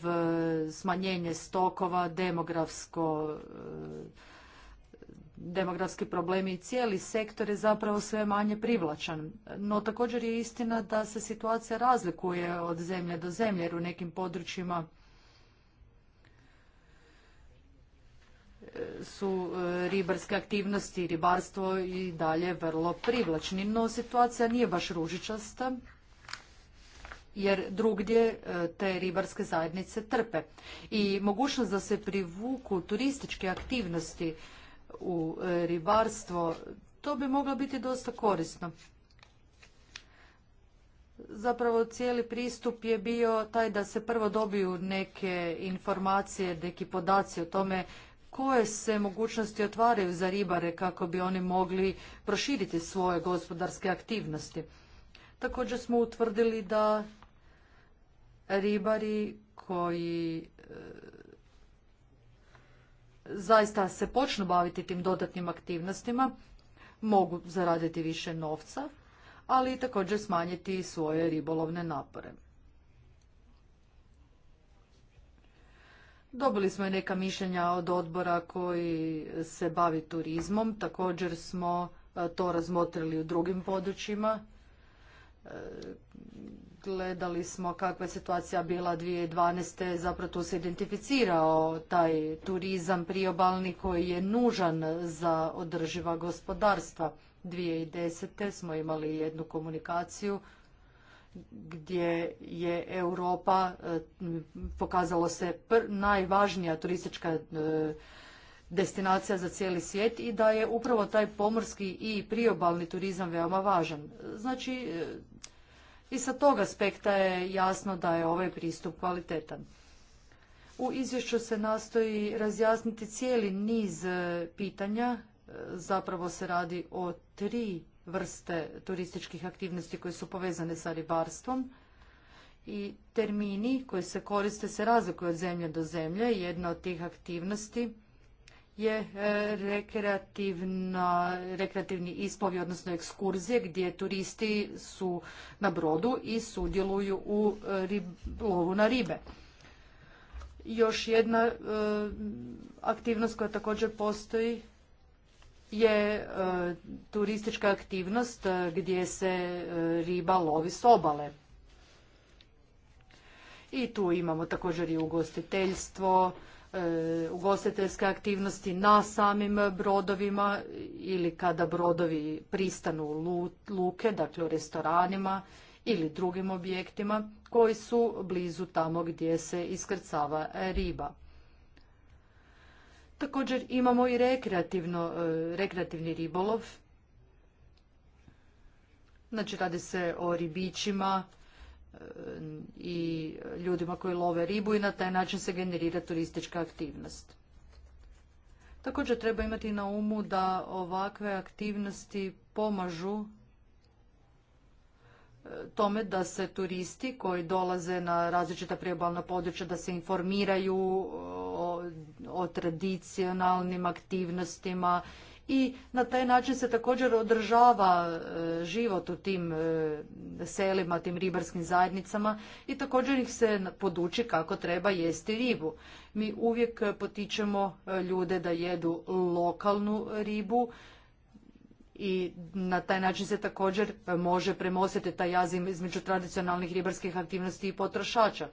smanjenje stokova, demografsko demografski problemi i cijeli sektor je zapravo sve manje privlačan. No također je istina da se situacija razlikuje od zemlje do zemlje jer u nekim područjima e, su e, ribarske aktivnosti ribarstvo i dalje vrlo privlačni. No situacija nije baš ružičasta jer drugdje e, te ribarske zajednice trpe. I mogućnost da se privuku turističke aktivnosti u e, ribarstvo, to bi moglo biti dosta korisno. Zapravo cijeli pristup je bio taj da se prvo dobiju neke informacije, neki podaci o tome koje se mogućnosti otvaraju za ribare kako bi oni mogli proširiti svoje gospodarske aktivnosti. Također smo utvrdili da ribari koji e, zaista se počnu baviti tim dodatnim aktivnostima, mogu zaraditi više novca, ali i također smanjiti svoje ribolovne napore. Dobili smo i neka mišljenja od odbora koji se bavi turizmom. Također smo e, to razmotrili u drugim područjima e, gledali smo kakva je situacija bila 2012. Zapravo tu se identificirao taj turizam priobalni koji je nužan za održiva gospodarstva. 2010. smo imali jednu komunikaciju gdje je Europa pokazalo se najvažnija turistička e, destinacija za cijeli svijet i da je upravo taj pomorski i priobalni turizam veoma važan. Znači, e, i sa tog aspekta je jasno da je ovaj pristup kvalitetan. U izvješću se nastoji razjasniti cijeli niz e, pitanja, e, zapravo se radi o tri vrste turističkih aktivnosti koje su povezane sa ribarstvom i termini koji se koriste se razlikuju od zemlje do zemlje. Jedna od tih aktivnosti je e, rekreativni ispovi, odnosno ekskurzije gdje turisti su na brodu i sudjeluju u e, lovu na ribe. Još jedna e, aktivnost koja također postoji je turistička aktivnost gdje se riba lovi s obale. I tu imamo također i ugostiteljstvo, E, ugostiteljske aktivnosti na samim brodovima ili kada brodovi pristanu u luke, dakle u restoranima ili drugim objektima koji su blizu tamo gdje se iskrcava riba. Također imamo i e, rekreativni ribolov. Znači radi se o ribićima i ljudima koji love ribu i na taj način se generira turistička aktivnost. Također treba imati na umu da ovakve aktivnosti pomažu e, tome da se turisti koji dolaze na različita priobalna područja da se informiraju o, o tradicionalnim aktivnostima i na taj način se također održava e, život u tim e, selima, tim ribarskim zajednicama i također ih se poduči kako treba jesti ribu. Mi uvijek potičemo e, ljude da jedu lokalnu ribu i na taj način se također može premostiti taj jaz između tradicionalnih ribarskih aktivnosti i potrošača.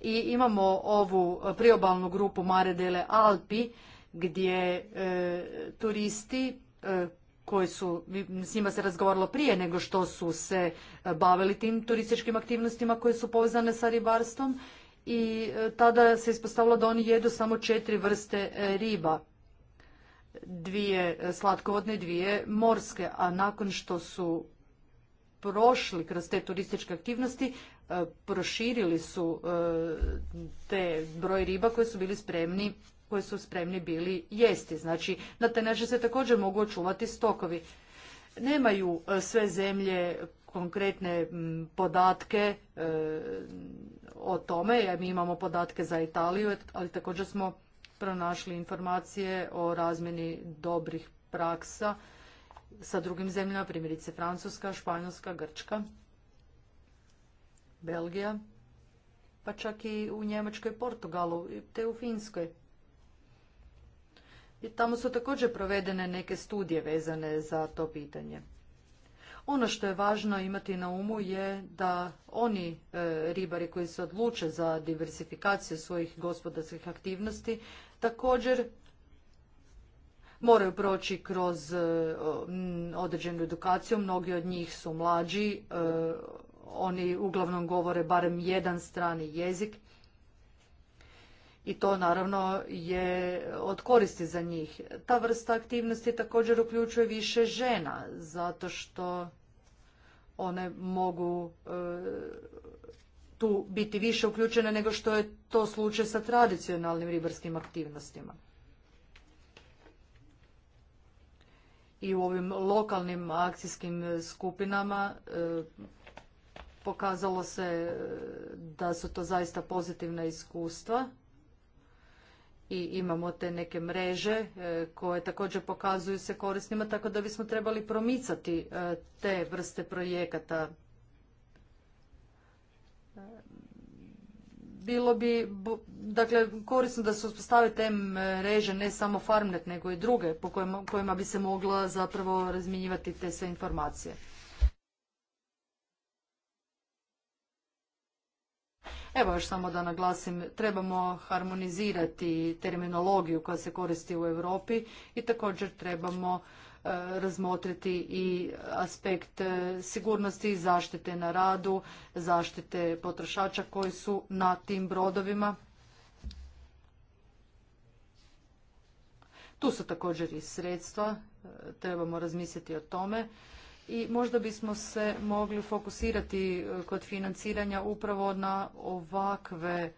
I imamo ovu priobalnu grupu Mare Dele Alpi gdje e, turisti e, koji su, s njima se razgovaralo prije nego što su se bavili tim turističkim aktivnostima koje su povezane sa ribarstvom i e, tada se ispostavilo da oni jedu samo četiri vrste riba. Dvije slatkovodne, dvije morske, a nakon što su prošli kroz te turističke aktivnosti, proširili su te broj riba koje su bili spremni koje su spremni bili jesti. Znači, na taj način se također mogu očuvati stokovi. Nemaju e, sve zemlje konkretne podatke e, o tome. jer mi imamo podatke za Italiju, ali također smo pronašli informacije o razmjeni dobrih praksa sa drugim zemljama, primjerice Francuska, Španjolska, Grčka, Belgija, pa čak i u Njemačkoj Portugalu, te u Finskoj i tamo su također provedene neke studije vezane za to pitanje. Ono što je važno imati na umu je da oni e, ribari koji se odluče za diversifikaciju svojih gospodarskih aktivnosti također moraju proći kroz e, određenu edukaciju. Mnogi od njih su mlađi, e, oni uglavnom govore barem jedan strani jezik i to naravno je od koristi za njih. Ta vrsta aktivnosti također uključuje više žena zato što one mogu e, tu biti više uključene nego što je to slučaj sa tradicionalnim ribarskim aktivnostima. I u ovim lokalnim akcijskim skupinama e, pokazalo se e, da su to zaista pozitivna iskustva i imamo te neke mreže e, koje također pokazuju se korisnima, tako da bismo trebali promicati e, te vrste projekata. E, bilo bi dakle, korisno da se uspostave te mreže, ne samo Farmnet, nego i druge, po kojima, kojima bi se mogla zapravo razminjivati te sve informacije. Evo još samo da naglasim, trebamo harmonizirati terminologiju koja se koristi u Europi i također trebamo e, razmotriti i aspekt e, sigurnosti i zaštite na radu, zaštite potrošača koji su na tim brodovima. Tu su također i sredstva, e, trebamo razmisliti o tome i možda bismo se mogli fokusirati e, kod financiranja upravo na ovakve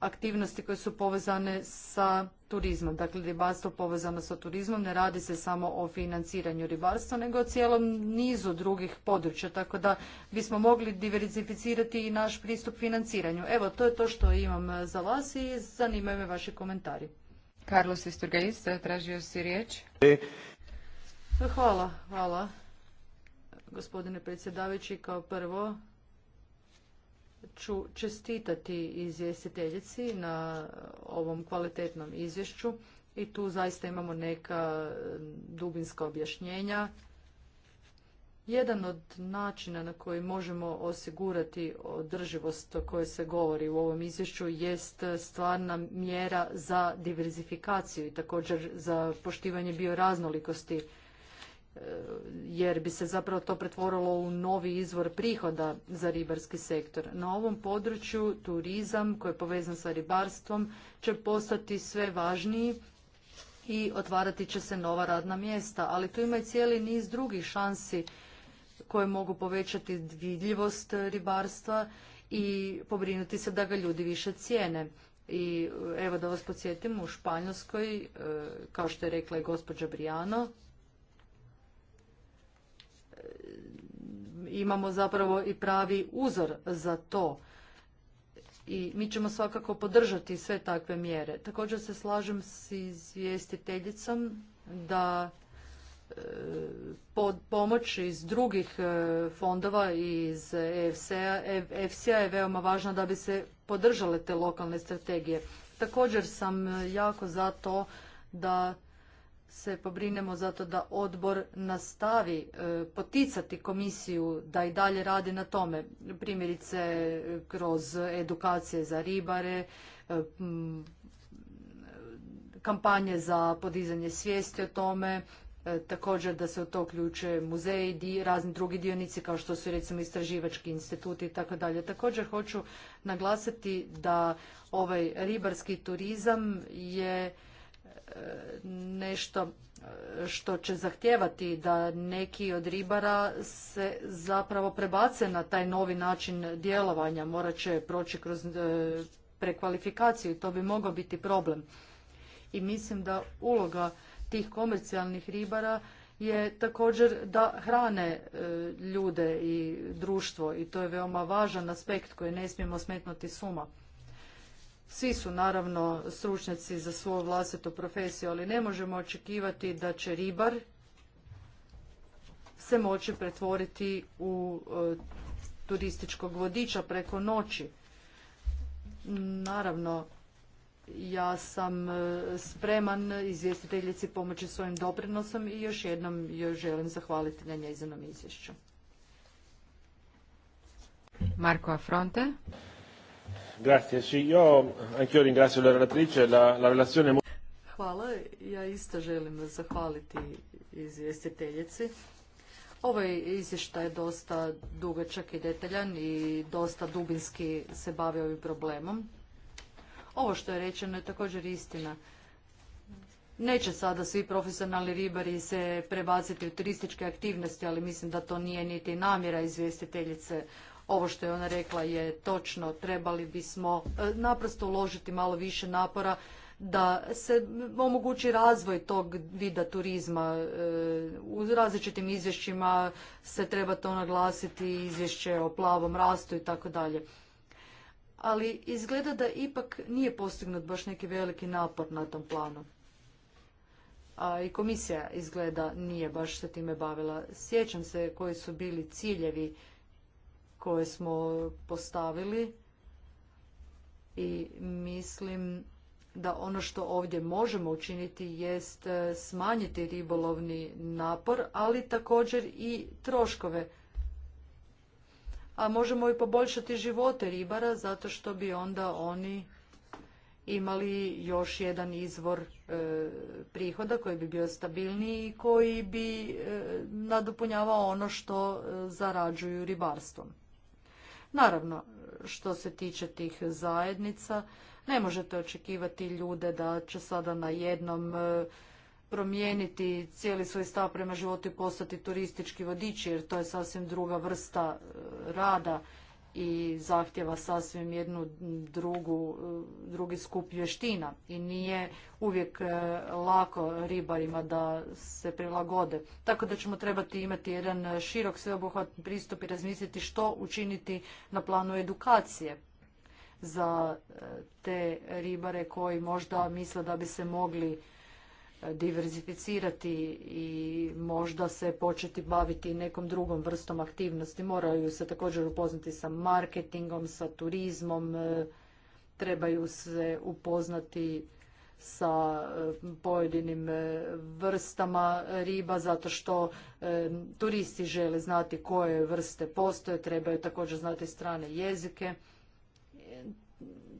aktivnosti koje su povezane sa turizmom. Dakle, ribarstvo povezano sa turizmom ne radi se samo o financiranju ribarstva, nego o cijelom nizu drugih područja. Tako da bismo mogli diversificirati i naš pristup financiranju. Evo, to je to što imam e, za vas i zanimaju me vaši komentari. Carlos Isturgaiz, tražio si riječ. E, hvala, hvala gospodine predsjedavajući. Kao prvo ću čestitati izvjestiteljici na ovom kvalitetnom izvješću i tu zaista imamo neka dubinska objašnjenja. Jedan od načina na koji možemo osigurati održivost o kojoj se govori u ovom izvješću jest stvarna mjera za diverzifikaciju i također za poštivanje bioraznolikosti jer bi se zapravo to pretvorilo u novi izvor prihoda za ribarski sektor. Na ovom području turizam koji je povezan sa ribarstvom će postati sve važniji i otvarati će se nova radna mjesta, ali tu ima i cijeli niz drugih šansi koje mogu povećati vidljivost ribarstva i pobrinuti se da ga ljudi više cijene. I evo da vas podsjetim, u Španjolskoj, e, kao što je rekla i gospođa Brijano, imamo zapravo i pravi uzor za to i mi ćemo svakako podržati sve takve mjere. Također se slažem s izvjestiteljicom da e, pod pomoć iz drugih e, fondova iz EFSI-a e je veoma važna da bi se podržale te lokalne strategije. Također sam jako za to da se pobrinemo zato da odbor nastavi e, poticati komisiju da i dalje radi na tome. Primjerice e, kroz edukacije za ribare, e, kampanje za podizanje svijesti o tome, također da se u to ključe muzeji i razni drugi dionici kao što su recimo istraživački instituti i tako dalje. Također hoću naglasiti da ovaj ribarski turizam je nešto e, što će zahtijevati da neki od ribara se zapravo prebace na taj novi način djelovanja, morat će proći kroz e, prekvalifikaciju i to bi mogao biti problem. I mislim da uloga tih komercijalnih ribara je također da hrane e, ljude i društvo i to je veoma važan aspekt koji ne smijemo smetnuti suma. Svi su naravno stručnjaci za svoju vlastitu profesiju, ali ne možemo očekivati da će ribar se moći pretvoriti u e, turističkog vodiča preko noći. Naravno, ja sam e, spreman izvjestiteljici pomoći svojim doprinosom i još jednom joj želim zahvaliti na njezinom izvješću. Marko Afronte. Grazie, io anch'io ringrazio la, la relazione... Hvala, ja isto želim zahvaliti izvjestiteljici. Ovaj izvještaj je dosta dugačak i detaljan i dosta dubinski se bavi ovim problemom. Ovo što je rečeno je također istina. Neće sada svi profesionalni ribari se prebaciti u turističke aktivnosti, ali mislim da to nije niti namjera izvjestiteljice. Ovo što je ona rekla je točno, trebali bismo e, naprosto uložiti malo više napora da se omogući razvoj tog vida turizma. E, u različitim izvješćima se treba to naglasiti, izvješće o plavom rastu i tako dalje. Ali izgleda da ipak nije postignut baš neki veliki napor na tom planu. A i komisija izgleda nije baš se time bavila. Sjećam se koji su bili ciljevi koje smo postavili i mislim da ono što ovdje možemo učiniti jest e, smanjiti ribolovni napor, ali također i troškove. A možemo i poboljšati živote ribara zato što bi onda oni imali još jedan izvor e, prihoda koji bi bio stabilniji i koji bi e, nadopunjavao ono što e, zarađuju ribarstvom. Naravno, što se tiče tih zajednica, ne možete očekivati ljude da će sada na jednom e, promijeniti cijeli svoj stav prema životu i postati turistički vodiči, jer to je sasvim druga vrsta e, rada i zahtjeva sasvim jednu drugu, drugi skup vještina i nije uvijek e, lako ribarima da se prilagode. Tako da ćemo trebati imati jedan širok sveobuhvatni pristup i razmisliti što učiniti na planu edukacije za e, te ribare koji možda misle da bi se mogli diverzificirati i možda se početi baviti nekom drugom vrstom aktivnosti. Moraju se također upoznati sa marketingom, sa turizmom, e, trebaju se upoznati sa e, pojedinim e, vrstama riba zato što turisti žele znati koje vrste postoje, trebaju također znati strane jezike.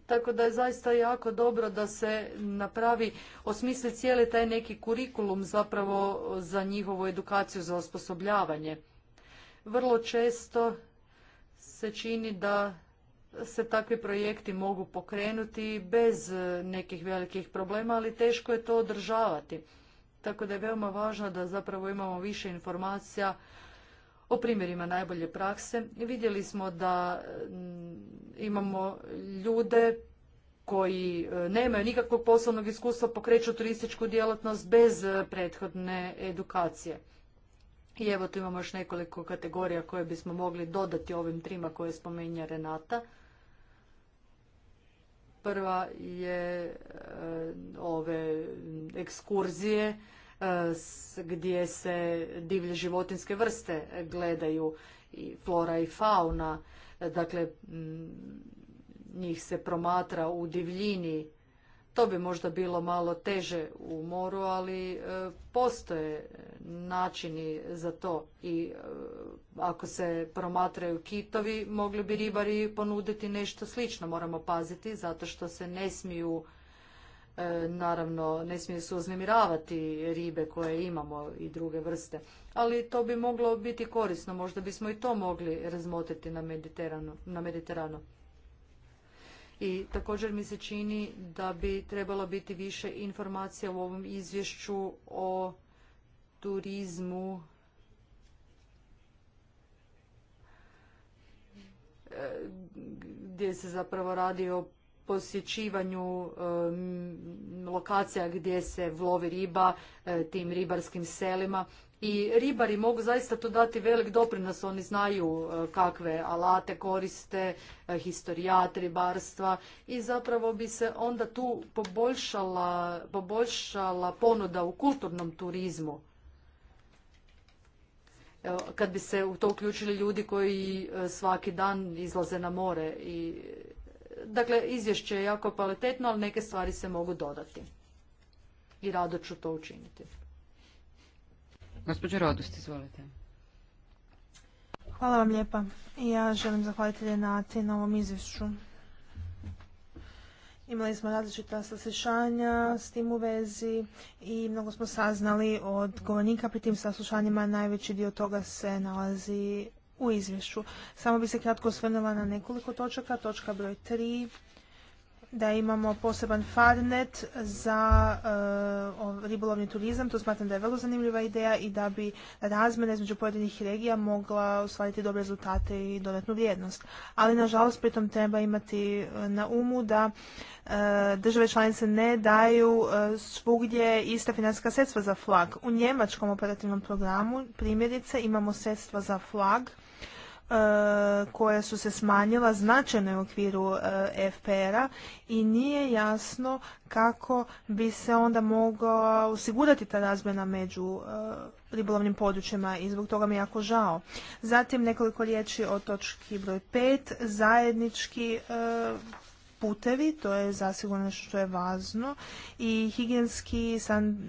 Tako da je zaista jako dobro da se napravi, osmisli cijeli taj neki kurikulum zapravo za njihovu edukaciju, za osposobljavanje. Vrlo često se čini da se takvi projekti mogu pokrenuti bez nekih velikih problema, ali teško je to održavati. Tako da je veoma važno da zapravo imamo više informacija o primjerima najbolje prakse. Vidjeli smo da mm, imamo ljude koji e, nemaju nikakvog poslovnog iskustva, pokreću turističku djelatnost bez e, prethodne edukacije. I evo tu imamo još nekoliko kategorija koje bismo mogli dodati ovim trima koje spomenja Renata. Prva je e, ove ekskurzije, E, gdje se divlje životinske vrste gledaju i flora i fauna. E, dakle, njih se promatra u divljini. To bi možda bilo malo teže u moru, ali e, postoje načini za to. I ako se promatraju kitovi, mogli bi ribari ponuditi nešto slično. Moramo paziti zato što se ne smiju E, naravno ne smije se uznemiravati ribe koje imamo i druge vrste, ali to bi moglo biti korisno, možda bismo i to mogli razmotriti na Mediteranu. Na Mediteranu. I također mi se čini da bi trebalo biti više informacija u ovom izvješću o turizmu e, gdje se zapravo radi o posjećivanju lokacija gdje se vlovi riba, e, tim ribarskim selima. I ribari mogu zaista tu dati velik doprinos, oni znaju e, kakve alate koriste, e, historijat ribarstva i zapravo bi se onda tu poboljšala, poboljšala ponuda u kulturnom turizmu kad bi se u to uključili ljudi koji svaki dan izlaze na more i Dakle, izvješće je jako kvalitetno, ali neke stvari se mogu dodati. I rado ću to učiniti. Gospodin izvolite. Hvala vam lijepa. Ja želim zahvaliti na ovom izvješću. Imali smo različita saslušanja s tim u vezi i mnogo smo saznali od govornika pri tim saslušanjima. Najveći dio toga se nalazi u izvješću. Samo bi se kratko osvrnula na nekoliko točaka. Točka broj 3 da imamo poseban farnet za eh, ribolovni turizam. To smatram da je vrlo zanimljiva ideja i da bi razmjena između pojedinih regija mogla ostvariti dobre rezultate i dodatnu vrijednost. Ali nažalost pritom treba imati eh, na umu da eh, države članice ne daju svugdje ista financijska sredstva za flag. U njemačkom operativnom programu primjerice imamo sredstva za flag E, koja su se smanjila značajno u okviru e, FPR-a i nije jasno kako bi se onda mogla osigurati ta razmjena među e, ribolovnim područjima i zbog toga mi je jako žao. Zatim nekoliko riječi o točki broj 5, zajednički putevi, to je zasigurno nešto što je važno i higijenski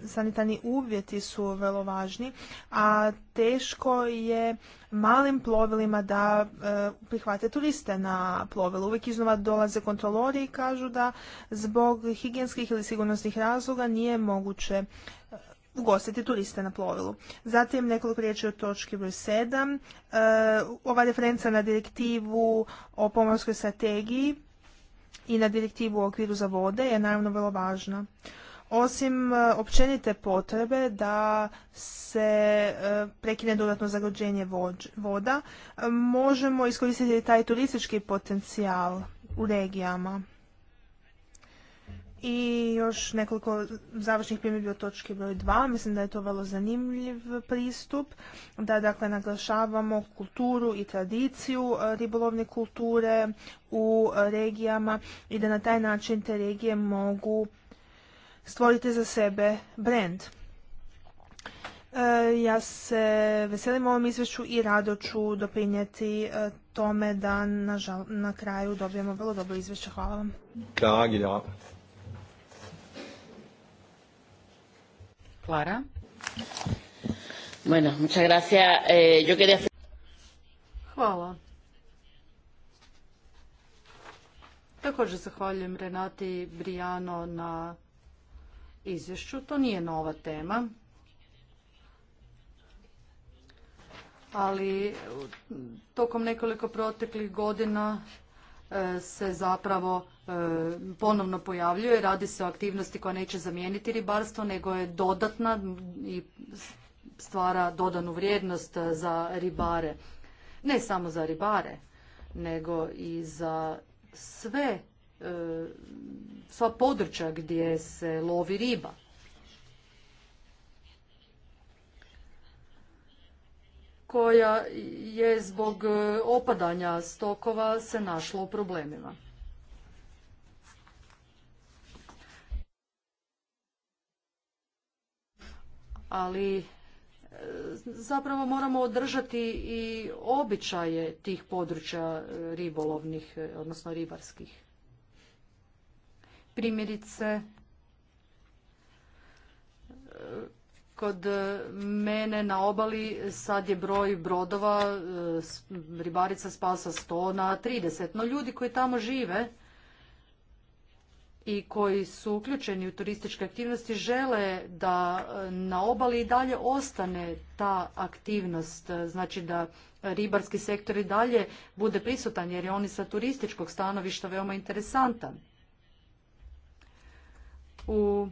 sanitarni uvjeti su vrlo važni, a teško je malim plovilima da e, prihvate turiste na plovilu. Uvijek iznova dolaze kontrolori i kažu da zbog higijenskih ili sigurnosnih razloga nije moguće e, ugostiti turiste na plovilu. Zatim nekoliko riječi o točki broj 7. E, ova referenca na direktivu o pomorskoj strategiji i na direktivu u okviru za vode je naravno vrlo važna. Osim e, općenite potrebe da se e, prekine dodatno zagrođenje voda, e, možemo iskoristiti taj turistički potencijal u regijama. I još nekoliko završnih primjedbi o točki broj 2. Mislim da je to vrlo zanimljiv pristup, da dakle naglašavamo kulturu i tradiciju e, ribolovne kulture u regijama i da na taj način te regije mogu stvoriti za sebe brand. E, ja se veselim ovom izvješću i rado ću doprinijeti e, tome da na, kraju dobijemo vrlo dobro izvješće. Hvala vam. Clara. Eh, Hvala. Također zahvaljujem Renati Brijano na izvješću. To nije nova tema. Ali tokom nekoliko proteklih godina E, se zapravo e, ponovno pojavljuje. Radi se o aktivnosti koja neće zamijeniti ribarstvo, nego je dodatna i stvara dodanu vrijednost e, za ribare. Ne samo za ribare, nego i za sve sva područja gdje se lovi riba. koja je zbog e, opadanja stokova se našla u problemima. Ali e, zapravo moramo održati i običaje tih područja e, ribolovnih, odnosno ribarskih. Primjerice, Kod e, mene na obali sad je broj brodova e, ribarica spasa sto na trideset. No ljudi koji tamo žive i koji su uključeni u turističke aktivnosti žele da e, na obali i dalje ostane ta aktivnost, znači da ribarski sektor i dalje bude prisutan jer je on i sa turističkog stanovišta veoma interesantan. U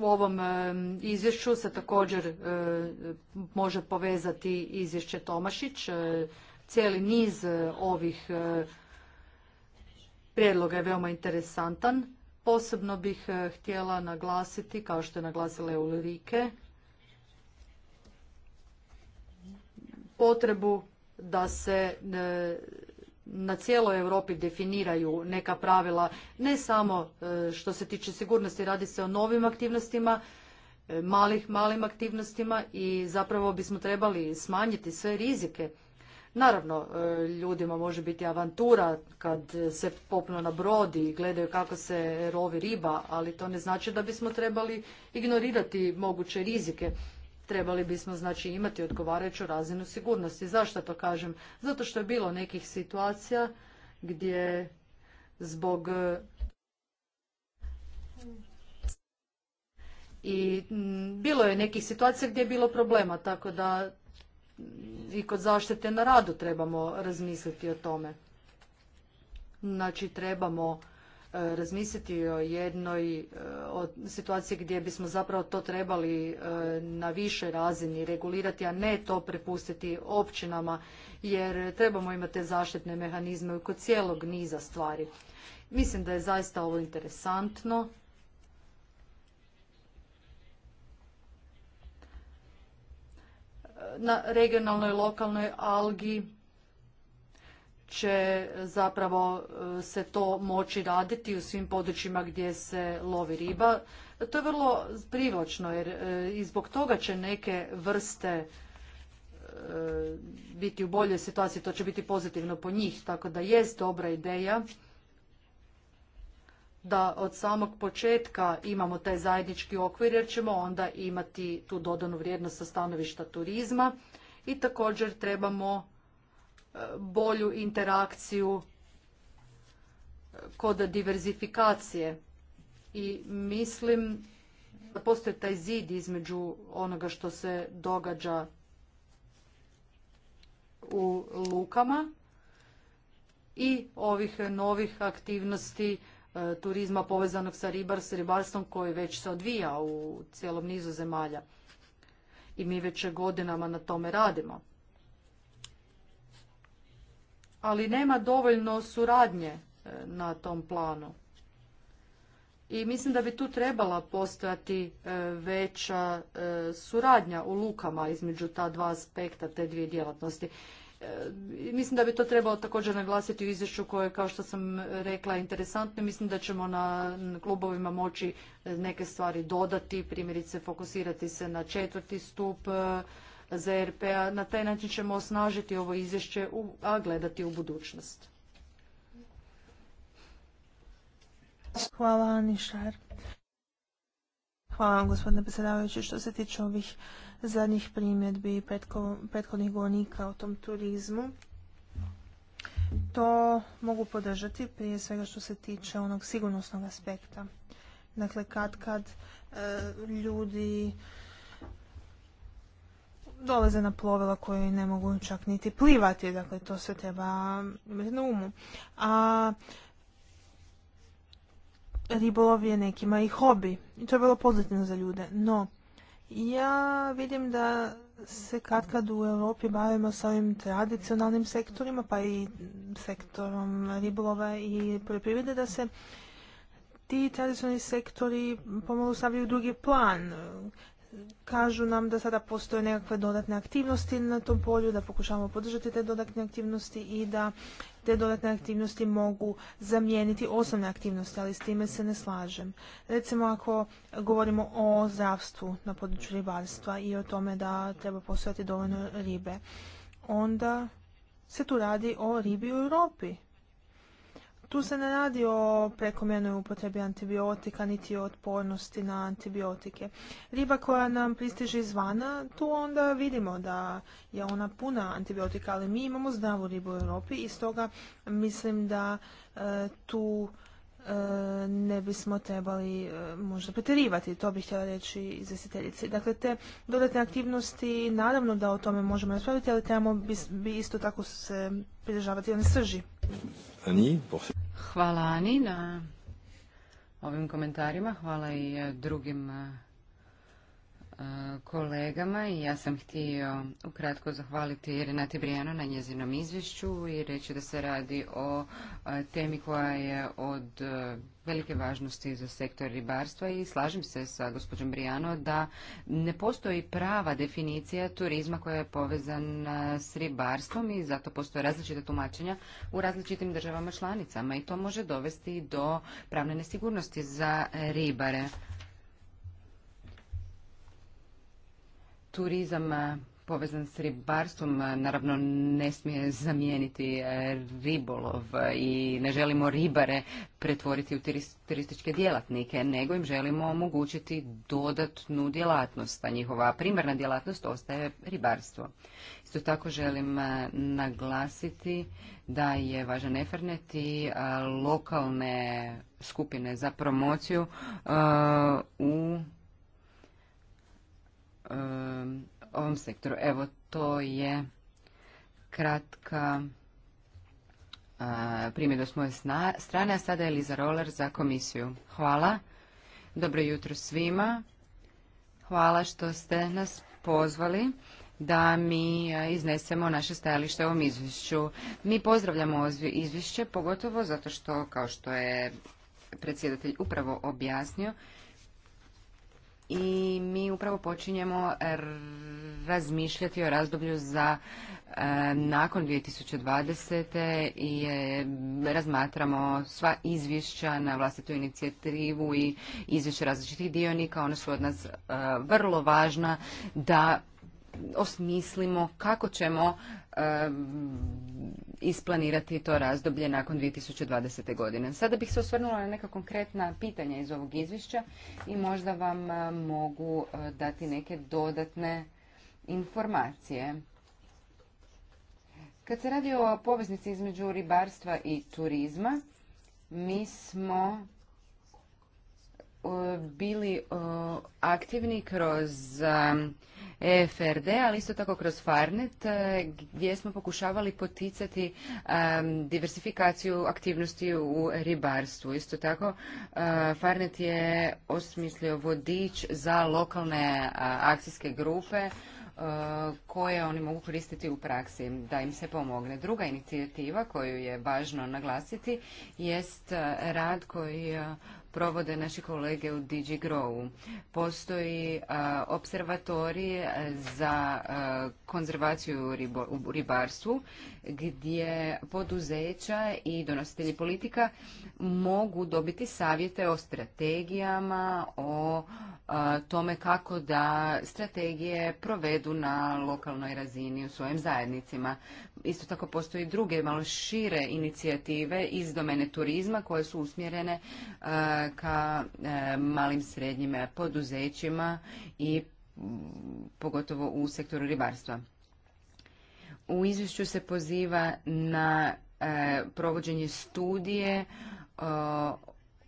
u ovom e, izvješću se također e, može povezati izvješće Tomašić. E, cijeli niz ovih prijedloga je veoma interesantan. Posebno bih htjela naglasiti, kao što je naglasila Ulrike, potrebu da se na cijeloj Europi definiraju neka pravila, ne samo e, što se tiče sigurnosti, radi se o novim aktivnostima, e, malih, malim aktivnostima i zapravo bismo trebali smanjiti sve rizike. Naravno, e, ljudima može biti avantura kad se popnu na brod i gledaju kako se rovi riba, ali to ne znači da bismo trebali ignorirati moguće rizike trebali bismo znači imati odgovarajuću razinu sigurnosti. Zašto to kažem? Zato što je bilo nekih situacija gdje zbog i bilo je nekih situacija gdje je bilo problema, tako da i kod zaštite na radu trebamo razmisliti o tome. Znači trebamo E, razmisliti o jednoj e, situaciji gdje bismo zapravo to trebali e, na više razini regulirati, a ne to prepustiti općinama jer trebamo imati te zaštitne mehanizme oko cijelog niza stvari. Mislim da je zaista ovo interesantno. Na regionalnoj, lokalnoj algi će e, zapravo e, se to moći raditi u svim područjima gdje se lovi riba. To je vrlo privlačno jer e, i zbog toga će neke vrste biti u boljoj situaciji, to će biti pozitivno po njih, tako da jest dobra ideja da od samog početka imamo taj zajednički okvir jer ćemo onda imati tu dodanu vrijednost sa stanovišta turizma i također trebamo bolju interakciju kod diverzifikacije i mislim da postoji taj zid između onoga što se događa u lukama i ovih novih aktivnosti e, turizma povezanog sa ribarstvom koji već se odvija u cijelom nizu zemalja. I mi već godinama na tome radimo ali nema dovoljno suradnje e, na tom planu. I mislim da bi tu trebala postojati e, veća e, suradnja u lukama između ta dva aspekta, te dvije djelatnosti. Mislim da bi to trebalo također naglasiti u izvješću koje, kao što sam rekla, interesantno. Mislim da ćemo na klubovima moći neke stvari dodati, primjerice fokusirati se na četvrti stup, ZRP-a. Na taj način ćemo osnažiti ovo izvješće, a gledati u budućnost. Hvala Anišar. Hvala vam gospodine predsjedavajući. Što se tiče ovih zadnjih primjedbi prethodnih govornika o tom turizmu, to mogu podržati prije svega što se tiče onog sigurnosnog aspekta. Dakle, kad kad e, ljudi dolaze na plovila koje ne mogu čak niti plivati, dakle to sve treba imati na umu. A ribolov je nekima i hobi i to je vrlo pozitivno za ljude, no ja vidim da se kad kad u Europi bavimo sa ovim tradicionalnim sektorima, pa i sektorom ribolova i poljoprivrede, da se ti tradicionalni sektori pomalo stavljaju u drugi plan kažu nam da sada postoje nekakve dodatne aktivnosti na tom polju, da pokušavamo podržati te dodatne aktivnosti i da te dodatne aktivnosti mogu zamijeniti osnovne aktivnosti, ali s time se ne slažem. Recimo ako govorimo o zdravstvu na području ribarstva i o tome da treba postojati dovoljno ribe, onda se tu radi o ribi u Europi. Tu se ne radi o prekomjernoj upotrebi antibiotika niti o otpornosti na antibiotike. Riba koja nam pristiže izvana, tu onda vidimo da je ona puna antibiotika, ali mi imamo zdravu ribu u Europi i stoga mislim da e, tu e, ne bismo trebali e, možda pretjerivati, to bih htjela reći izvjestiteljici. Dakle, te dodatne aktivnosti, naravno da o tome možemo raspraviti, ali trebamo bi, isto tako se pridržavati one srži. Hvala Ani na ovim komentarima, hvala i e, drugim e, E, kolegama i ja sam htio ukratko zahvaliti Renati Brijano na njezinom izvješću i reći da se radi o e, temi koja je od e, velike važnosti za sektor ribarstva i slažem se sa gospođom Brijano da ne postoji prava definicija turizma koja je povezana s ribarstvom i zato postoje različite tumačenja u različitim državama članicama i to može dovesti do pravne nesigurnosti za ribare. turizam e, povezan s ribarstvom e, naravno ne smije zamijeniti e, ribolov i ne želimo ribare pretvoriti u turističke djelatnike, nego im želimo omogućiti dodatnu djelatnost, a njihova primarna djelatnost ostaje ribarstvo. Isto tako želim naglasiti da je važan Efernet i lokalne skupine za promociju u Um, ovom sektoru. Evo, to je kratka uh, primjedba s moje strane, a sada je Liza Roller za komisiju. Hvala. Dobro jutro svima. Hvala što ste nas pozvali da mi uh, iznesemo naše stajalište u ovom izvješću. Mi pozdravljamo izvješće, pogotovo zato što, kao što je predsjedatelj upravo objasnio, i mi upravo počinjemo razmišljati o razdoblju za e, nakon 2020. i e, razmatramo sva izvješća na vlastitu inicijativu i izvješća različitih dionika. ona su od nas e, vrlo važna da osmislimo kako ćemo isplanirati to razdoblje nakon 2020. godine. Sada bih se osvrnula na neka konkretna pitanja iz ovog izvješća i možda vam mogu e, dati neke dodatne informacije. Kad se radi o poveznici između ribarstva i turizma, mi smo e, bili e, aktivni kroz EFRD, ali isto tako kroz Farnet, e, gdje smo pokušavali poticati diversifikaciju aktivnosti u ribarstvu. Isto tako, e, Farnet je osmislio vodič za lokalne e, akcijske grupe koje oni mogu koristiti u praksi da im se pomogne. Druga inicijativa koju je važno naglasiti jest rad koji provode naši kolege u DigiGrow. Grow. Postoji observatorije za konzervaciju u ribarstvu gdje poduzeća i donositelji politika mogu dobiti savjete o strategijama, o tome kako da strategije provedu na lokalnoj razini u svojim zajednicima. Isto tako postoji druge malo šire inicijative iz domene turizma koje su usmjerene ka e, malim srednjim poduzećima i mm, pogotovo u sektoru ribarstva. U izvješću se poziva na e, provođenje studije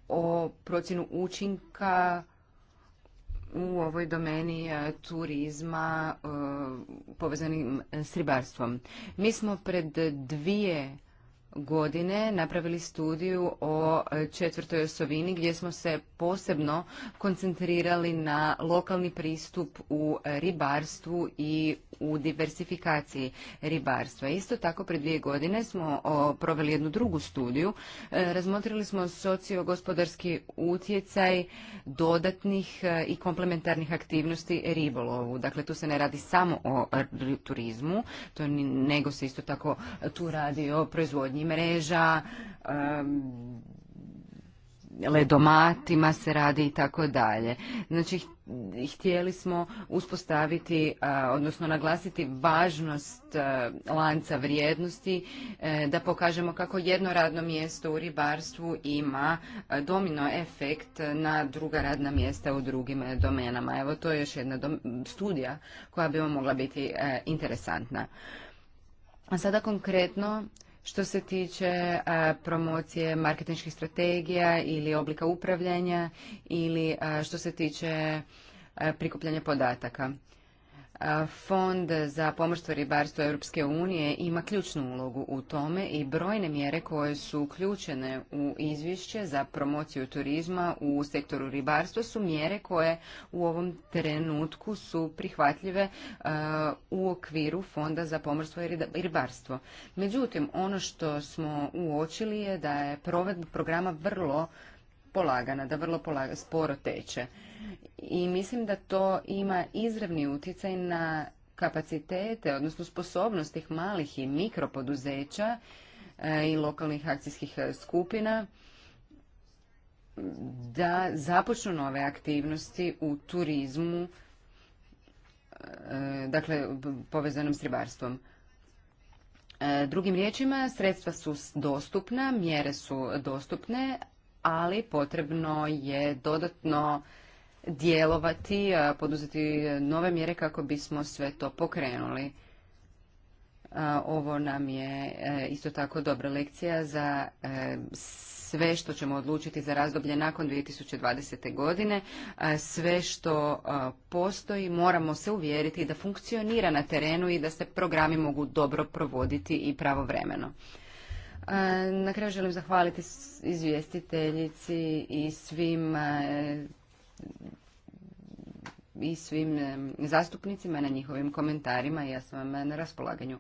o procjenu učinka u ovoj domeni e, turizma e, povezanim s ribarstvom. Mi smo pred dvije godine napravili studiju o e, četvrtoj osovini gdje smo se posebno koncentrirali na lokalni pristup u ribarstvu i u diversifikaciji ribarstva. Isto tako pred dvije godine smo proveli jednu drugu studiju. E, razmotrili smo sociogospodarski utjecaj dodatnih e, i komplementarnih aktivnosti ribolovu. Dakle, tu se ne radi samo o turizmu, to, nego se isto tako tu radi o proizvodnji i mreža, ledomatima se radi i tako dalje. Znači, htjeli smo uspostaviti, odnosno naglasiti važnost e, lanca vrijednosti, e, da pokažemo kako jedno radno mjesto u ribarstvu ima e, domino efekt na druga radna mjesta u drugim domenama. Evo, to je još jedna studija koja bi vam mogla biti interesantna. A sada konkretno, što se tiče promocije marketinških strategija ili oblika upravljanja ili što se tiče prikupljanja podataka. Fond za pomorstvo i ribarstvo Europske unije ima ključnu ulogu u tome i brojne mjere koje su uključene u izvješće za promociju turizma u sektoru ribarstva su mjere koje u ovom trenutku su prihvatljive e, u okviru Fonda za pomorstvo i ribarstvo. Međutim, ono što smo uočili je da je provedba programa vrlo polagana, da vrlo sporo teče i mislim da to ima izravni utjecaj na kapacitete, odnosno sposobnost tih malih i mikropoduzeća eh, i lokalnih akcijskih eh, skupina da započnu nove aktivnosti u turizmu, eh, dakle povezanom s ribarstvom. Drugim riječima, sredstva su dostupna, mjere su dostupne, ali potrebno je dodatno djelovati, poduzeti nove mjere kako bismo sve to pokrenuli. Ovo nam je e, isto tako dobra lekcija za e, sve što ćemo odlučiti za razdoblje nakon 2020. godine, sve što postoji, moramo se uvjeriti da funkcionira na terenu i da se programi mogu dobro provoditi i pravovremeno. Na kraju želim zahvaliti izvjestiteljici i svim i svim zastupnicima na njihovim komentarima. Ja sam vam na raspolaganju.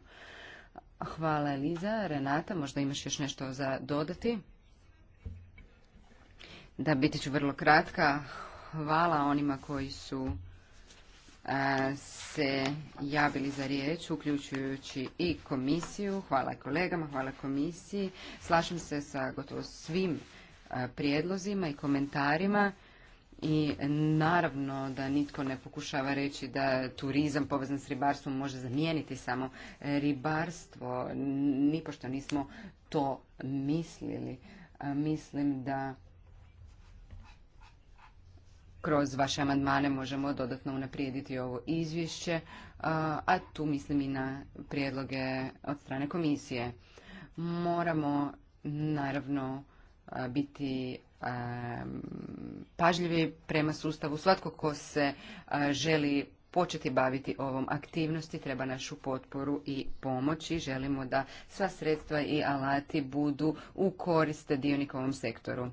Hvala Eliza. Renata, možda imaš još nešto za dodati? Da, biti ću vrlo kratka. Hvala onima koji su se javili za riječ, uključujući i komisiju. Hvala kolegama, hvala komisiji. Slažem se sa gotovo svim prijedlozima i komentarima i naravno da nitko ne pokušava reći da turizam povezan s ribarstvom može zamijeniti samo ribarstvo. Nipošto nismo to mislili. Mislim da kroz vaše amandmane možemo dodatno unaprijediti ovo izvješće, a tu mislim i na prijedloge od strane komisije. Moramo naravno biti pažljivi prema sustavu. Svatko ko se želi početi baviti ovom aktivnosti treba našu potporu i pomoć i želimo da sva sredstva i alati budu u korist dionika ovom sektoru.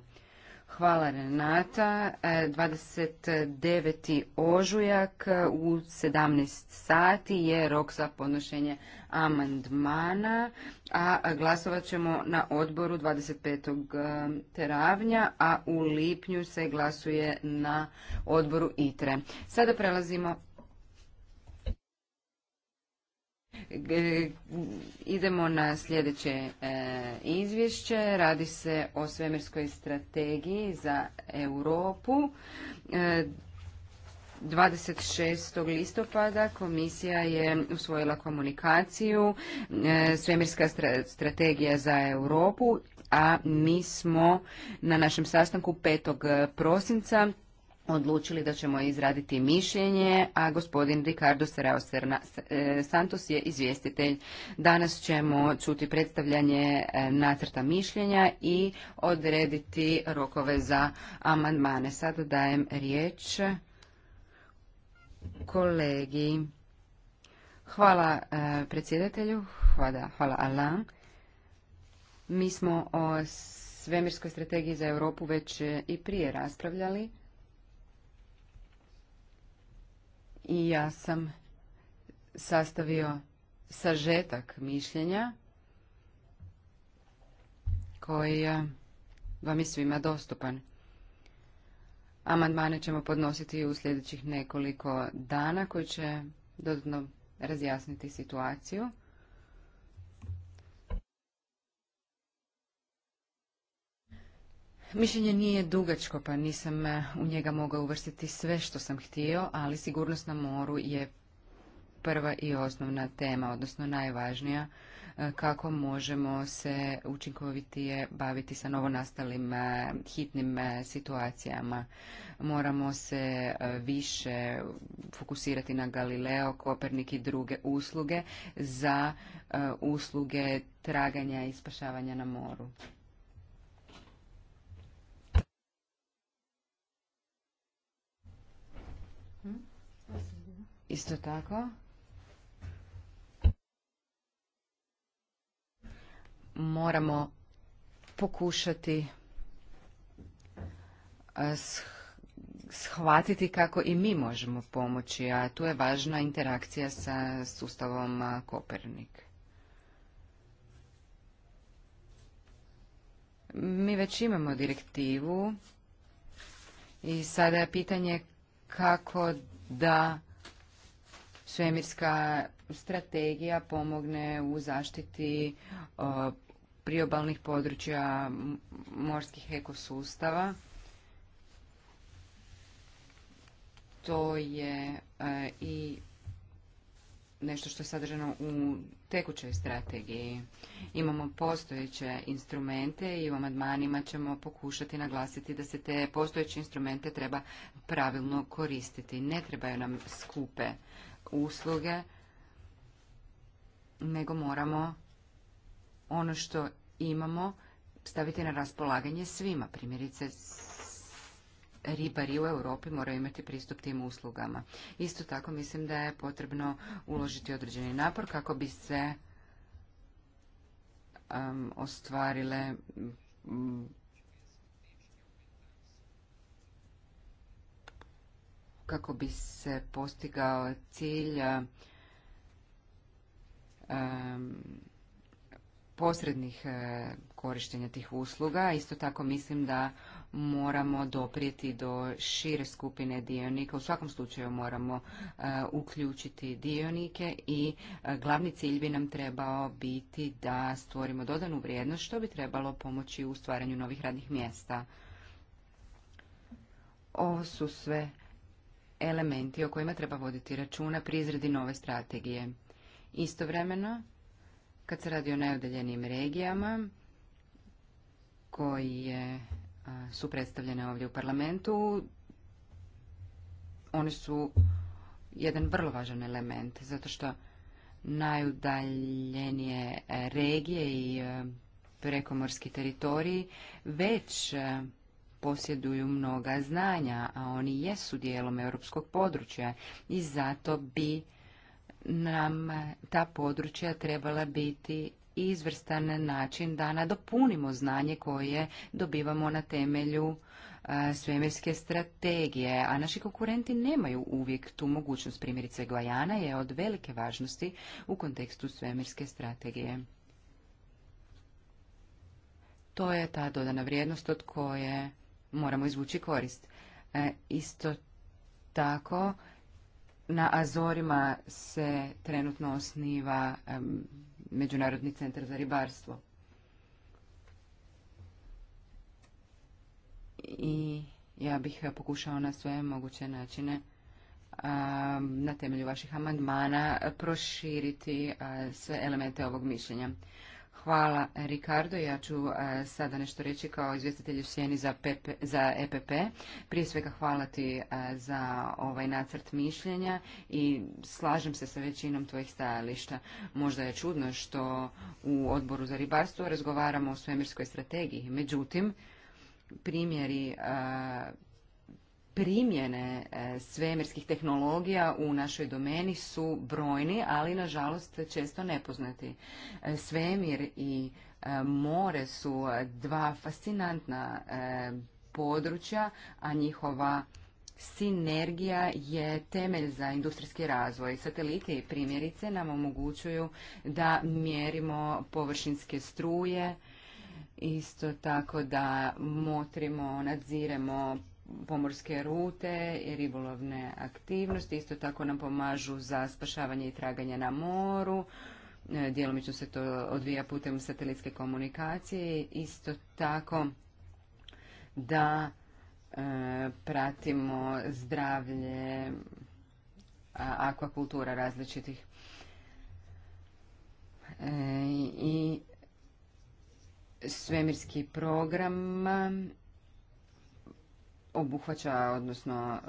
Hvala Renata. 29. E, ožujak u 17 sati je rok za podnošenje amandmana, a glasovat ćemo na odboru 25. E, teravnja, a u lipnju se glasuje na odboru ITRE. Sada prelazimo Idemo na sljedeće e, izvješće. Radi se o svemirskoj strategiji za Europu. 26. E, listopada komisija je usvojila komunikaciju e, Svemirska strategija za Europu, a mi smo na našem sastanku 5. prosinca odlučili da ćemo izraditi mišljenje, a gospodin Ricardo Serao e, Santos je izvjestitelj. Danas ćemo čuti predstavljanje e, nacrta mišljenja i odrediti rokove za amandmane. Sada dajem riječ kolegi. Hvala e, predsjedatelju, hvala, hvala Mi smo o svemirskoj strategiji za Europu već i prije raspravljali. i ja sam sastavio sažetak mišljenja koji vam je svima dostupan. Amandmane ćemo podnositi u sljedećih nekoliko dana koji će dodatno razjasniti situaciju. Mišljenje nije dugačko, pa nisam eh, u njega mogao uvrstiti sve što sam htio, ali sigurnost na moru je prva i osnovna tema, odnosno najvažnija, eh, kako možemo se učinkovitije baviti sa novonastalim eh, hitnim situacijama. Moramo se više fokusirati na Galileo, Kopernik i druge usluge za usluge traganja i spašavanja na moru. Isto tako, moramo pokušati eh, shvatiti kako i mi možemo pomoći, a tu je važna interakcija sa sustavom eh, Kopernik. Mi već imamo direktivu i sada je pitanje kako da svemirska strategija pomogne u zaštiti priobalnih područja morskih ekosustava. To je e, i nešto što je sadržano u tekućoj strategiji. Imamo postojeće instrumente i u amandmanima ćemo pokušati naglasiti da se te postojeće instrumente treba pravilno koristiti. Ne trebaju nam skupe usluge, nego moramo ono što imamo staviti na raspolaganje svima. Primjerice, ribari u Europi moraju imati pristup tim uslugama. Isto tako mislim da je potrebno uložiti određeni napor kako bi se um, ostvarile kako bi se postigao cilj posrednih e, korištenja tih usluga. Isto tako mislim da moramo doprijeti do šire skupine dionika. U svakom slučaju moramo e, uključiti dionike i e, glavni cilj bi nam trebao biti da stvorimo dodanu vrijednost što bi trebalo pomoći u stvaranju novih radnih mjesta. Ovo su sve elementi o kojima treba voditi računa pri izradi nove strategije. Istovremeno, kad se radi o najudaljenijim regijama, koje su predstavljene ovdje u parlamentu, one su jedan vrlo važan element, zato što najudaljenije regije i prekomorski teritoriji već posjeduju mnoga znanja, a oni jesu dijelom europskog područja i zato bi nam ta područja trebala biti izvrstan način da nadopunimo znanje koje dobivamo na temelju e, svemirske strategije, a naši konkurenti nemaju uvijek tu mogućnost. Primjerice Gvajana je od velike važnosti u kontekstu svemirske strategije. To je ta dodana vrijednost od koje moramo izvući korist. E, isto tako, na Azorima se trenutno osniva Međunarodni centar za ribarstvo. I ja bih pokušao na sve moguće načine na temelju vaših amandmana proširiti sve elemente ovog mišljenja. Hvala Ricardo. Ja ću e, sada nešto reći kao izvjestitelj u sjeni za, za EPP. Prije svega hvala ti e, za ovaj nacrt mišljenja i slažem se sa većinom tvojih stajališta. Možda je čudno što u odboru za ribarstvo razgovaramo o svemirskoj strategiji. Međutim, primjeri e, primjene e, svemirskih tehnologija u našoj domeni su brojni, ali nažalost često nepoznati. E, svemir i e, more su dva fascinantna područja, a njihova sinergija je temelj za industrijski razvoj. Sateliti primjerice nam omogućuju da mjerimo površinske struje, isto tako da motrimo, nadziremo pomorske rute i ribolovne aktivnosti. Isto tako nam pomažu za spašavanje i traganje na moru. E, djelomično se to odvija putem satelitske komunikacije. Isto tako da e, pratimo zdravlje akvakultura različitih. E, I svemirski program obuhvaća, odnosno,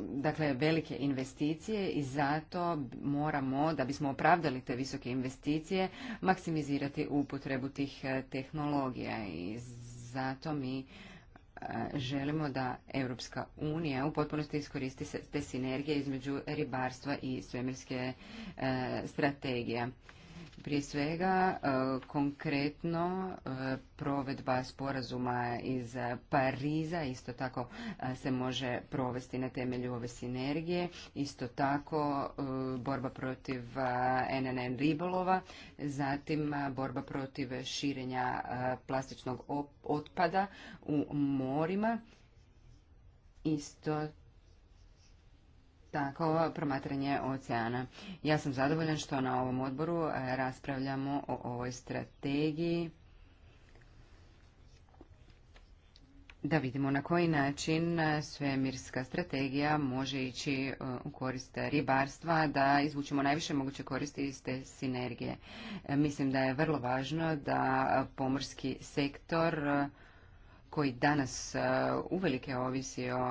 dakle, velike investicije i zato moramo, da bismo opravdali te visoke investicije, maksimizirati upotrebu tih eh, tehnologija i zato mi eh, želimo da Europska unija u potpunosti iskoristi te sinergije između ribarstva i svemirske eh, strategije. Prije svega, e, konkretno e, provedba sporazuma iz Pariza isto tako e, se može provesti na temelju ove sinergije. Isto tako, borba protiv NNN ribolova, zatim borba protiv širenja plastičnog otpada u morima. Isto tako promatranje oceana. Ja sam zadovoljan što na ovom odboru e, raspravljamo o ovoj strategiji. Da vidimo na koji način e, svemirska strategija može ići e, u korist ribarstva, da izvučemo najviše moguće koristi iz te sinergije. Mislim da je vrlo važno da pomorski sektor koji danas uvelike ovisi o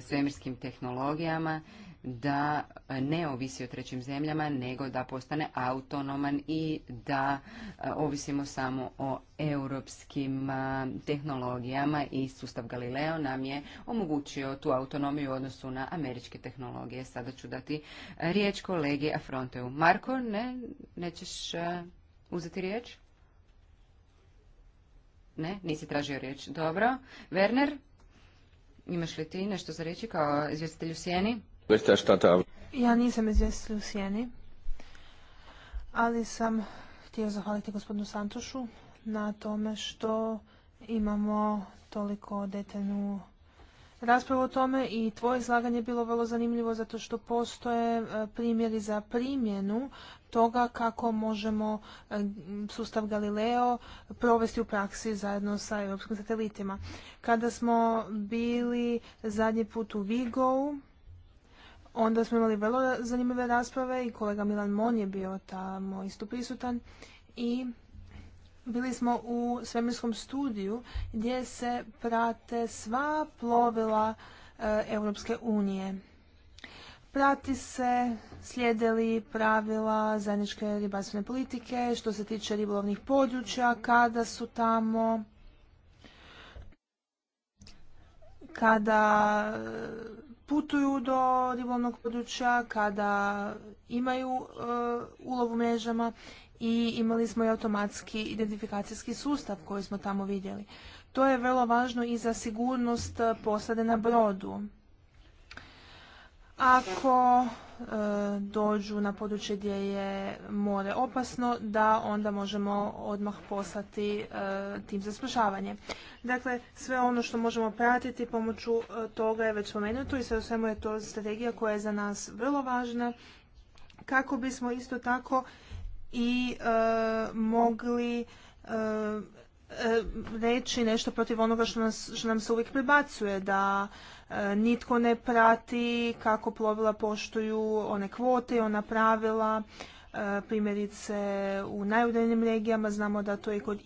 svemirskim tehnologijama, da ne ovisi o trećim zemljama, nego da postane autonoman i da e, ovisimo samo o europskim e, tehnologijama i sustav Galileo nam je omogućio tu autonomiju u odnosu na američke tehnologije. Sada ću dati riječ kolegi Afronteu. Marko, ne, nećeš e, uzeti riječ? Ne, nisi tražio riječ. Dobro. Werner, imaš li ti nešto za reći kao izvjestitelj u sjeni? Ja nisam izvjestila u Sjeni, ali sam htio zahvaliti gospodinu Santošu na tome što imamo toliko detaljnu raspravu o tome i tvoje izlaganje je bilo vrlo zanimljivo zato što postoje e, primjeri za primjenu toga kako možemo e, sustav Galileo provesti u praksi zajedno sa europskim satelitima. Kada smo bili zadnji put u Vigou, Onda smo imali vrlo zanimljive rasprave i kolega Milan Mon je bio tamo isto prisutan i bili smo u svemirskom studiju gdje se prate sva plovila eh, Europske unije. Prati se slijede li pravila zajedničke ribarstvene politike što se tiče ribolovnih područja, kada su tamo, kada putuju do ribolovnog područja, kada imaju ulovu uh, ulov u mrežama i imali smo i automatski identifikacijski sustav koji smo tamo vidjeli. To je vrlo važno i za sigurnost uh, posade na brodu ako e, dođu na područje gdje je more opasno, da onda možemo odmah poslati e, tim za spašavanje. Dakle, sve ono što možemo pratiti pomoću e, toga je već spomenuto i sve u svemu je to strategija koja je za nas vrlo važna kako bismo isto tako i mogli e, reći nešto protiv onoga što, što nam se uvijek prebacuje da E, nitko ne prati kako plovila poštuju one kvote i ona pravila e, primjerice u najudaljenim regijama znamo da to je kod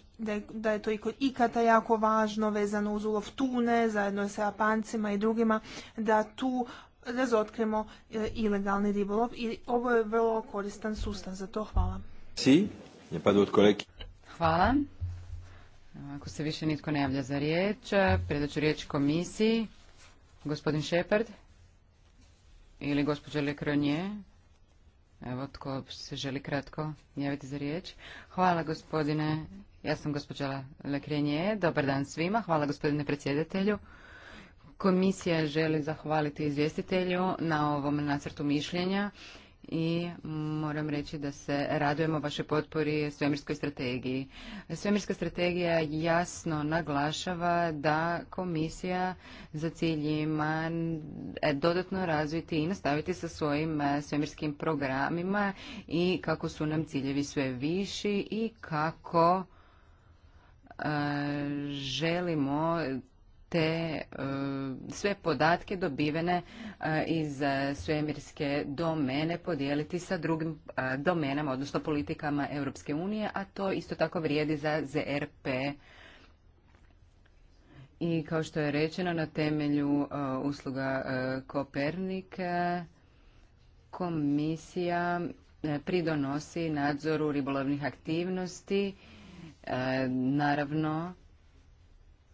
da je to i kod ikata jako važno vezano uz ulov tune zajedno sa japancima i drugima da tu razotkrimo e, ilegalni ribolov i ovo je vrlo koristan sustav za to. Hvala. Pa hvala. Ako se više nitko ne javlja za riječ, predaću ću riječ komisiji. Gospodin Shepard ili gospođa Lekronje. Evo tko se želi kratko javiti za riječ. Hvala gospodine, ja sam gospođa Lekrenje, dobar dan svima, hvala gospodine predsjedatelju. Komisija želi zahvaliti izvjestitelju na ovom nacrtu mišljenja i moram reći da se radujemo vašoj potpori svemirskoj strategiji. Svemirska strategija jasno naglašava da komisija za cilj e, dodatno razviti i nastaviti sa svojim e, svemirskim programima i kako su nam ciljevi sve viši i kako e, želimo te e, sve podatke dobivene e, iz e, svemirske domene podijeliti sa drugim domenama, odnosno politikama Europske unije, a to isto tako vrijedi za ZRP i kao što je rečeno na temelju usluga Kopernika komisija pridonosi nadzoru ribolovnih aktivnosti naravno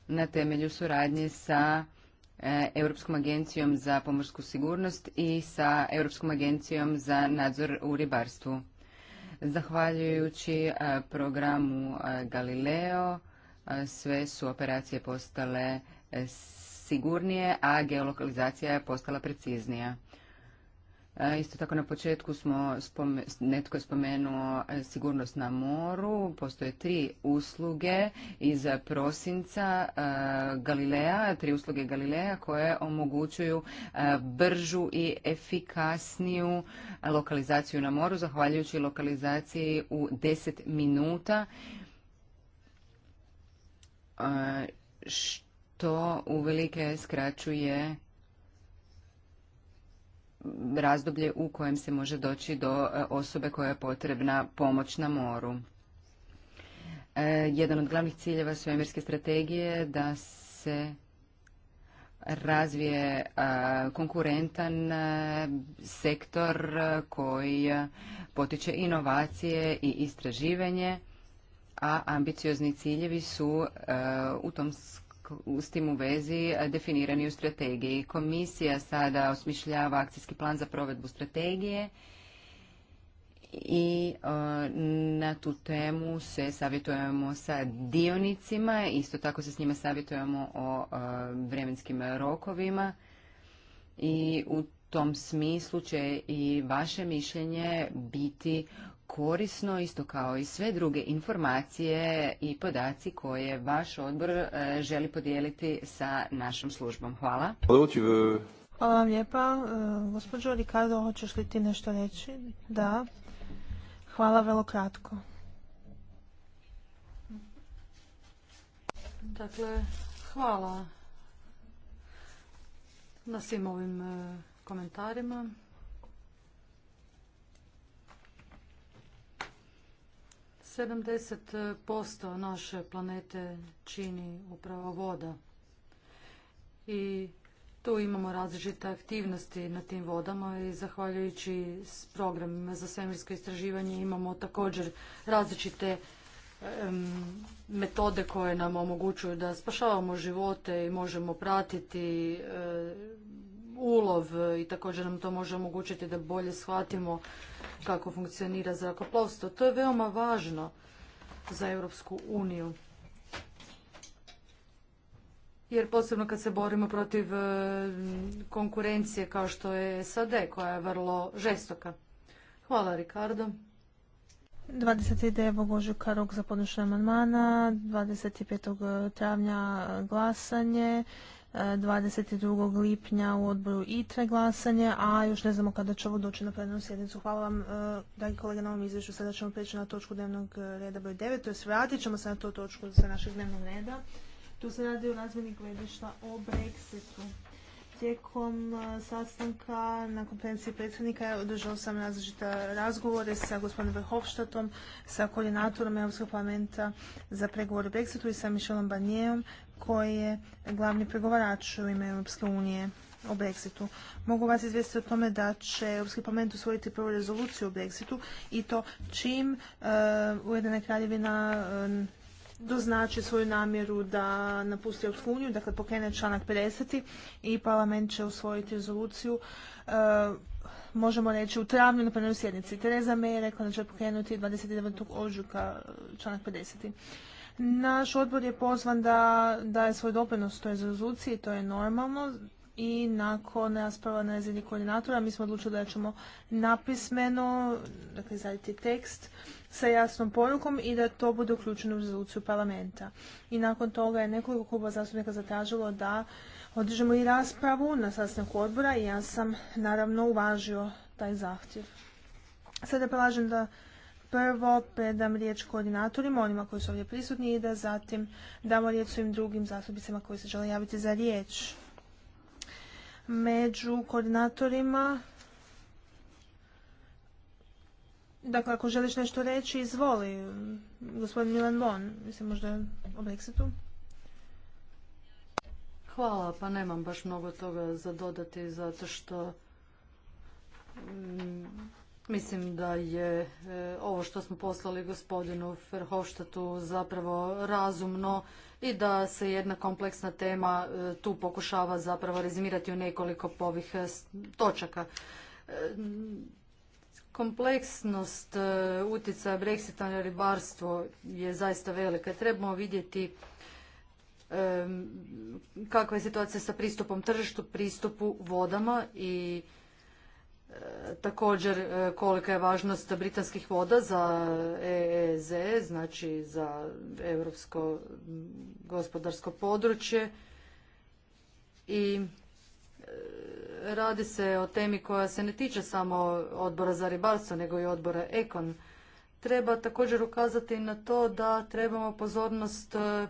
na temelju suradnje sa e, Europskom agencijom za pomorsku sigurnost i sa Europskom agencijom za nadzor u ribarstvu. Zahvaljujući e, programu e, Galileo sve su operacije postale sigurnije, a geolokalizacija je postala preciznija. E, isto tako na početku smo, netko je spomenuo e, sigurnost na moru, postoje tri usluge iz prosinca e, Galilea, tri usluge Galilea koje omogućuju bržu i efikasniju lokalizaciju na moru, zahvaljujući lokalizaciji u 10 minuta, što uvelike skraćuje razdoblje u kojem se može doći do e, osobe koja je potrebna pomoć na moru. E, jedan od glavnih ciljeva svemirske strategije da se razvije e, konkurentan sektor koji potiče inovacije i istraživanje, a ambiciozni ciljevi su u tom s tim u vezi e, definirani u strategiji. Komisija sada osmišljava akcijski plan za provedbu strategije i e, na tu temu se savjetujemo sa dionicima, isto tako se s njima savjetujemo o e, vremenskim rokovima i u tom smislu će i vaše mišljenje biti korisno, isto kao i sve druge informacije i podaci koje vaš odbor e, želi podijeliti sa našom službom. Hvala. Hvala vam lijepa. E, Gospodžo Ricardo, hoćeš li ti nešto reći? Da. Hvala velo kratko. Dakle, hvala na svim ovim e, komentarima. 70% naše planete čini upravo voda. I tu imamo različite aktivnosti na tim vodama i zahvaljujući s programima za svemirsko istraživanje imamo također različite metode koje nam omogućuju da spašavamo živote i možemo pratiti e, Eh, i također nam to može omogućiti da bolje shvatimo kako funkcionira zrakoplovstvo. To je veoma važno za Europsku uniju. Jer posebno kad se borimo protiv eh, konkurencije kao što je SAD koja je vrlo žestoka. Hvala Ricardo. 29. ožujka rok za podnošenje amandmana, 25. travnja glasanje, 22. lipnja u odboru ITRE glasanje, a još ne znamo kada će ovo doći na plenarnu sjednicu. Hvala vam, e, dragi kolega, na ovom izvješću. Sada ćemo prijeći na točku dnevnog e, reda broj 9, to je vratit ćemo se na to točku sa našeg dnevnog reda. Tu se radi o razmjeni gledišta o Brexitu tijekom e, sastanka na konferenciji predsjednika održao sam različite razgovore sa gospodinom Verhofštatom, sa koordinatorom Europskog parlamenta za pregovor o Brexitu i sa Michelom Barnierom, koji je glavni pregovarač u ime Europske unije o Brexitu. Mogu vas izvijestiti o tome da će Europski parlament usvojiti prvu rezoluciju o Brexitu i to čim e, ujedinjena kraljevina doznači svoju namjeru da napusti Europsku uniju, dakle pokrene članak 50. i parlament će usvojiti rezoluciju e, možemo reći u travnju na prvenoj sjednici. Tereza me je rekla da će pokrenuti 29. ožujka e, članak 50. Naš odbor je pozvan da daje svoj doprinos toj rezoluciji, to je normalno, i nakon rasprava na razini koordinatora mi smo odlučili da ćemo napismeno dakle, izraditi tekst sa jasnom porukom i da to bude uključeno u rezoluciju parlamenta. I nakon toga je nekoliko kluba zastupnika zatražilo da održimo i raspravu na sastanku odbora i ja sam naravno uvažio taj zahtjev. Sada prelažem da prvo predam riječ koordinatorima, onima koji su ovdje prisutni i da zatim damo riječ svim drugim zastupnicima koji se žele javiti za riječ među koordinatorima. Dakle, ako želiš nešto reći, izvoli. Gospodin Milan Bon, mislim možda o Brexitu. Hvala, pa nemam baš mnogo toga za dodati, zato što mm, Mislim da je e, ovo što smo poslali gospodinu Verhofstadtu zapravo razumno i da se jedna kompleksna tema e, tu pokušava zapravo rezimirati u nekoliko povih e, točaka. E, kompleksnost utjecaja Brexita na ribarstvo je zaista velika. Trebamo vidjeti kakva je situacija sa pristupom tržištu, pristupu vodama i također e, kolika je važnost britanskih voda za EEZ, znači za europsko gospodarsko područje i e, radi se o temi koja se ne tiče samo odbora za ribarstvo nego i odbora Ekon. Treba također ukazati na to da trebamo pozornost e,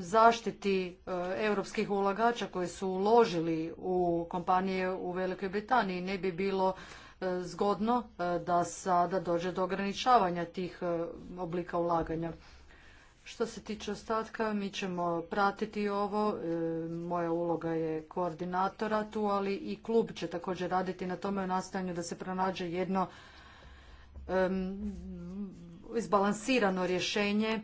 zaštiti e, europskih ulagača koji su uložili u kompanije u Velikoj Britaniji. Ne bi bilo e, zgodno e, da sada dođe do ograničavanja tih oblika ulaganja. Što se tiče ostatka, mi ćemo pratiti ovo. Moja uloga je koordinatora tu, ali i klub će također raditi na tome u nastojanju da se pronađe jedno izbalansirano rješenje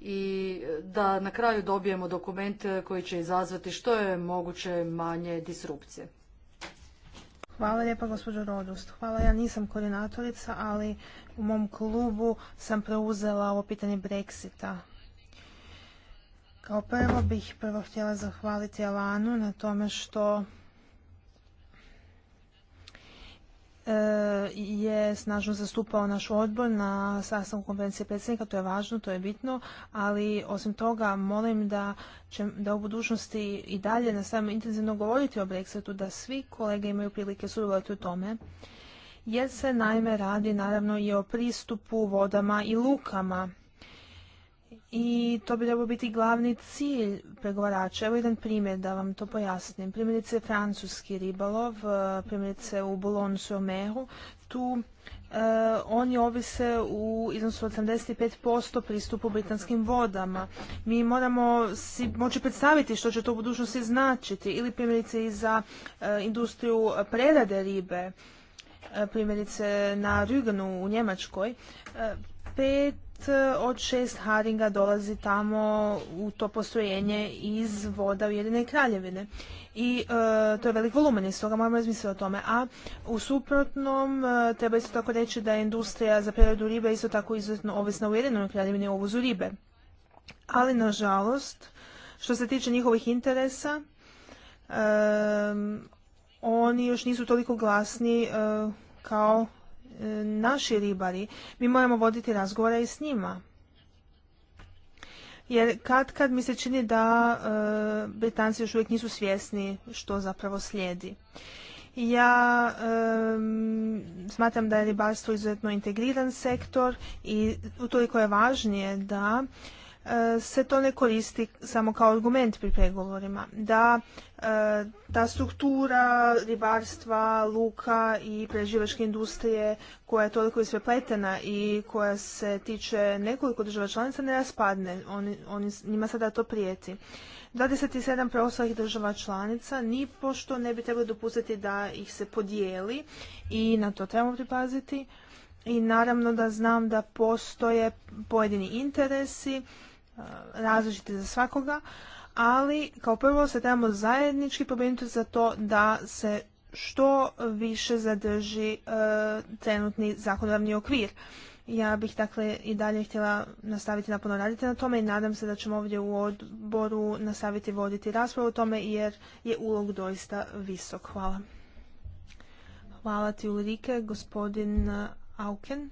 i da na kraju dobijemo dokument koji će izazvati što je moguće manje disrupcije. Hvala lijepa gospođo Rodust. Hvala, ja nisam koordinatorica, ali u mom klubu sam preuzela ovo pitanje Brexita. Kao prvo bih prvo htjela zahvaliti Alanu na tome što E, je snažno zastupao naš odbor na sastanku konferencije predsjednika, to je važno, to je bitno, ali osim toga molim da, da u budućnosti i dalje nastavimo intenzivno govoriti o Brexitu, da svi kolege imaju prilike sudjelovati u tome, jer se naime radi naravno i o pristupu vodama i lukama i to bi trebao biti glavni cilj pregovarača. Evo jedan primjer da vam to pojasnim. Primjerice francuski ribalov, e, primjerice u boulogne sur tu e, oni ovise u iznosu od 85% pristupu britanskim vodama. Mi moramo si moći predstaviti što će to u budućnosti značiti ili primjerice i za e, industriju prerade ribe, primjerice na Rügenu u Njemačkoj. Pet E, od šest haringa dolazi tamo u to postrojenje iz voda Ujedine kraljevine. I e, to je velik volumen iz stoga moramo razmisliti o tome. A u suprotnom e, treba isto tako reći da je industrija za preradu ribe isto tako izuzetno ovisna u Ujedinoj kraljevini u uvozu ribe. Ali nažalost, što se tiče njihovih interesa, oni još nisu toliko glasni kao naši ribari, mi moramo voditi razgovore i s njima. Jer kad kad mi se čini da e, Britanci još uvijek nisu svjesni što zapravo slijedi. Ja smatram da je ribarstvo izuzetno integriran sektor i utoliko je važnije da E, se to ne koristi samo kao argument pri pregovorima. Da e, ta struktura ribarstva, luka i preživačke industrije koja je toliko isprepletena i koja se tiče nekoliko država članica ne raspadne. Oni, njima sada to prijeti. 27 preostalih država članica ni pošto ne bi trebalo dopustiti da ih se podijeli i na to trebamo pripaziti. I naravno da znam da postoje pojedini interesi E, različite za svakoga, ali kao prvo se trebamo zajednički pobrinuti za to da se što više zadrži e, trenutni zakonodavni okvir. Ja bih dakle i dalje htjela nastaviti napuno raditi na tome i nadam se da ćemo ovdje u odboru nastaviti voditi raspravu o tome jer je ulog doista visok. Hvala. Hvala ti Ulrike, gospodin Auken.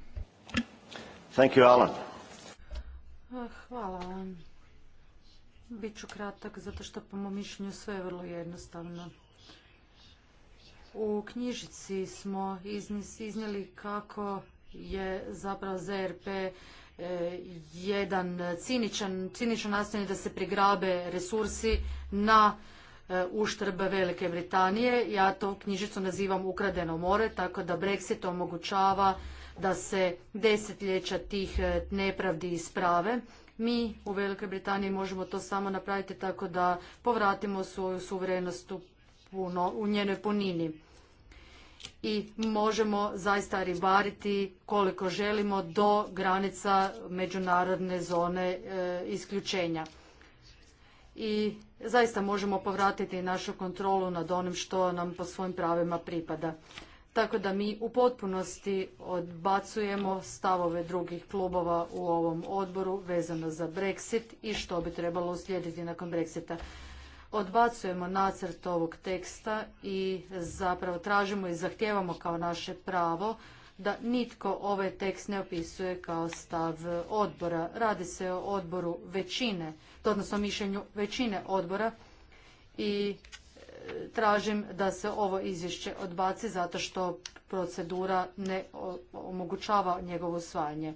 Thank you, Alan. Hvala vam. Biću kratak zato što po mom mišljenju sve je vrlo jednostavno. U knjižici smo iznijeli kako je zapravo ZRP e, jedan ciničan, cinično nastojanje da se prigrabe resursi na e, uštrb Velike Britanije. Ja to knjižicu nazivam Ukradeno more, tako da Brexit omogućava da se desetljeća tih e, nepravdi isprave. Mi u Velikoj Britaniji možemo to samo napraviti tako da povratimo svoju suverenost u, puno, u njenoj punini. I možemo zaista ribariti koliko želimo do granica međunarodne zone e, isključenja. I zaista možemo povratiti našu kontrolu nad onim što nam po svojim pravima pripada. Tako da mi u potpunosti odbacujemo stavove drugih klubova u ovom odboru vezano za Brexit i što bi trebalo uslijediti nakon Brexita. Odbacujemo nacrt ovog teksta i zapravo tražimo i zahtijevamo kao naše pravo da nitko ovaj tekst ne opisuje kao stav odbora. Radi se o odboru većine, odnosno mišljenju većine odbora i tražim da se ovo izvješće odbaci zato što procedura ne omogućava njegovo usvajanje.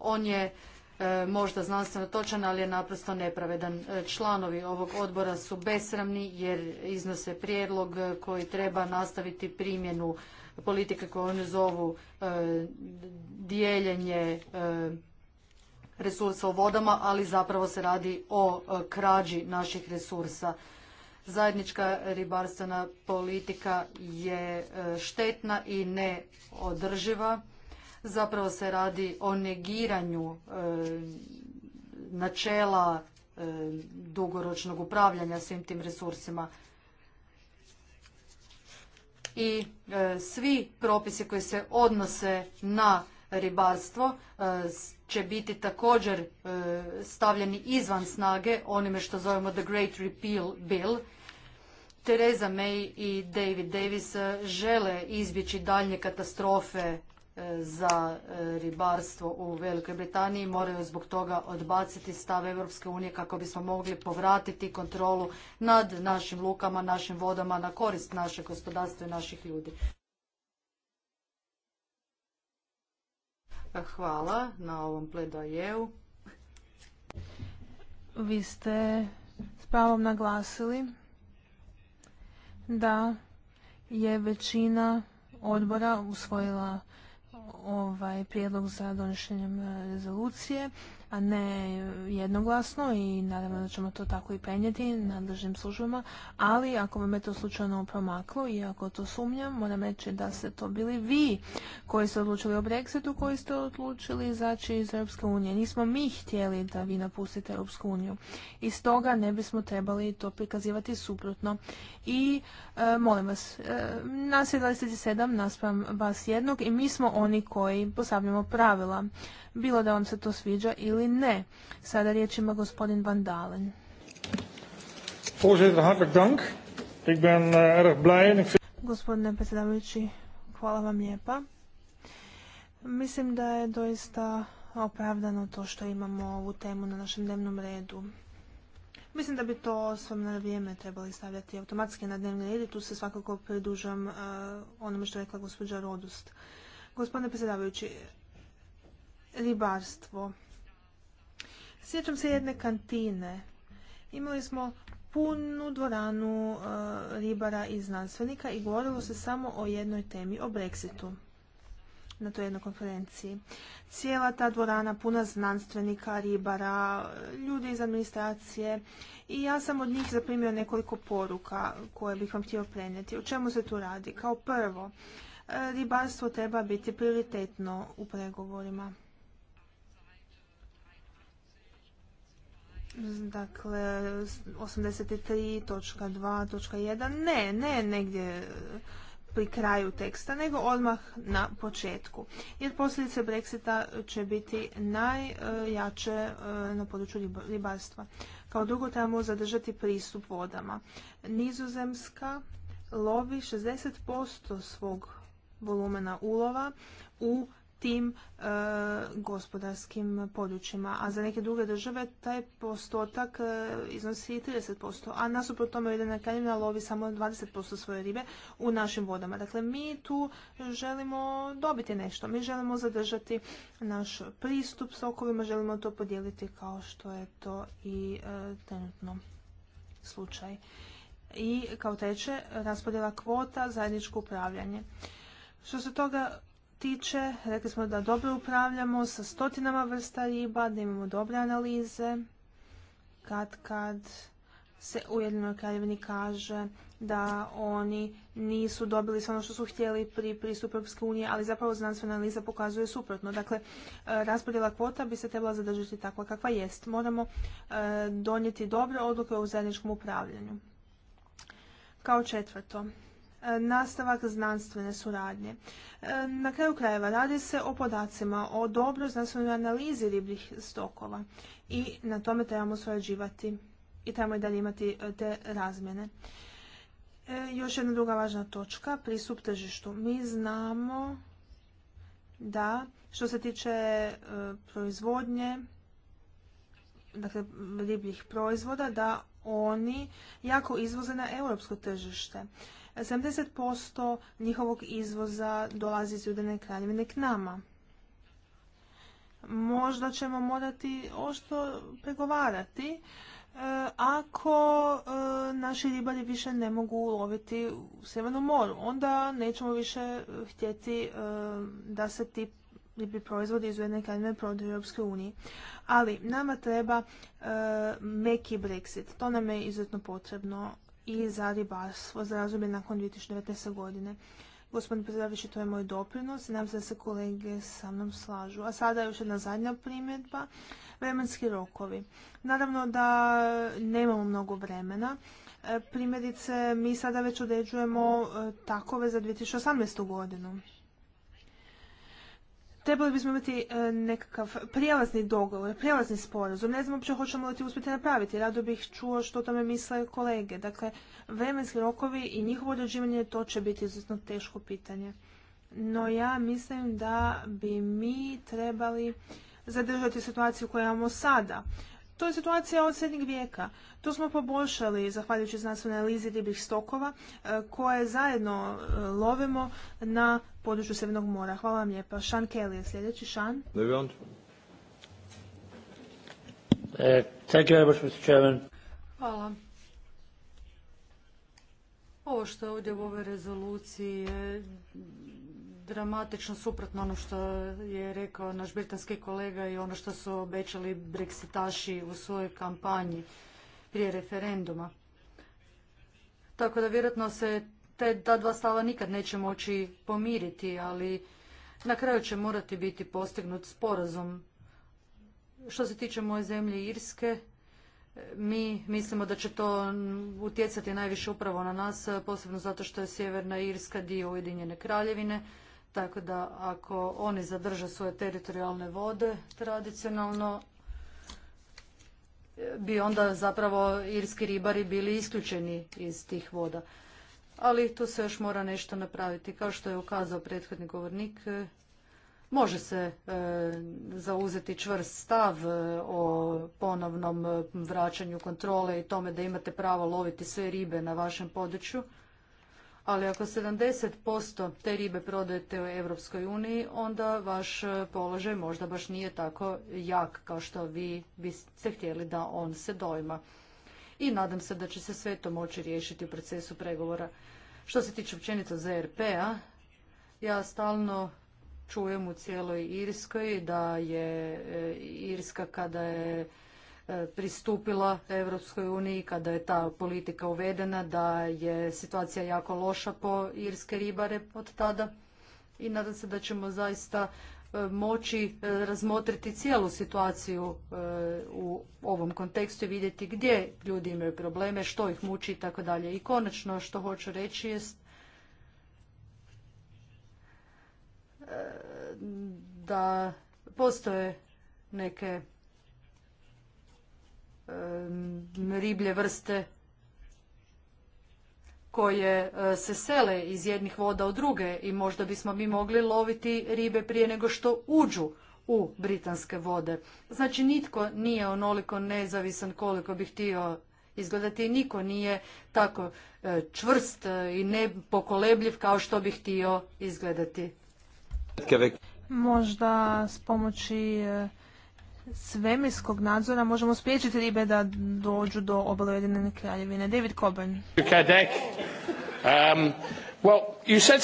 On je e, možda znanstveno točan, ali je naprosto nepravedan. E, članovi ovog odbora su besramni jer iznose prijedlog koji treba nastaviti primjenu politike koju oni zovu e, dijeljenje resursa u vodama, ali zapravo se radi o krađi naših resursa. Zajednička ribarstvena politika je e, štetna i neodrživa. Zapravo se radi o negiranju e, načela e, dugoročnog upravljanja svim tim resursima i svi propisi koji se odnose na ribarstvo će biti također stavljeni izvan snage onime što zovemo the great repeal bill Teresa May i David Davis žele izbjeći daljnje katastrofe e, za e, ribarstvo u Velikoj Britaniji moraju zbog toga odbaciti stav Europske unije kako bismo mogli povratiti kontrolu nad našim lukama, našim vodama na korist naše gospodarstva i naših ljudi. Hvala na ovom pledojevu. Vi ste s pravom naglasili da je većina odbora usvojila ovaj prijedlog za donošenjem e, rezolucije a ne jednoglasno i nadamo da ćemo to tako i prenijeti nadležnim službama, ali ako vam je to slučajno promaklo i ako to sumnjam, moram reći da ste to bili vi koji ste odlučili o Brexitu, koji ste odlučili izaći iz Europske unije. Nismo mi htjeli da vi napustite Europsku uniju. I stoga ne bismo trebali to prikazivati suprotno. I e, molim vas, e, nas je 27 naspram vas jednog i mi smo oni koji postavljamo pravila bilo da vam se to sviđa ili ne. Sada riječ ima gospodin Van Dalen. hartelijk dank. Ik ben eh, erg blij Gospodine predsjedavajući, hvala vam lijepa. Mislim da je doista opravdano to što imamo ovu temu na našem dnevnom redu. Mislim da bi to svom na vrijeme trebali stavljati automatski na dnevni red i tu se svakako pridužam eh, onome što je rekla gospođa Rodust. Gospodine predsjedavajući, ribarstvo. Sjećam se jedne kantine. Imali smo punu dvoranu e, ribara i znanstvenika i govorilo se samo o jednoj temi, o Brexitu na toj jednoj konferenciji. Cijela ta dvorana puna znanstvenika, ribara, ljudi iz administracije i ja sam od njih zaprimio nekoliko poruka koje bih vam htio prenijeti. O čemu se tu radi? Kao prvo, e, ribarstvo treba biti prioritetno u pregovorima. dakle 83.2.1 ne, ne negdje pri kraju teksta, nego odmah na početku. Jer posljedice Brexita će biti najjače e, na području ribarstva. Kao drugo trebamo zadržati pristup vodama. Nizozemska lovi 60% svog volumena ulova u tim e, gospodarskim područjima. A za neke druge države taj postotak e, iznosi 30%, a nasuprot tome na kraljevina lovi samo 20% svoje ribe u našim vodama. Dakle, mi tu želimo dobiti nešto. Mi želimo zadržati naš pristup sokovima, želimo to podijeliti kao što je to i e, trenutno slučaj. I kao treće, raspodjela kvota, zajedničko upravljanje. Što se toga tiče, rekli smo da dobro upravljamo sa stotinama vrsta riba, da imamo dobre analize, kad kad se ujedinoj kraljevini kaže da oni nisu dobili sve ono što su htjeli pri pristupu Europske unije, ali zapravo znanstvena analiza pokazuje suprotno. Dakle, e, raspodjela kvota bi se trebala zadržati takva kakva jest. Moramo e, donijeti dobre odluke u zajedničkom upravljanju. Kao četvrto, E, nastavak znanstvene suradnje. E, na kraju krajeva radi se o podacima, o dobro znanstvenoj analizi ribljih stokova i na tome trebamo surađivati i trebamo i dalje imati e, te razmjene. Još jedna druga važna točka, pristup tržištu. Mi znamo da što se tiče proizvodnje, dakle ribljih proizvoda, da oni jako izvoze na europsko tržište. 70% njihovog izvoza dolazi iz Ujedinjene kraljevine k nama. Možda ćemo morati ošto pregovarati e, ako e, naši ribari više ne mogu loviti u Sjevernom moru. Onda nećemo više htjeti e, da se ti ribi proizvodi iz Ujedinjene kraljevine prodaju u Europskoj uniji. Ali nama treba meki Brexit. To nam je izuzetno potrebno i za ribarstvo za razdoblje nakon 2019. godine. Gospodin predsjedavajući, to je moj doprinos i nadam se da se kolege sa mnom slažu. A sada još jedna zadnja primjedba, vremenski rokovi. Naravno da nemamo mnogo vremena. E, primjerice, mi sada već određujemo e, takove za 2018. godinu trebali bismo imati e, nekakav prijelazni dogovor, prijelazni sporazum. Ne znam uopće hoćemo li ti uspjeti napraviti. Rado bih čuo što o tome misle kolege. Dakle, vremenski rokovi i njihovo određivanje to će biti izuzetno teško pitanje. No ja mislim da bi mi trebali zadržati situaciju koju imamo sada. To je situacija od srednjeg vijeka. To smo poboljšali zahvaljujući znanstvenoj analizi ribih stokova e, koje zajedno e, lovimo na području Srednog mora. Hvala vam lijepa. Sean Kelly je sljedeći. Sean. Uh, Hvala. Ovo što je ovdje u ovoj rezoluciji je dramatično suprotno ono što je rekao naš britanski kolega i ono što su obećali breksitaši u svojoj kampanji prije referenduma. Tako da vjerojatno se te ta dva stava nikad neće moći pomiriti, ali na kraju će morati biti postignut sporazum. Što se tiče moje zemlje Irske, mi mislimo da će to utjecati najviše upravo na nas, posebno zato što je Sjeverna Irska dio Ujedinjene kraljevine tako da ako oni zadrže svoje teritorijalne vode tradicionalno, bi onda zapravo irski ribari bili isključeni iz tih voda. Ali tu se još mora nešto napraviti. Kao što je ukazao prethodni govornik, e, može se e, zauzeti čvrst stav e, o ponovnom vraćanju kontrole i tome da imate pravo loviti sve ribe na vašem području ali ako 70% te ribe prodajete u Europskoj uniji, onda vaš e, položaj možda baš nije tako jak kao što vi biste htjeli da on se dojma. I nadam se da će se sve to moći riješiti u procesu pregovora. Što se tiče općenito ZRP-a, ja stalno čujem u cijeloj Irskoj da je e, Irska kada je E, pristupila Europskoj uniji, kada je ta politika uvedena, da je situacija jako loša po irske ribare od tada i nadam se da ćemo zaista e, moći e, razmotriti cijelu situaciju u ovom kontekstu i vidjeti gdje ljudi imaju probleme, što ih muči i tako dalje. I konačno što hoću reći jest da postoje neke riblje vrste koje e, se sele iz jednih voda u druge i možda bismo mi mogli loviti ribe prije nego što uđu u britanske vode. Znači nitko nije onoliko nezavisan koliko bi htio izgledati i niko nije tako e, čvrst e, i nepokolebljiv kao što bi htio izgledati. Možda s pomoći svemirskog nadzora možemo spriječiti ribe da dođu do obale Ujedinjene kraljevine. David Coburn. Um, well, you said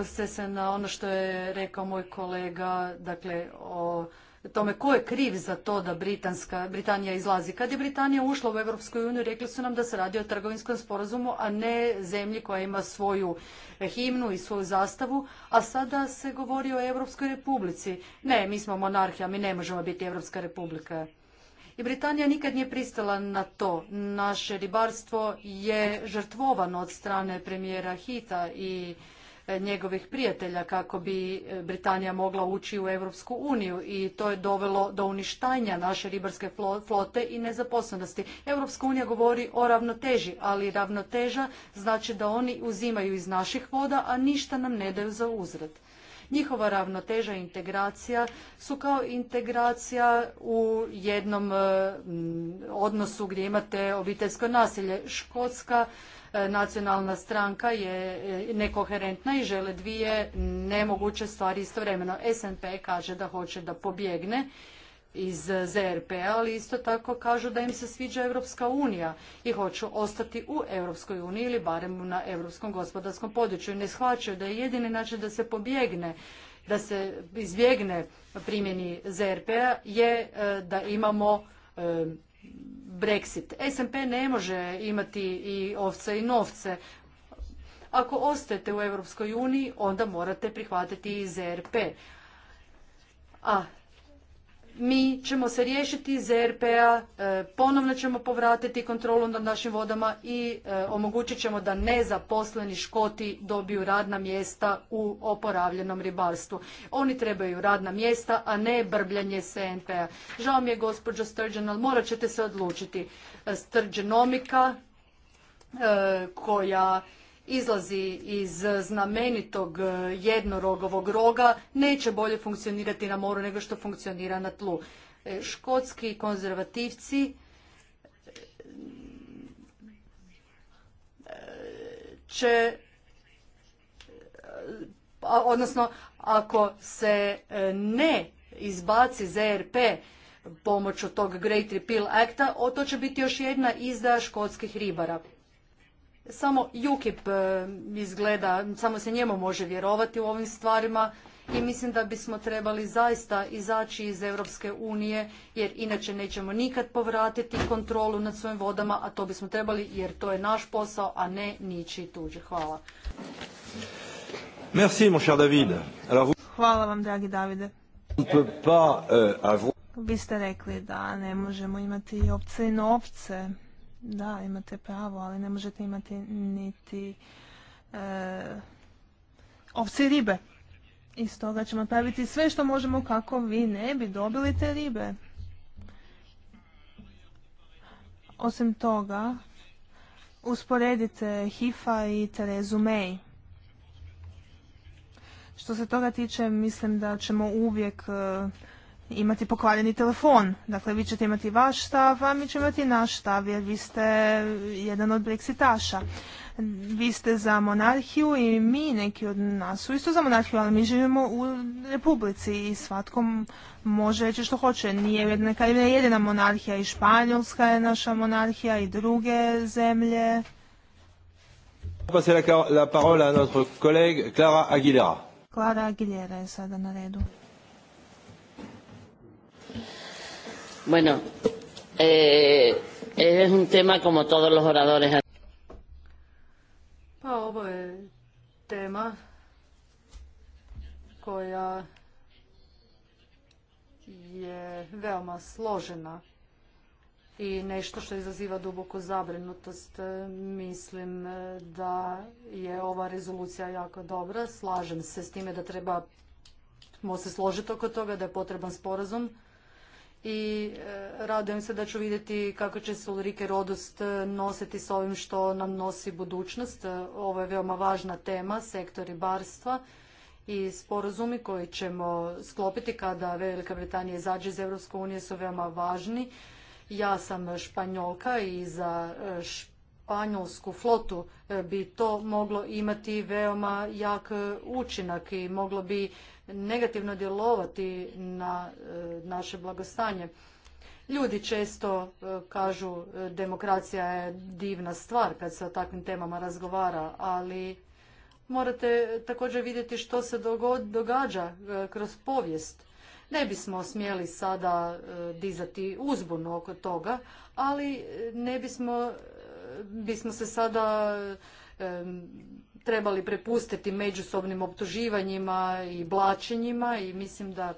e, ste se na ono što je rekao moj kolega, dakle o tome ko je kriv za to da Britanska, Britanija izlazi. Kad je Britanija ušla u EU, uniju, rekli su nam da se radi o trgovinskom sporazumu, a ne zemlji koja ima svoju himnu i svoju zastavu, a sada se govori o Europskoj republici. Ne, mi smo monarhija, mi ne možemo biti Europska republika. I Britanija nikad nije pristala na to. Naše ribarstvo je žrtvovano od strane premijera Hita i E, njegovih prijatelja kako bi e, Britanija mogla ući u Europsku uniju i to je dovelo do uništanja naše ribarske flote i nezaposlenosti. Europska unija govori o ravnoteži, ali ravnoteža znači da oni uzimaju iz naših voda, a ništa nam ne daju za uzrat. Njihova ravnoteža i integracija su kao integracija u jednom e, odnosu gdje imate obiteljsko nasilje. Škotska E, nacionalna stranka je e, nekoherentna i žele dvije nemoguće stvari istovremeno. SNP kaže da hoće da pobjegne iz ZRP, ali isto tako kažu da im se sviđa Europska unija i hoću ostati u Europskoj uniji ili barem na europskom gospodarskom području. Ne shvaćaju da je jedini način da se pobjegne da se izbjegne primjeni ZRP-a je e, da imamo Brexit. SMP ne može imati i ovce i novce. Ako ostajete u Europskoj uniji, onda morate prihvatiti i ZRP. A mi ćemo se riješiti ZRP-a, e, ponovno ćemo povratiti kontrolu nad našim vodama i e, omogućit ćemo da nezaposleni škoti dobiju radna mjesta u oporavljenom ribarstvu. Oni trebaju radna mjesta, a ne brbljanje SNP-a. Žao mi je gospođo Sturgeon, ali morat ćete se odlučiti. E, Sturgeonomika koja izlazi iz znamenitog e, jednorogovog roga neće bolje funkcionirati na moru nego što funkcionira na tlu. E, škotski konzervativci e, će odnosno ako se ne izbaci ZRP pomoću tog Great Repeal Acta, to će biti još jedna izdaja škotskih ribara. Samo UKIP e, izgleda, samo se njemu može vjerovati u ovim stvarima i mislim da bismo trebali zaista izaći iz Europske unije jer inače nećemo nikad povratiti kontrolu nad svojim vodama, a to bismo trebali jer to je naš posao, a ne niči tuđe. Hvala. Merci, mon cher David. Hvala vam, dragi Davide. Euh, Vi ste rekli da ne možemo imati opce i novce. Da, imate pravo, ali ne možete imati niti e, ribe. I stoga ćemo praviti sve što možemo kako vi ne bi dobili te ribe. Osim toga, usporedite Hifa i Terezu May. Što se toga tiče, mislim da ćemo uvijek e, imati pokvareni telefon. Dakle, vi ćete imati vaš stav, a mi ćemo imati naš stav, jer vi ste jedan od brexitaša. Vi ste za monarhiju i mi, neki od nas su isto za monarhiju, ali mi živimo u republici i svatkom može reći što hoće. Nije jedna, je jedina monarhija i Španjolska je naša monarhija i druge zemlje. Passer la parole à notre Aguilera. Aguilera je sada na redu. Bueno, eh, es un tema como todos los oradores. Pa ovo je tema koja je veoma složena i nešto što izaziva duboku zabrinutost. Mislim da je ova rezolucija jako dobra. Slažem se s time da trebamo se složiti oko toga, da je potreban sporazum i e, radujem se da ću vidjeti kako će se Ulrike Rodost e, nositi s ovim što nam nosi budućnost. E, ovo je veoma važna tema, sektor ribarstva i sporazumi koji ćemo sklopiti kada Velika Britanija izađe iz Europske unije su veoma važni. Ja sam Španjolka i za španjolsku flotu bi to moglo imati veoma jak učinak i moglo bi negativno djelovati na e, naše blagostanje. Ljudi često e, kažu e, demokracija je divna stvar kad se o takvim temama razgovara, ali morate također vidjeti što se događa kroz povijest. Ne bismo smjeli sada dizati uzbunu oko toga, ali ne bismo bismo se sada trebali prepustiti međusobnim optuživanjima i blačenjima i mislim da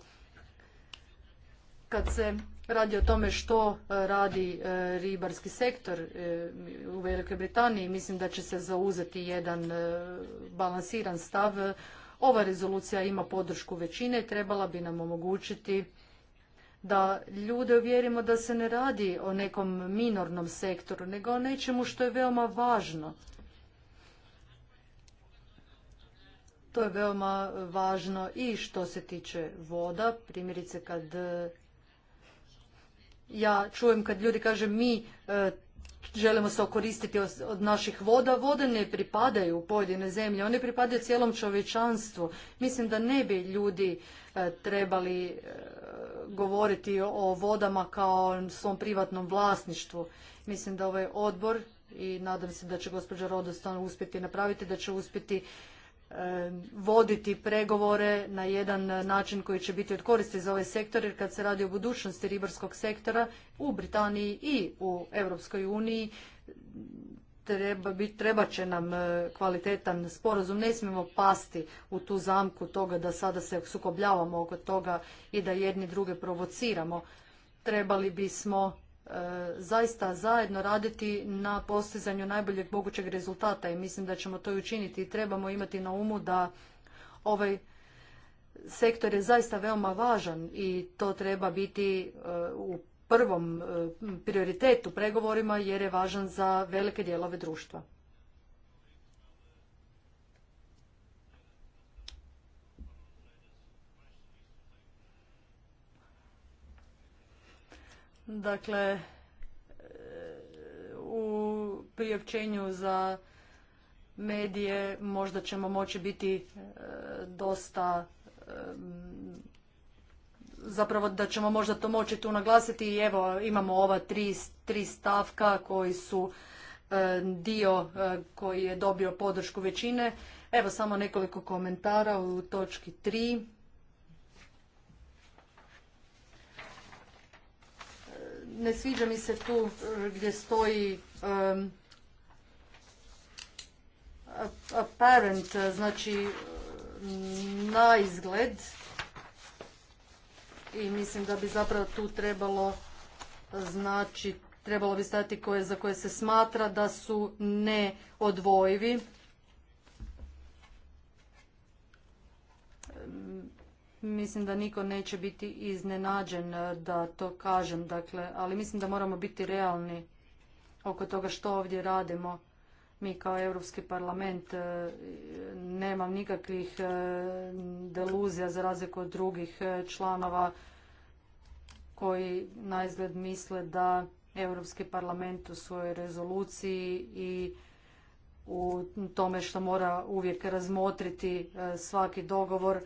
kad se radi o tome što e, radi e, ribarski sektor e, u Velikoj Britaniji, mislim da će se zauzeti jedan balansiran stav. Ova rezolucija ima podršku većine i trebala bi nam omogućiti da ljude uvjerimo da se ne radi o nekom minornom sektoru, nego o nečemu što je veoma važno To je veoma važno i što se tiče voda, primjerice kad e, ja čujem kad ljudi kaže mi e, želimo se okoristiti od naših voda, vode ne pripadaju u pojedine zemlje, one pripadaju cijelom čovječanstvu. Mislim da ne bi ljudi e, trebali govoriti o vodama kao svom privatnom vlasništvu. Mislim da ovaj odbor i nadam se da će gospođa Rodostan uspjeti napraviti, da će uspjeti voditi pregovore na jedan način koji će biti od koristi za ovaj sektor jer kad se radi o budućnosti ribarskog sektora u Britaniji i u Europskoj uniji treba će nam e, kvalitetan sporazum. Ne smijemo pasti u tu zamku toga da sada se sukobljavamo oko toga i da jedni druge provociramo. Trebali bismo E, zaista zajedno raditi na postizanju najboljeg mogućeg rezultata i mislim da ćemo to i učiniti. Trebamo imati na umu da ovaj sektor je zaista veoma važan i to treba biti e, u prvom e, prioritetu pregovorima jer je važan za velike dijelove društva. Dakle, e, u priopćenju za medije možda ćemo moći biti e, dosta e, zapravo da ćemo možda to moći tu naglasiti i evo imamo ova tri, tri stavka koji su dio koji je dobio podršku većine. Evo samo nekoliko komentara u točki tri. ne sviđa mi se tu e, gdje stoji apparent, znači na izgled i mislim da bi zapravo tu trebalo znači trebalo bi stati za koje se smatra da su neodvojivi Mislim da niko neće biti iznenađen e, da to kažem, dakle, ali mislim da moramo biti realni oko toga što ovdje radimo. Mi kao Europski parlament e, nemam nikakvih e, deluzija za razliku od drugih članova koji izgled misle da Europski parlament u svojoj rezoluciji i u tome što mora uvijek razmotriti svaki dogovor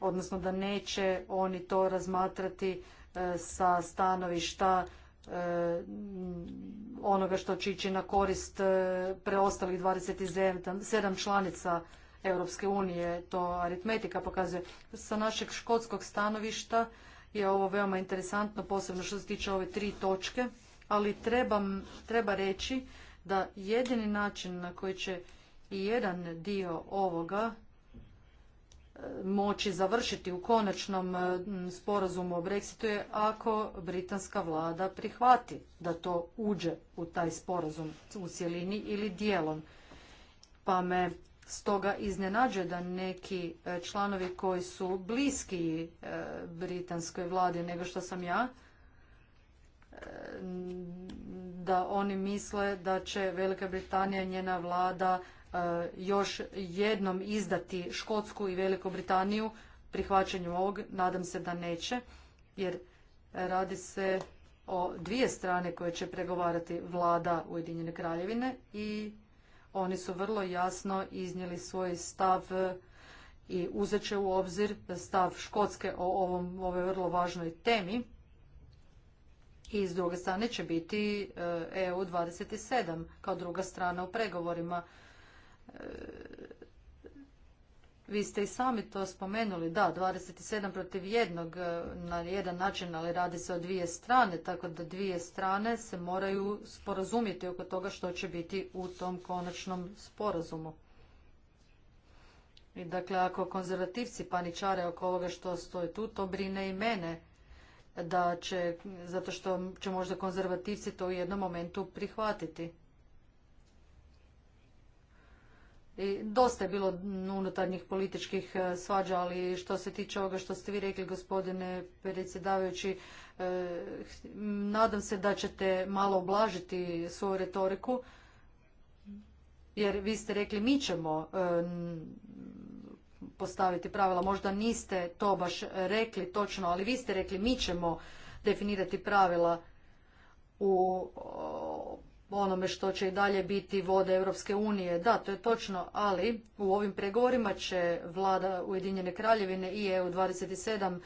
odnosno da neće oni to razmatrati e, sa stanovišta e, onoga što će ići na korist e, preostalih 27 članica Europske unije, to aritmetika pokazuje. Sa našeg škotskog stanovišta je ovo veoma interesantno, posebno što se tiče ove tri točke, ali treba reći da jedini način na koji će i jedan dio ovoga moći završiti u konačnom e, sporazumu o Brexitu je ako britanska vlada prihvati da to uđe u taj sporazum u cjelini ili dijelom. Pa me stoga iznenađuje da neki e, članovi koji su bliski e, britanskoj vladi nego što sam ja, da oni misle da će Velika Britanija i njena vlada Eh, još jednom izdati Škotsku i Veliku Britaniju prihvaćanju ovog, nadam se da neće, jer radi se o dvije strane koje će pregovarati vlada Ujedinjene kraljevine i oni su vrlo jasno iznijeli svoj stav i uzet će u obzir stav Škotske o ovom, ovoj vrlo važnoj temi. I s druge strane će biti EU eh, e 27 kao druga strana u pregovorima vi ste i sami to spomenuli, da, 27 protiv jednog e, na jedan način, ali radi se o dvije strane, tako da dvije strane se moraju sporazumjeti oko toga što će biti u tom konačnom sporazumu. I dakle, ako konzervativci paničare oko ovoga što stoji tu, to brine i mene, da će, zato što će možda konzervativci to u jednom momentu prihvatiti. Dosta je bilo unutarnjih političkih e, svađa, ali što se tiče ovoga što ste vi rekli, gospodine predsjedavajući, e, nadam se da ćete malo oblažiti svoju retoriku, jer vi ste rekli mi ćemo e, postaviti pravila. Možda niste to baš rekli točno, ali vi ste rekli mi ćemo definirati pravila u onome što će i dalje biti vode Europske unije. Da, to je točno, ali u ovim pregovorima će vlada Ujedinjene kraljevine i EU27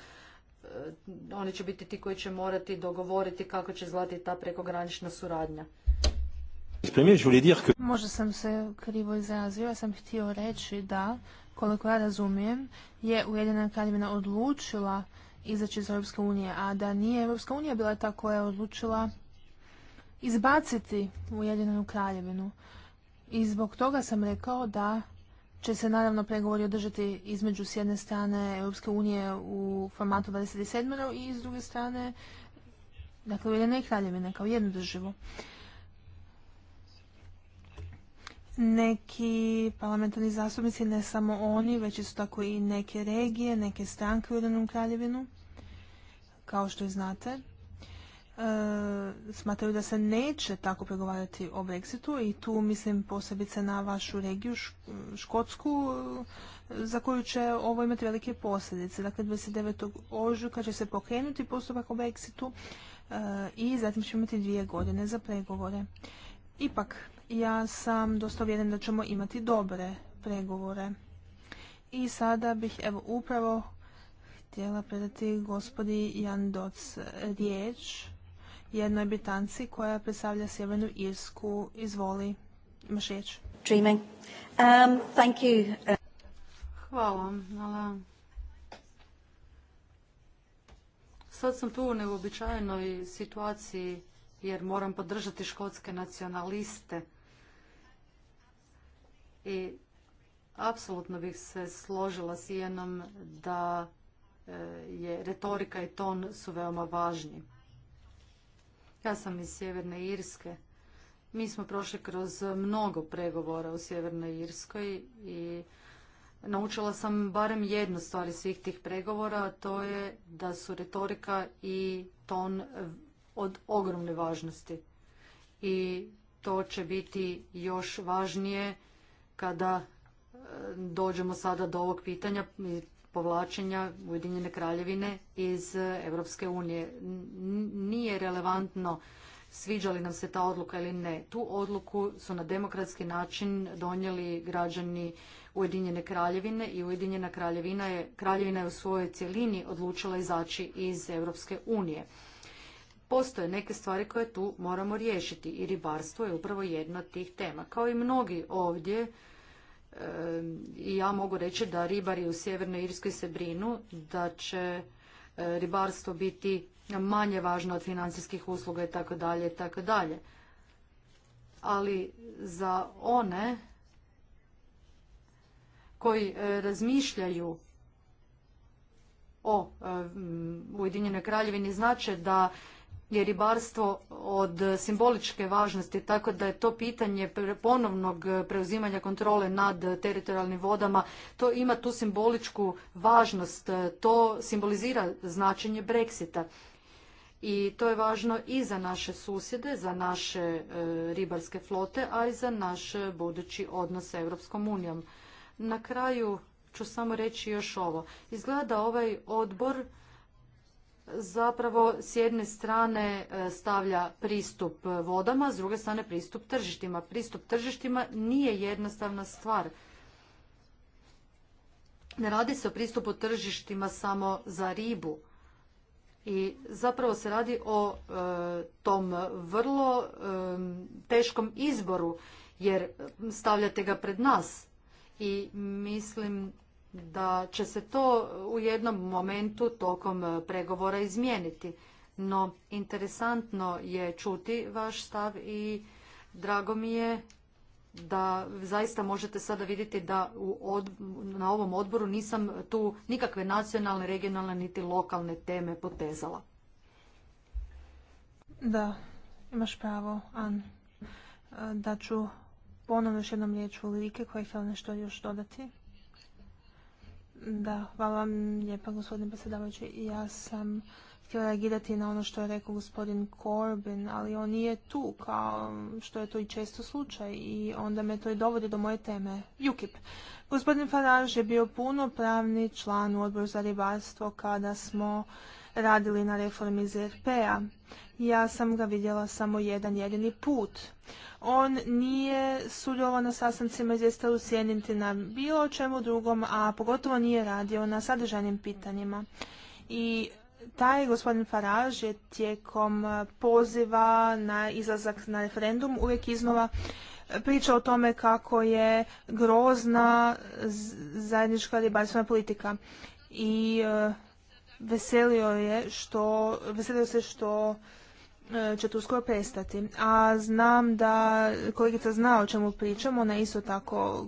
e, oni će biti ti koji će morati dogovoriti kako će izgledati ta prekogranična suradnja. Možda sam se krivo izrazio, ja sam htio reći da, koliko ja razumijem, je Ujedinjena kraljevina odlučila izaći iz Europske unije, a da nije Europska unija bila ta koja je odlučila izbaciti Jedinu kraljevinu. I zbog toga sam rekao da će se naravno pregovori održati između s jedne strane Europske unije u formatu 27. i s druge strane dakle Ujedinjene kraljevine kao jednu državu. Neki parlamentarni zastupnici, ne samo oni, već su tako i neke regije, neke stranke u Jedinu kraljevinu, kao što i znate, E, smatraju da se neće tako pregovarati o Brexitu i tu mislim posebice na vašu regiju Škotsku e, za koju će ovo imati velike posljedice. Dakle, 29. ožujka će se pokrenuti postupak o Brexitu e, i zatim ćemo imati dvije godine za pregovore. Ipak, ja sam dosta uvjeren da ćemo imati dobre pregovore. I sada bih evo upravo htjela predati gospodi Jan Doc riječ jednoj Britanci koja predstavlja Sjevernu Irsku. Izvoli, imaš riječ. Dreaming. Um, thank you. Hvala, Sad sam tu u neobičajenoj situaciji jer moram podržati škotske nacionaliste. I apsolutno bih se složila s Ijenom da e, je retorika i ton su veoma važni. Ja sam iz Sjeverne Irske. Mi smo prošli kroz mnogo pregovora u Sjevernoj Irskoj i naučila sam barem jednu stvar iz svih tih pregovora, a to je da su retorika i ton od ogromne važnosti. I to će biti još važnije kada e, dođemo sada do ovog pitanja povlačenja Ujedinjene kraljevine iz Europske unije. Nije relevantno sviđa li nam se ta odluka ili ne. Tu odluku su na demokratski način donijeli građani Ujedinjene kraljevine i Ujedinjena kraljevina je, kraljevina je u svojoj cjelini odlučila izaći iz Europske unije. Postoje neke stvari koje tu moramo riješiti i ribarstvo je upravo jedna od tih tema. Kao i mnogi ovdje, i ja mogu reći da ribari u Sjevernoj Irskoj se brinu da će e, ribarstvo biti manje važno od financijskih usluga i tako dalje i tako dalje. Ali za one koji e, razmišljaju o e, Ujedinjenoj kraljevini znače da je ribarstvo od simboličke važnosti, tako da je to pitanje ponovnog eh, preuzimanja kontrole nad teritorijalnim vodama, to ima tu simboličku važnost, eh, to simbolizira značenje Brexita. I to je važno i za naše susjede, za naše eh, ribarske flote, a i za naš budući odnos sa Europskom unijom. Na kraju ću samo reći još ovo. Izgleda ovaj odbor zapravo s jedne strane e, stavlja pristup e, vodama, s druge strane pristup tržištima. Pristup tržištima nije jednostavna stvar. Ne radi se o pristupu tržištima samo za ribu. I zapravo se radi o e, tom vrlo teškom izboru jer stavljate ga pred nas. I mislim da će se to u jednom momentu tokom e, pregovora izmijeniti. No, interesantno je čuti vaš stav i drago mi je da zaista možete sada vidjeti da u na ovom odboru nisam tu nikakve nacionalne, regionalne niti lokalne teme potezala. Da, imaš pravo, An. E, da ću ponovno još jednom riječ u Lirike koja htjela nešto još dodati. Da, hvala vam lijepa gospodine predsjedavajući. Ja sam htjela reagirati na ono što je rekao gospodin Corbin, ali on nije tu kao što je to i često slučaj i onda me to i dovodi do moje teme. UKIP. Gospodin Farage je bio punopravni član u odboru za ribarstvo kada smo radili na reformi ZRP-a. Ja sam ga vidjela samo jedan jedini put. On nije sudjelovao na sastancima izvjesta u na bilo čemu drugom, a pogotovo nije radio na sadržajnim pitanjima. I taj gospodin Faraž je tijekom poziva na izlazak na referendum uvijek iznova priča o tome kako je grozna zajednička ribarstvena politika. I e, veselio je što, veselio se što e, će to uskoro prestati. A znam da kolegica zna o čemu pričamo, ona je isto tako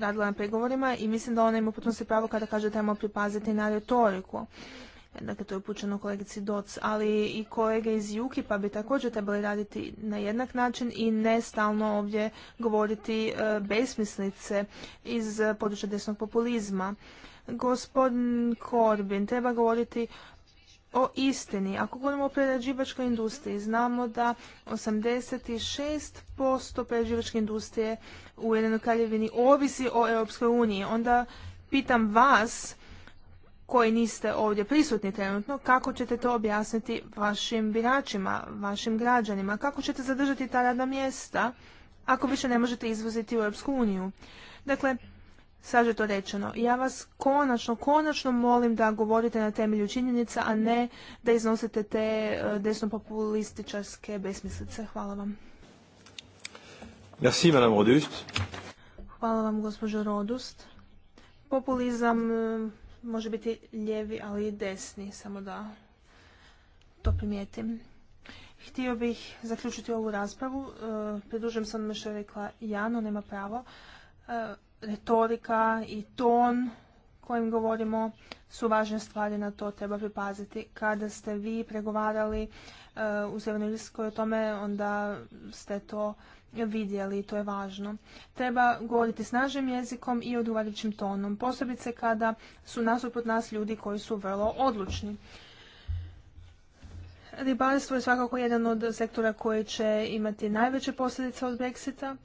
radila na pregovorima i mislim da ona ima potpuno se pravo kada kaže da trebamo pripaziti na retoriku. Dakle, to je upućeno kolegici Doc, ali i kolege iz Juki pa bi također trebali raditi na jednak način i ne stalno ovdje govoriti e, besmislice iz područja desnog populizma. Gospodin Korbin, treba govoriti o istini. Ako govorimo o prerađivačkoj industriji, znamo da 86% prerađivačke industrije u Ujedinjenoj Kraljevini ovisi o Europskoj uniji. Onda pitam vas, koji niste ovdje prisutni trenutno, kako ćete to objasniti vašim biračima, vašim građanima, kako ćete zadržati ta radna mjesta ako više ne možete izvoziti u Europsku uniju. Dakle, sažeto rečeno, ja vas konačno, konačno molim da govorite na temelju činjenica, a ne da iznosite te eh, desnopopulističarske besmislice. Hvala vam. Merci, madame Rodust. Hvala vam, gospođo Rodust. Populizam eh, može biti lijevi, ali i desni, samo da to primijetim. Htio bih zaključiti ovu raspravu. sam eh, se što je rekla Jano, nema pravo retorika i ton kojim govorimo su važne stvari, na to treba pripaziti. Kada ste vi pregovarali e, u zemljivskoj o tome, onda ste to vidjeli i to je važno. Treba govoriti snažnim jezikom i odgovarajućim tonom, posebice kada su nasuput nas ljudi koji su vrlo odlučni. Ribarstvo je svakako jedan od sektora koji će imati najveće posljedice od Brexita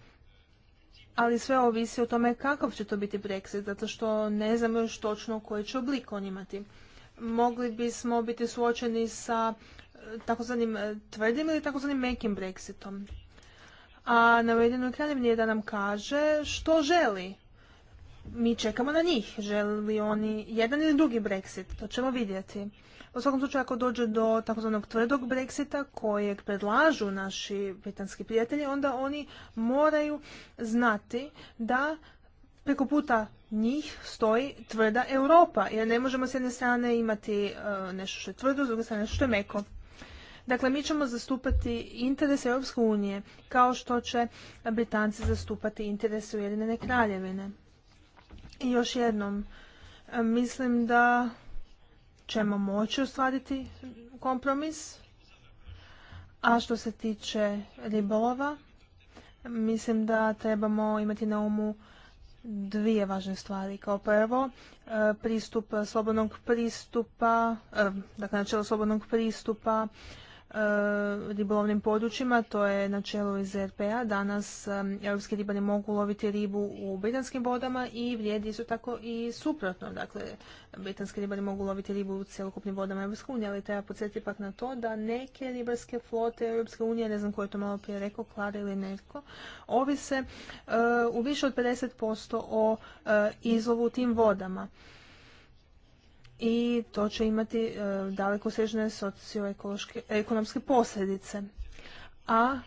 ali sve ovisi o tome kakav će to biti Brexit, zato što ne znamo još točno koji će oblik on imati. Mogli bismo biti suočeni sa eh, takozvanim eh, tvrdim ili takozvanim mekim Brexitom. A na Ujedinoj kraljevini je da nam kaže što želi. Mi čekamo na njih. Želi li oni jedan ili drugi Brexit? To ćemo vidjeti. U svakom slučaju, ako dođe do takozvanog tvrdog Brexita kojeg predlažu naši britanski prijatelji, onda oni moraju znati da preko puta njih stoji tvrda Europa, jer ne možemo s jedne strane imati e, nešto što je tvrdo, s druge strane nešto što je meko. Dakle, mi ćemo zastupati interese Europske unije, kao što će Britanci zastupati interese Ujedinjene kraljevine. I još jednom, e, mislim da ćemo moći ostvariti kompromis. A što se tiče ribolova, mislim da trebamo imati na umu dvije važne stvari. Kao prvo, e, pristup slobodnog pristupa, e, dakle načelo slobodnog pristupa E, ribolovnim područjima, to je čelu iz RPA. Danas e, europski ribari mogu loviti ribu u britanskim vodama i vrijedi su tako i suprotno. Dakle, britanski ribari mogu loviti ribu u cjelokupnim vodama Europske unije, ali treba podsjetiti pak na to da neke ribarske flote Europske unije, ne znam ko je to malo prije rekao, Klara ili netko, ovise e, u više od 50% o izlovu u tim vodama i to će imati e, daleko sežne ekonomske posljedice. A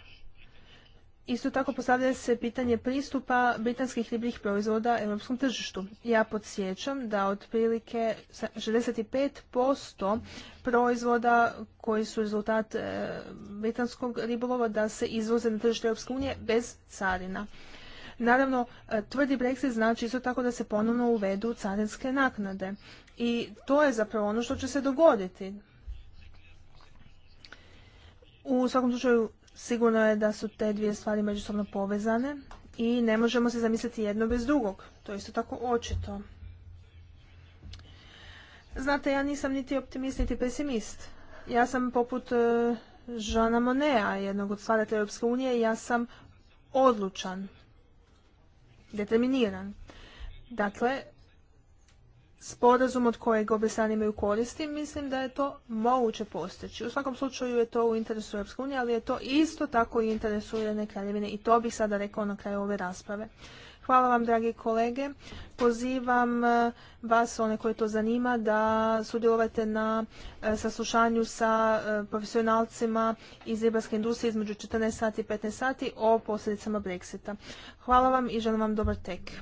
Isto tako postavlja se pitanje pristupa britanskih ribljih proizvoda europskom tržištu. Ja podsjećam da otprilike 65% proizvoda koji su rezultat e, britanskog ribolova da se izvoze na tržište Europske unije bez carina. Naravno, e, tvrdi Brexit znači isto tako da se ponovno uvedu carinske naknade. I to je zapravo ono što će se dogoditi. U svakom slučaju sigurno je da su te dvije stvari međusobno povezane i ne možemo se zamisliti jedno bez drugog. To je isto tako očito. Znate, ja nisam niti optimist, niti pesimist. Ja sam poput e, Žana Monea, jednog od stvaratelja Europske unije, ja sam odlučan, determiniran. Dakle, sporazum od kojeg obje strane imaju koristi, mislim da je to moguće postići. U svakom slučaju je to u interesu Europske unije, ali je to isto tako i interesu Ujedine kraljevine i to bih sada rekao na kraju ove rasprave. Hvala vam, dragi kolege. Pozivam eh, vas, one koje to zanima, da sudjelovate na eh, saslušanju sa eh, profesionalcima iz ribarske industrije između 14 sati i 15 sati o posljedicama Brexita. Hvala vam i želim vam dobar tek.